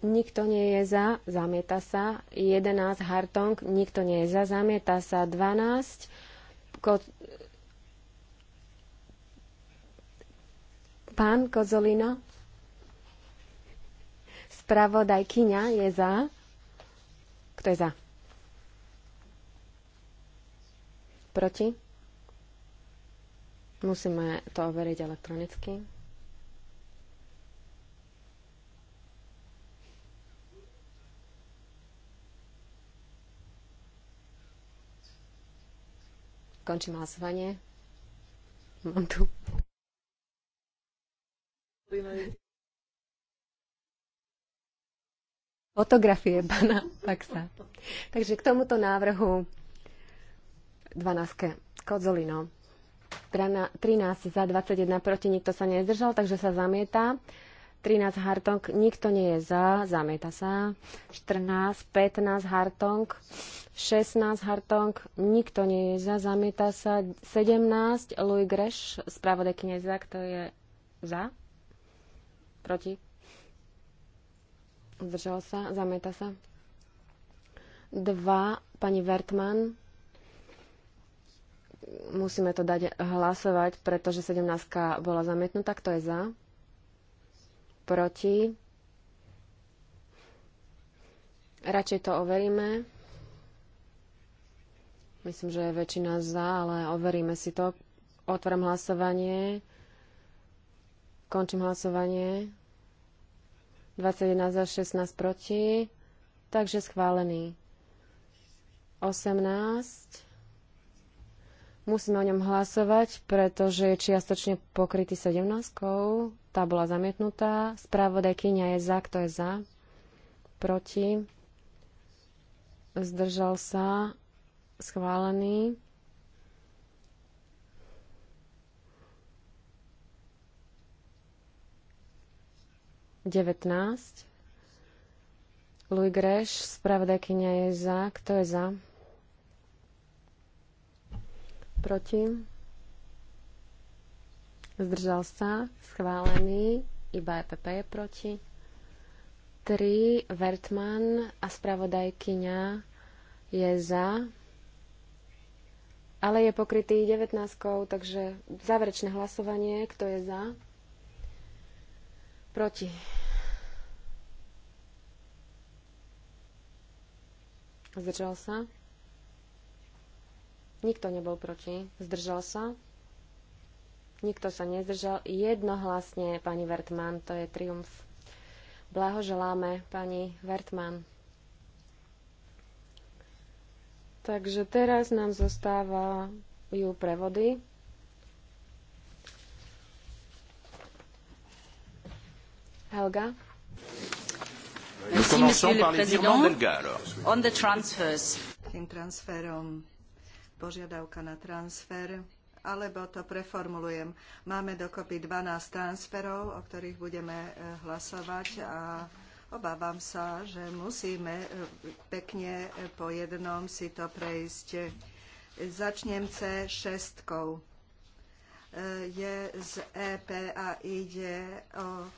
Nikto nie je za, zamieta sa. 11, Hartong, nikto nie je za, zamieta sa. 12, ko... pán Kozolino. Spravodajkyňa je za. Kto je za? Proti? Musíme to overiť elektronicky. Končím hlasovanie. Mám tu. Fotografie <laughs> pána Paxa. Takže k tomuto návrhu 12. Kozolino. 13 za 21 proti, nikto sa nezdržal, takže sa zamieta. 13 Hartong, nikto nie je za, zamieta sa. 14, 15 Hartong, 16 Hartong, nikto nie je za, zamieta sa. 17 Louis Greš, spravodaj za, kto je za, proti, zdržal sa, zamieta sa. 2 pani Vertman, musíme to dať hlasovať, pretože 17 bola zamietnutá. Kto je za? Proti? Radšej to overíme. Myslím, že je väčšina za, ale overíme si to. Otváram hlasovanie. Končím hlasovanie. 21 za 16 proti. Takže schválený. 18. Musíme o ňom hlasovať, pretože je čiastočne pokrytý 17. Tá bola zamietnutá. Spravodajkynia je za, kto je za. Proti. Zdržal sa. Schválený. Devetnáct. Louis Greš, spravodajkynia je za. Kto je za? proti, zdržal sa, schválený, iba EPP je proti. 3. Vertman a spravodajkyňa je za, ale je pokrytý 19, takže záverečné hlasovanie, kto je za? Proti. Zdržal sa. Nikto nebol proti. Zdržal sa. Nikto sa nezdržal. Jednohlasne, pani Vertman, to je triumf. Blahoželáme, pani Vertman. Takže teraz nám zostávajú prevody. Helga. Merci, monsieur le président. On the transfers. Tým transferom požiadavka na transfer, alebo to preformulujem. Máme dokopy 12 transferov, o ktorých budeme e, hlasovať a obávam sa, že musíme e, pekne e, po jednom si to prejsť. Začnem C6. Je z EP a ide o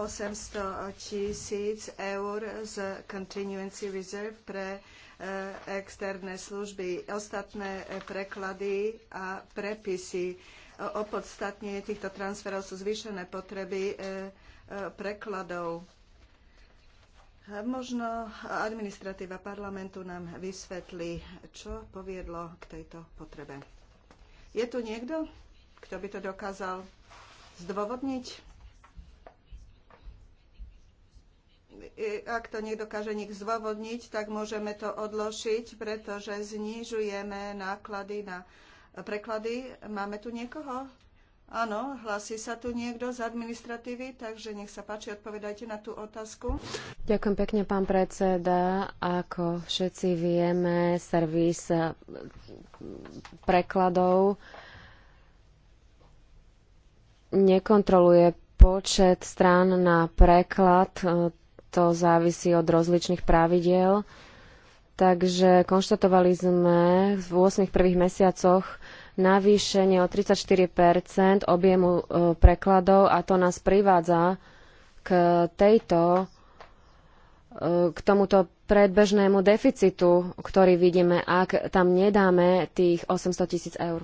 800 tisíc eur z Contingency Reserve pre E, externé služby, ostatné e, preklady a prepisy. Opodstatnenie týchto transferov sú zvýšené potreby e, prekladov. Možno administratíva parlamentu nám vysvetlí, čo poviedlo k tejto potrebe. Je tu niekto, kto by to dokázal zdôvodniť? ak to nedokáže nik zdôvodniť, tak môžeme to odložiť, pretože znižujeme náklady na preklady. Máme tu niekoho? Áno, hlasí sa tu niekto z administratívy, takže nech sa páči, odpovedajte na tú otázku. Ďakujem pekne, pán predseda. Ako všetci vieme, servis eh, prekladov nekontroluje počet strán na preklad. Eh, to závisí od rozličných pravidiel. Takže konštatovali sme v 8 prvých mesiacoch navýšenie o 34 objemu e, prekladov a to nás privádza k tejto e, k tomuto predbežnému deficitu, ktorý vidíme, ak tam nedáme tých 800 tisíc eur.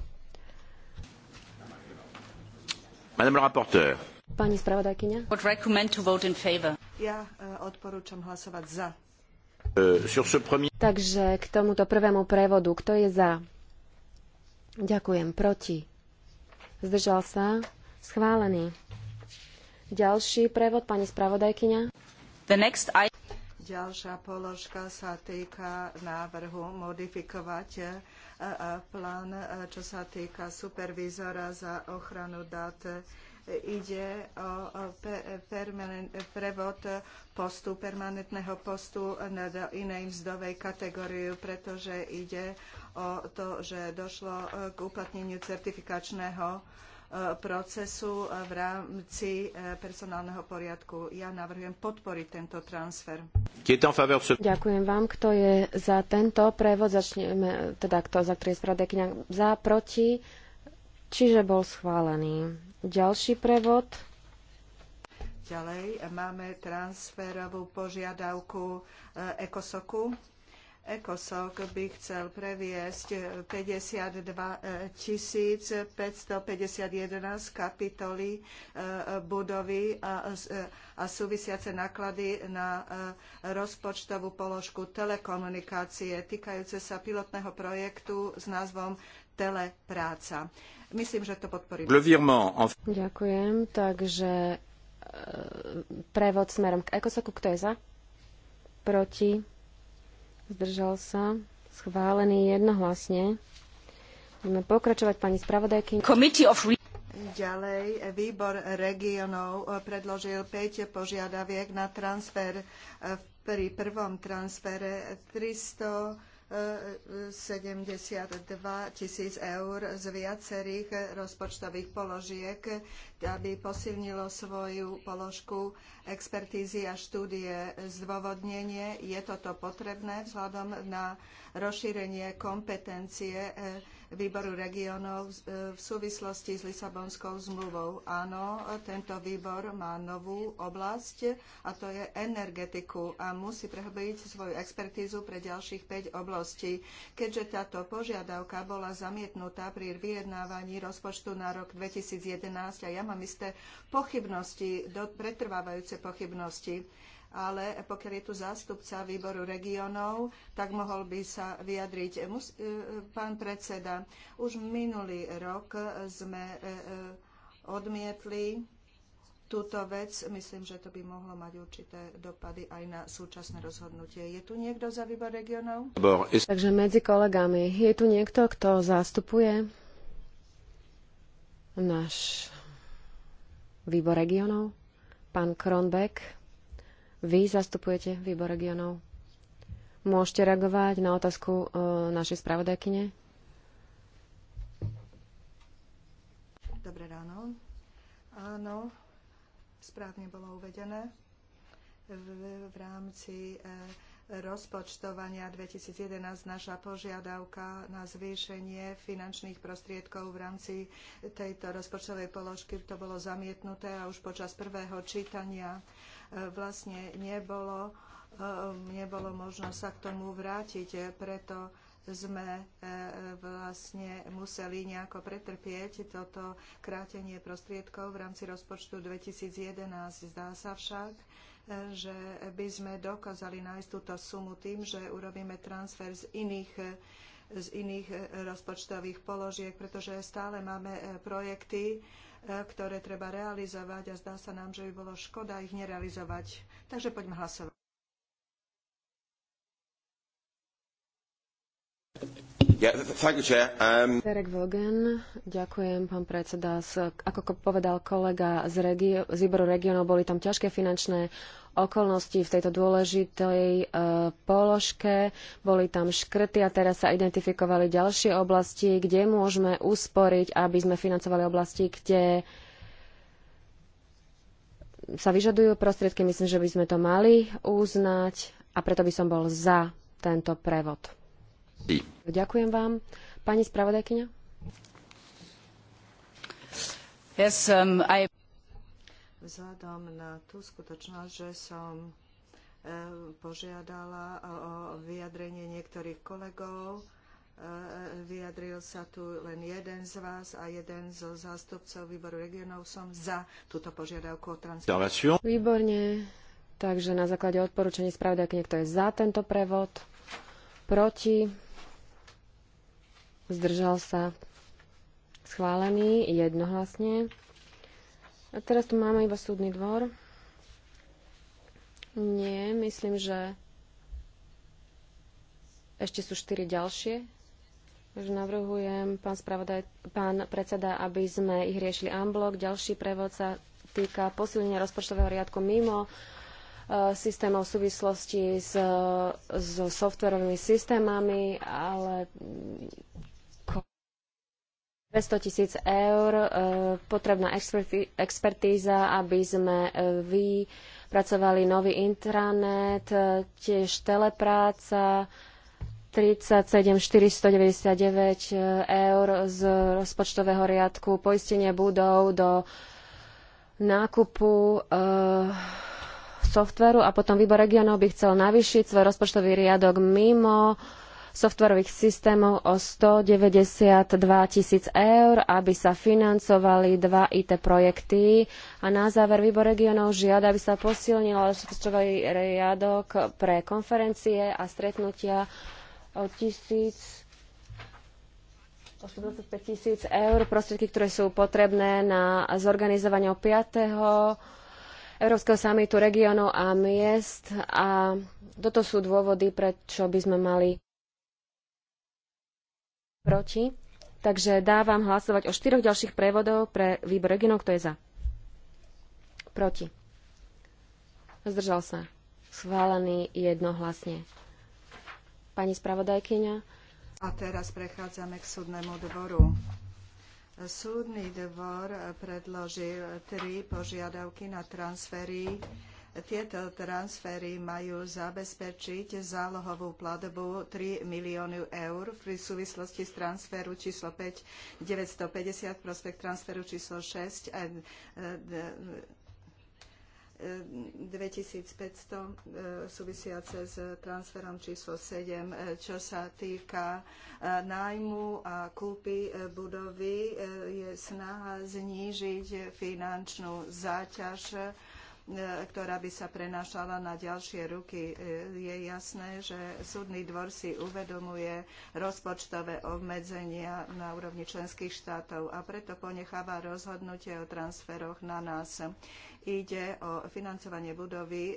Madame la rapporteure. Pani spravodajkyňa. Ja eh, odporúčam hlasovať za. Eh, Takže k tomuto prvému prevodu, kto je za? Ďakujem. Proti? Zdržal sa? Schválený. Ďalší prevod, pani spravodajkyňa. I... Ďalšia položka sa týka návrhu modifikovať eh, plán, čo sa týka supervízora za ochranu dát ide o prevod postu, permanentného postu do inej mzdovej kategórii, pretože ide o to, že došlo e, k uplatneniu certifikačného e, procesu v rámci e, personálneho poriadku. Ja navrhujem podporiť tento transfer. Ďakujem vám. Kto je za tento prevod? Začneme, teda kto za ktorý je spravodajkyňa za, proti. Čiže bol schválený. Ďalší prevod. Ďalej máme transferovú požiadavku ECOSOKu. Eh, EKOSOK by chcel previesť 52 551 z kapitoly eh, budovy a, eh, a súvisiace náklady na rozpočtovú položku telekomunikácie týkajúce sa pilotného projektu s názvom Telepráca. práca myslím, že to podporíme. Ďakujem, takže e, prevod smerom k ekosoku, kto je za? Proti? Zdržal sa? Schválený jednohlasne. Budeme pokračovať pani spravodajky. Ďalej, výbor regionov e, predložil 5 požiadaviek na transfer. E, pri prvom transfere 300 72 tisíc eur z viacerých rozpočtových položiek, aby posilnilo svoju položku expertízy a štúdie. Zdôvodnenie je toto potrebné vzhľadom na rozšírenie kompetencie výboru regiónov e, v súvislosti s Lisabonskou zmluvou. Áno, tento výbor má novú oblasť a to je energetiku a musí prehlbiť svoju expertízu pre ďalších 5 oblastí. Keďže táto požiadavka bola zamietnutá pri vyjednávaní rozpočtu na rok 2011 a ja mám isté pochybnosti, pretrvávajúce pochybnosti, ale pokiaľ je tu zástupca výboru regionov, tak mohol by sa vyjadriť e, e, pán predseda. Už minulý rok sme e, odmietli túto vec. Myslím, že to by mohlo mať určité dopady aj na súčasné rozhodnutie. Je tu niekto za výbor regionov? Takže medzi kolegami. Je tu niekto, kto zastupuje náš výbor regionov? Pán Kronbeck vy zastupujete výbor regionov. Môžete reagovať na otázku e, našej spravodajkyne? Dobré ráno. Áno, správne bolo uvedené. V, v rámci e, rozpočtovania 2011 naša požiadavka na zvýšenie finančných prostriedkov v rámci tejto rozpočtovej položky to bolo zamietnuté a už počas prvého čítania E, vlastne nebolo, e, nebolo možno sa k tomu vrátiť, e, preto sme vlastne museli nejako pretrpieť toto krátenie prostriedkov v rámci rozpočtu 2011. Zdá sa však, že by sme dokázali nájsť túto sumu tým, že urobíme transfer z iných z iných rozpočtových položiek, pretože stále máme projekty, ktoré treba realizovať a zdá sa nám, že by bolo škoda ich nerealizovať. Takže poďme hlasovať. Um, Derek Vogen, ďakujem, pán predseda. Ako povedal kolega z, regio, z výboru regionov, boli tam ťažké finančné okolnosti v tejto dôležitej e, položke. Boli tam škrty a teraz sa identifikovali ďalšie oblasti, kde môžeme usporiť, aby sme financovali oblasti, kde sa vyžadujú prostriedky. Myslím, že by sme to mali uznať a preto by som bol za tento prevod. Ďakujem vám. Pani spravodajkyňa? Yes, um, I... Vzhľadom na tú skutočnosť, že som e, požiadala o vyjadrenie niektorých kolegov, e, vyjadril sa tu len jeden z vás a jeden zo zástupcov výboru regionov som za túto požiadavku o transparentnosť. Výborne. Takže na základe odporúčaní spravodajky niekto je za tento prevod, proti zdržal sa schválený jednohlasne. A teraz tu máme iba súdny dvor. Nie, myslím, že ešte sú štyri ďalšie. Takže navrhujem, pán, spravodaj, pán predseda, aby sme ich riešili unblock. Ďalší prevod sa týka posilnenia rozpočtového riadku mimo e, systémov v súvislosti s, e, so softverovými systémami, ale 200 tisíc eur, e, potrebná expertíza, aby sme e, vypracovali nový intranet, e, tiež telepráca, 37 499 eur z rozpočtového riadku, poistenie budov do nákupu softveru a potom výbor regionov by chcel navýšiť svoj rozpočtový riadok mimo softwarových systémov o 192 tisíc eur, aby sa financovali dva IT projekty. A na záver výbor regionov žiada, aby sa posilnil rozpočtový riadok pre konferencie a stretnutia o tisíc 125 tisíc eur, prostriedky, ktoré sú potrebné na zorganizovanie 5. Európskeho samitu regiónov a miest a toto sú dôvody, prečo by sme mali Proti. Takže dávam hlasovať o štyroch ďalších prevodov pre výbor regionov. Kto je za? Proti. Zdržal sa. Schválený jednohlasne. Pani spravodajkyňa. A teraz prechádzame k súdnemu dvoru. Súdny dvor predložil tri požiadavky na transfery tieto transfery majú zabezpečiť zálohovú platbu 3 milióny eur v súvislosti s transferu číslo 5 950, prospekt transferu číslo 6 a 2500 e, e, súvisiace s transferom číslo 7, čo sa týka e, nájmu a kúpy budovy, je snaha znížiť finančnú záťaž E, ktorá by sa prenášala na ďalšie ruky. E, je jasné, že súdny dvor si uvedomuje rozpočtové obmedzenia na úrovni členských štátov a preto ponecháva rozhodnutie o transferoch na nás. Ide o financovanie budovy e,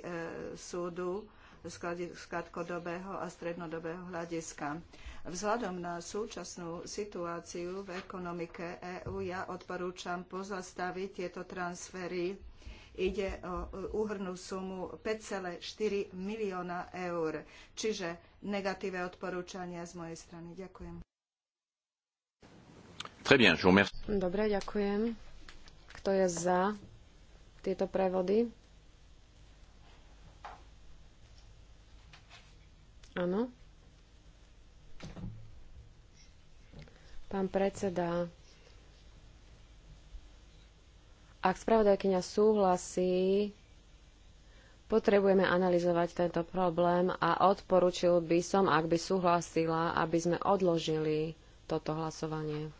súdu z krátkodobého a strednodobého hľadiska. Vzhľadom na súčasnú situáciu v ekonomike EÚ ja odporúčam pozastaviť tieto transfery Ide o úhrnú sumu 5,4 milióna eur. Čiže negatíve odporúčania z mojej strany. Ďakujem. Dobre, ďakujem. Kto je za tieto prevody? Áno. Pán predseda, ak spravodajkyňa súhlasí, potrebujeme analyzovať tento problém a odporučil by som, ak by súhlasila, aby sme odložili toto hlasovanie.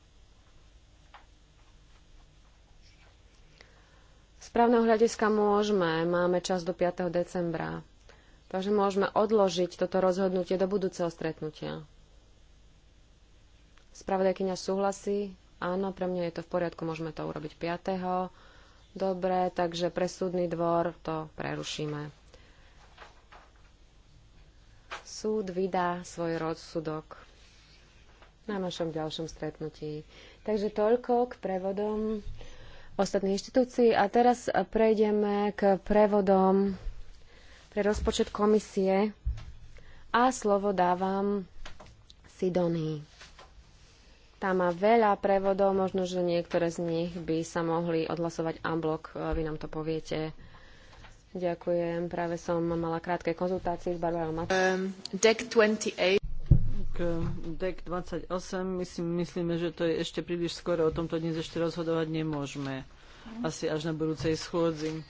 správneho hľadiska môžeme, máme čas do 5. decembra. Takže môžeme odložiť toto rozhodnutie do budúceho stretnutia. Spravodajkyňa súhlasí? Áno, pre mňa je to v poriadku, môžeme to urobiť 5. Dobre, takže pre súdny dvor to prerušíme. Súd vydá svoj rozsudok na našom ďalšom stretnutí. Takže toľko k prevodom ostatných inštitúcií. A teraz prejdeme k prevodom pre rozpočet komisie a slovo dávam Sidonii. Tam má veľa prevodov, možno, že niektoré z nich by sa mohli odhlasovať unblock, e, vy nám to poviete. Ďakujem, práve som mala krátke konzultácie s Barbarou Mat. Um, deck 28. K deck 28, si myslíme, že to je ešte príliš skoro, o tomto dnes ešte rozhodovať nemôžeme. Asi až na budúcej schôdzi.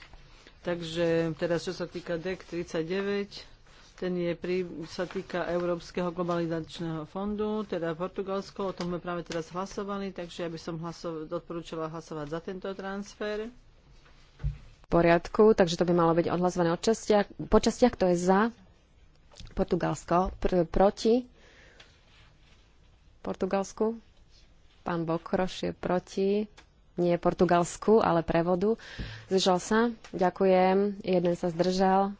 Takže teraz, čo sa týka deck 39, ten je pri, sa týka Európskeho globalizačného fondu, teda Portugalsko. O tom sme práve teraz hlasovali, takže ja by som hlasov, odporúčala hlasovať za tento transfer. V poriadku, takže to by malo byť odhlasované od častia, po častiach. Kto je za? Portugalsko. Pr- proti? Portugalsku? Pán Bokroš je proti nie Portugalsku, ale prevodu. Zdržal sa? Ďakujem. Jeden sa zdržal.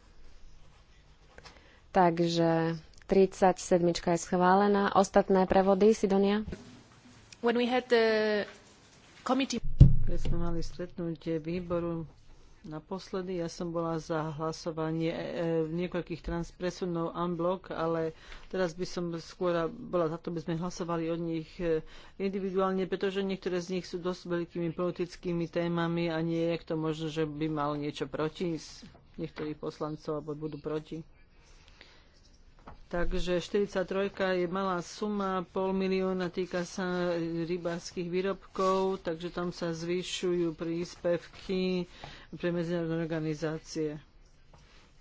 Takže 37 je schválená. Ostatné prevody, Sidonia? When we had the committee... Keď sme mali stretnutie výboru naposledy, ja som bola za hlasovanie v e, e, niekoľkých transpresunov unblock, ale teraz by som skôr bola za to, by sme hlasovali od nich e, individuálne, pretože niektoré z nich sú dosť veľkými politickými témami a nie je to možno, že by mal niečo proti niektorých poslancov alebo budú proti. Takže 43 je malá suma, pol milióna týka sa rybárskych výrobkov, takže tam sa zvyšujú príspevky pre medzinárodné organizácie.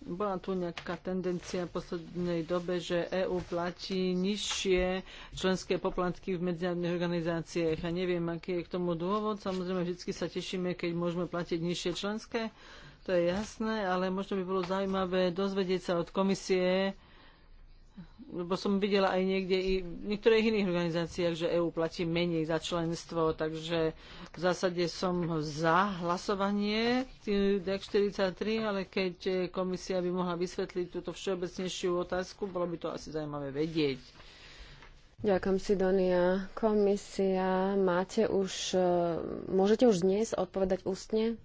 Bola tu nejaká tendencia v poslednej dobe, že EÚ platí nižšie členské poplatky v medzinárodných organizáciách. A neviem, aký je k tomu dôvod. Samozrejme, vždy sa tešíme, keď môžeme platiť nižšie členské. To je jasné, ale možno by bolo zaujímavé dozvedieť sa od komisie, lebo som videla aj niekde i v niektorých iných organizáciách, že EÚ platí menej za členstvo, takže v zásade som za hlasovanie DAC 43, ale keď e, komisia by mohla vysvetliť túto všeobecnejšiu otázku, bolo by to asi zaujímavé vedieť. Ďakujem, Sidonia. Komisia, máte už, e, môžete už dnes odpovedať ústne?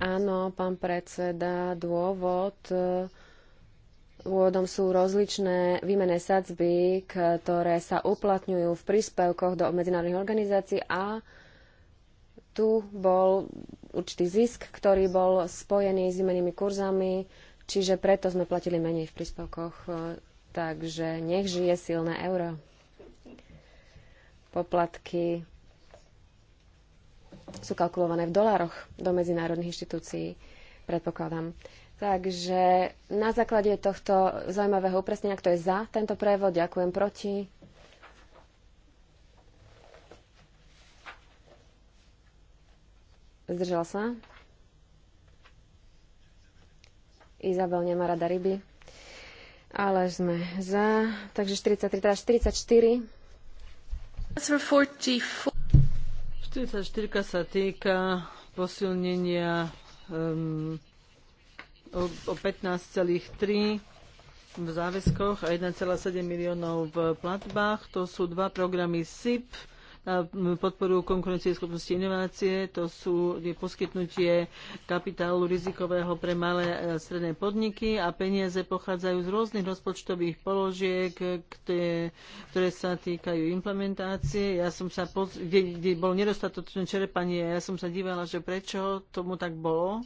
Áno, pán predseda, dôvod e, Dôvodom sú rozličné výmené sadzby, ktoré sa uplatňujú v príspevkoch do medzinárodných organizácií a tu bol určitý zisk, ktorý bol spojený s výmenými kurzami, čiže preto sme platili menej v príspevkoch. E, takže nech žije silné euro. Poplatky sú kalkulované v dolároch do medzinárodných inštitúcií, predpokladám. Takže na základe tohto zaujímavého upresnenia, kto je za tento prevod, ďakujem proti. Zdržal sa? Izabel nemá rada ryby. Ale sme za. Takže 43, teda 44. 44 sa týka posilnenia um, o 15,3 v záväzkoch a 1,7 miliónov v platbách. To sú dva programy SIP na podporu konkurencieschopnosti inovácie. To sú je poskytnutie kapitálu rizikového pre malé a stredné podniky a peniaze pochádzajú z rôznych rozpočtových položiek, ktoré, ktoré sa týkajú implementácie. Ja som sa, kde, kde bolo nedostatočné čerpanie, ja som sa dívala, že prečo tomu tak bolo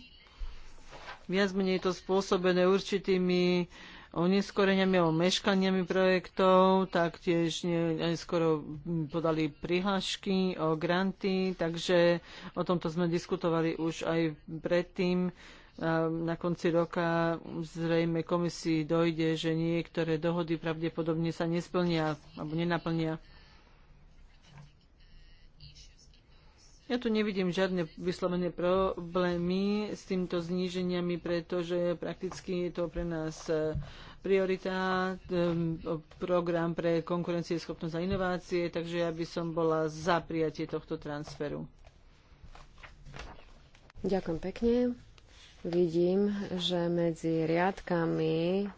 Viac menej je to spôsobené určitými oneskoreniami alebo meškaniami projektov, taktiež neskoro podali prihlášky o granty, takže o tomto sme diskutovali už aj predtým. Na konci roka zrejme komisii dojde, že niektoré dohody pravdepodobne sa nesplnia alebo nenaplnia. Ja tu nevidím žiadne vyslovené problémy s týmto zníženiami, pretože prakticky je to pre nás e, priorita, e, program pre schopnosť a inovácie, takže ja by som bola za prijatie tohto transferu. Ďakujem pekne. Vidím, že medzi riadkami,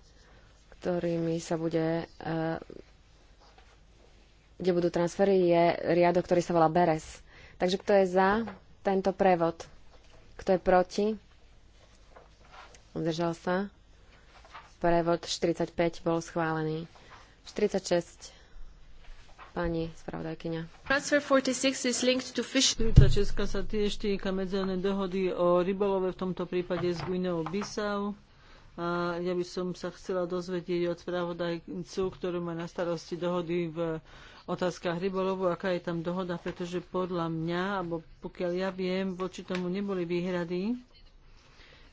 ktorými sa bude e, kde budú transfery, je riadok, ktorý sa volá Beres. Takže kto je za tento prevod? Kto je proti? Udržal sa. Prevod 45 bol schválený. 46 pani spravodajkyňa. Transfer 46 is linked to fish... 46 sa tiež týka medzelnej dohody o rybolove, v tomto prípade z Guineou-Bissau. A ja by som sa chcela dozvedieť od spravodajcu, ktorý má na starosti dohody v otázkach rybolovu, aká je tam dohoda, pretože podľa mňa, alebo pokiaľ ja viem, voči tomu neboli výhrady,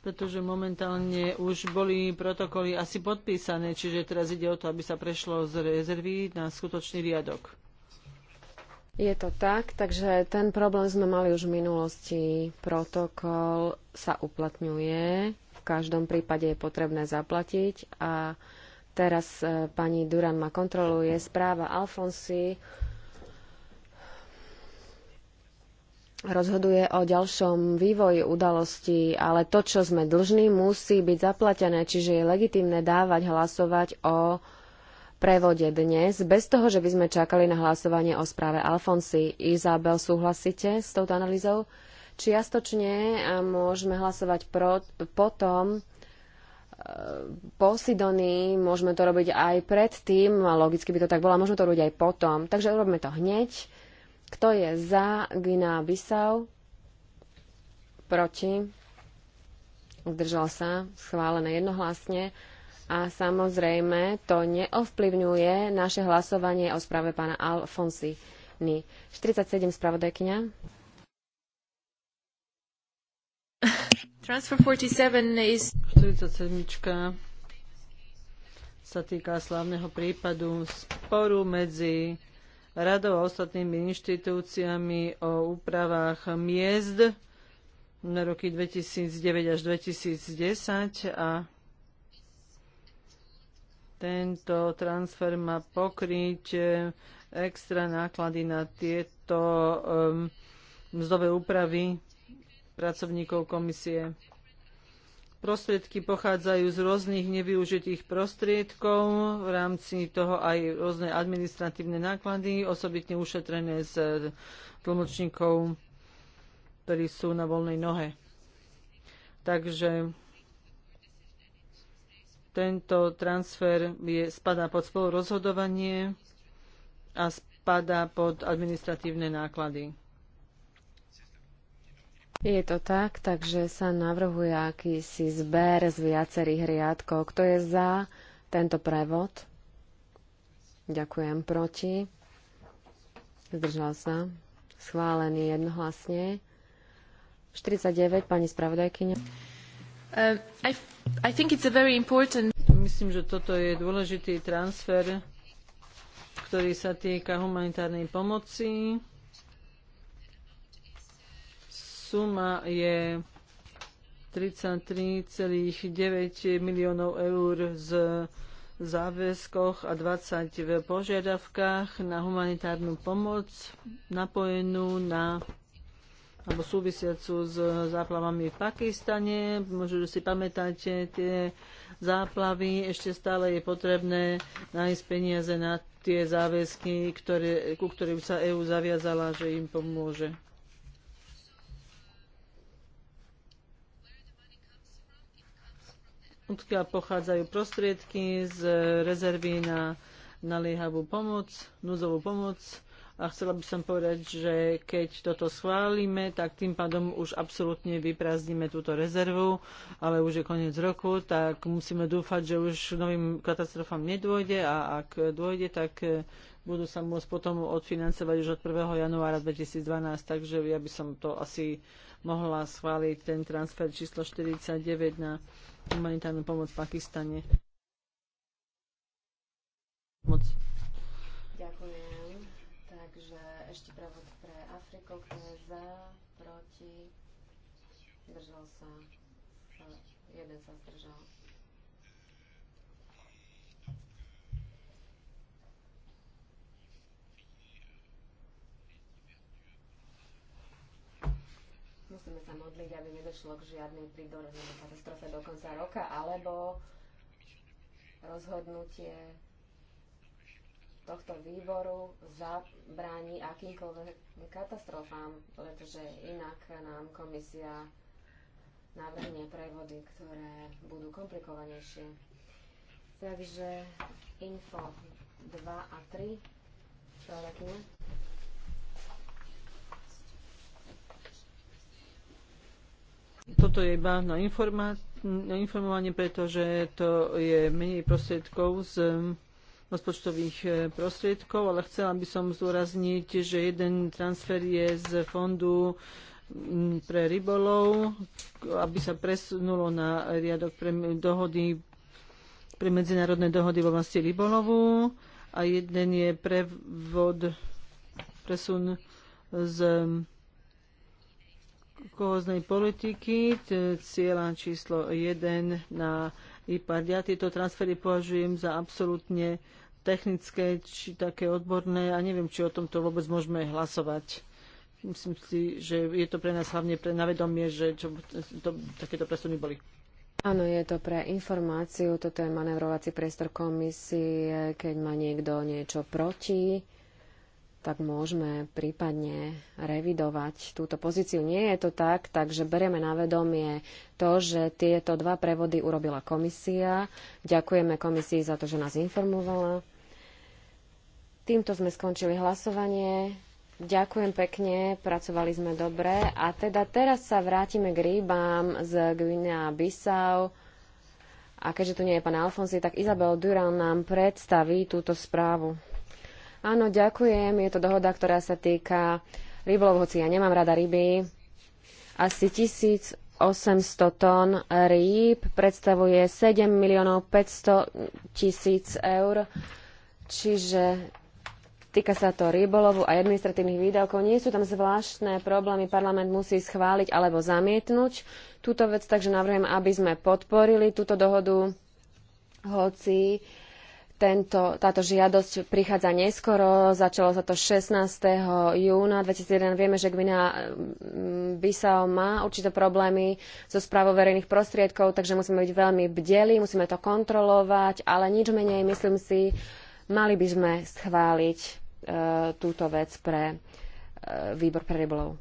pretože momentálne už boli protokoly asi podpísané, čiže teraz ide o to, aby sa prešlo z rezervy na skutočný riadok. Je to tak, takže ten problém sme mali už v minulosti. Protokol sa uplatňuje každom prípade je potrebné zaplatiť. A teraz e, pani Duran ma kontroluje. Správa Alfonsi rozhoduje o ďalšom vývoji udalostí, ale to, čo sme dlžní, musí byť zaplatené, čiže je legitimné dávať hlasovať o prevode dnes, bez toho, že by sme čakali na hlasovanie o správe Alfonsi. Izabel, súhlasíte s touto analýzou? Uh, čiastočne a môžeme hlasovať pro, potom. E, po môžeme to robiť aj predtým, a logicky by to tak bolo, môžeme to robiť aj potom. Takže urobme to hneď. Kto je za Gina Bissau? Proti? Zdržal sa? Schválené jednohlasne. A samozrejme, to neovplyvňuje naše hlasovanie o správe pána Alfonsi. 47 spravodajkňa. 47 sa týka slavného prípadu sporu medzi radou a ostatnými inštitúciami o úpravách miest na roky 2009 až 2010 a tento transfer má pokryť eh, extra náklady na tieto eh, mzdové úpravy pracovníkov komisie. Prostriedky pochádzajú z rôznych nevyužitých prostriedkov, v rámci toho aj rôzne administratívne náklady, osobitne ušetrené z tlmočníkov, ktorí sú na voľnej nohe. Takže tento transfer je, spadá pod spolurozhodovanie a spadá pod administratívne náklady. Je to tak, takže sa navrhuje akýsi zber z viacerých riadkov. Kto je za tento prevod? Ďakujem. Proti? Zdržal sa. Schválený jednohlasne. 49, pani spravodajkyňa. Uh, I, I think it's a very important... Myslím, že toto je dôležitý transfer, ktorý sa týka humanitárnej pomoci suma je 33,9 miliónov eur z záväzkoch a 20 v požiadavkách na humanitárnu pomoc napojenú na alebo súvisiacu s záplavami v Pakistane. Možno, že si pamätáte tie záplavy. Ešte stále je potrebné nájsť peniaze na tie záväzky, ktoré, ku ktorým sa EÚ zaviazala, že im pomôže. odkiaľ pochádzajú prostriedky z rezervy na naliehavú pomoc, núzovú pomoc. A chcela by som povedať, že keď toto schválime, tak tým pádom už absolútne vyprázdnime túto rezervu, ale už je koniec roku, tak musíme dúfať, že už novým katastrofám nedôjde a ak dôjde, tak eh, budú sa môcť potom odfinancovať už od 1. januára 2012, takže ja by som to asi mohla schváliť ten transfer číslo 49 na humanitárnu pomoc v Pakistane. Moc. Ďakujem. Takže ešte pravod pre Afriku, kto je za, proti, zdržal sa, jeden sa zdržal. sa modliť, aby nedošlo k žiadnej prírodnej katastrofe do konca roka, alebo rozhodnutie tohto výboru zabráni akýmkoľvek katastrofám, pretože inak nám komisia navrhne prevody, ktoré budú komplikovanejšie. Takže info 2 a 3. Čo toto je iba na, informa- na informovanie, pretože to je menej prostriedkov z um, rozpočtových eh, prostriedkov, ale chcela by som zdôrazniť, že jeden transfer je z fondu mm, pre rybolov, aby sa presunulo na riadok pre dohody pre medzinárodné dohody v oblasti rybolovu a jeden je prevod, presun z kohoznej politiky, cieľa číslo 1 na IPAD. Ja tieto transfery považujem za absolútne technické, či také odborné a neviem, či o tomto vôbec môžeme hlasovať. Myslím si, že je to pre nás hlavne pre navedomie, že čo, to, takéto presuny boli. Áno, je to pre informáciu, toto je manevrovací priestor komisie, keď má niekto niečo proti, tak môžeme prípadne revidovať túto pozíciu. Nie je to tak, takže bereme na vedomie to, že tieto dva prevody urobila komisia. Ďakujeme komisii za to, že nás informovala. Týmto sme skončili hlasovanie. Ďakujem pekne, pracovali sme dobre. A teda teraz sa vrátime k rýbám z Gvinea Bissau. A keďže tu nie je pán Alfonsi, tak Izabel Durán nám predstaví túto správu. Áno, ďakujem. Je to dohoda, ktorá sa týka rybolov, hoci ja nemám rada ryby. Asi 1800 tón rýb predstavuje 7 miliónov 500 tisíc eur, čiže Týka sa to rybolovu a administratívnych výdavkov. Nie sú tam zvláštne problémy. Parlament musí schváliť alebo zamietnúť túto vec, takže navrhujem, aby sme podporili túto dohodu, hoci tento, táto žiadosť prichádza neskoro, začalo sa to 16. júna 2001. Vieme, že Gvina mm, Bissau má určité problémy so správou verejných prostriedkov, takže musíme byť veľmi bdeli, musíme to kontrolovať, ale nič menej, myslím si, mali by sme schváliť e, túto vec pre e, výbor pre rybolov.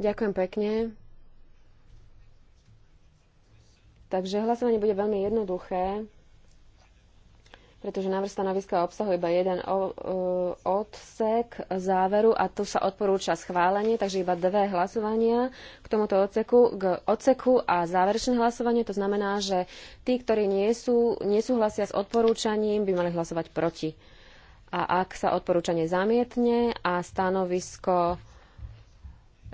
Ďakujem pekne. Takže hlasovanie bude veľmi jednoduché, pretože návrh stanoviska obsahuje iba jeden e, odsek záveru a tu sa odporúča schválenie, takže iba dve hlasovania k tomuto odseku, k odseku a záverečné hlasovanie. To znamená, že tí, ktorí nie sú, nesúhlasia s odporúčaním, by mali hlasovať proti. A ak sa odporúčanie zamietne a stanovisko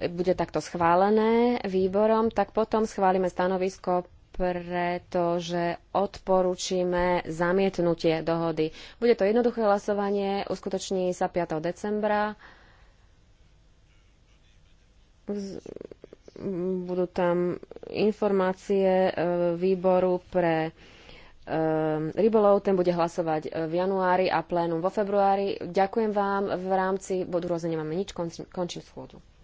bude takto schválené výborom, tak potom schválime stanovisko pretože odporúčime zamietnutie dohody. Bude to jednoduché hlasovanie, uskutoční sa 5. decembra. Budú tam informácie e, výboru pre e, rybolov, ten bude hlasovať v januári a plénum vo februári. Ďakujem vám, v rámci bodu rôzne nemáme nič, končím schôdzu.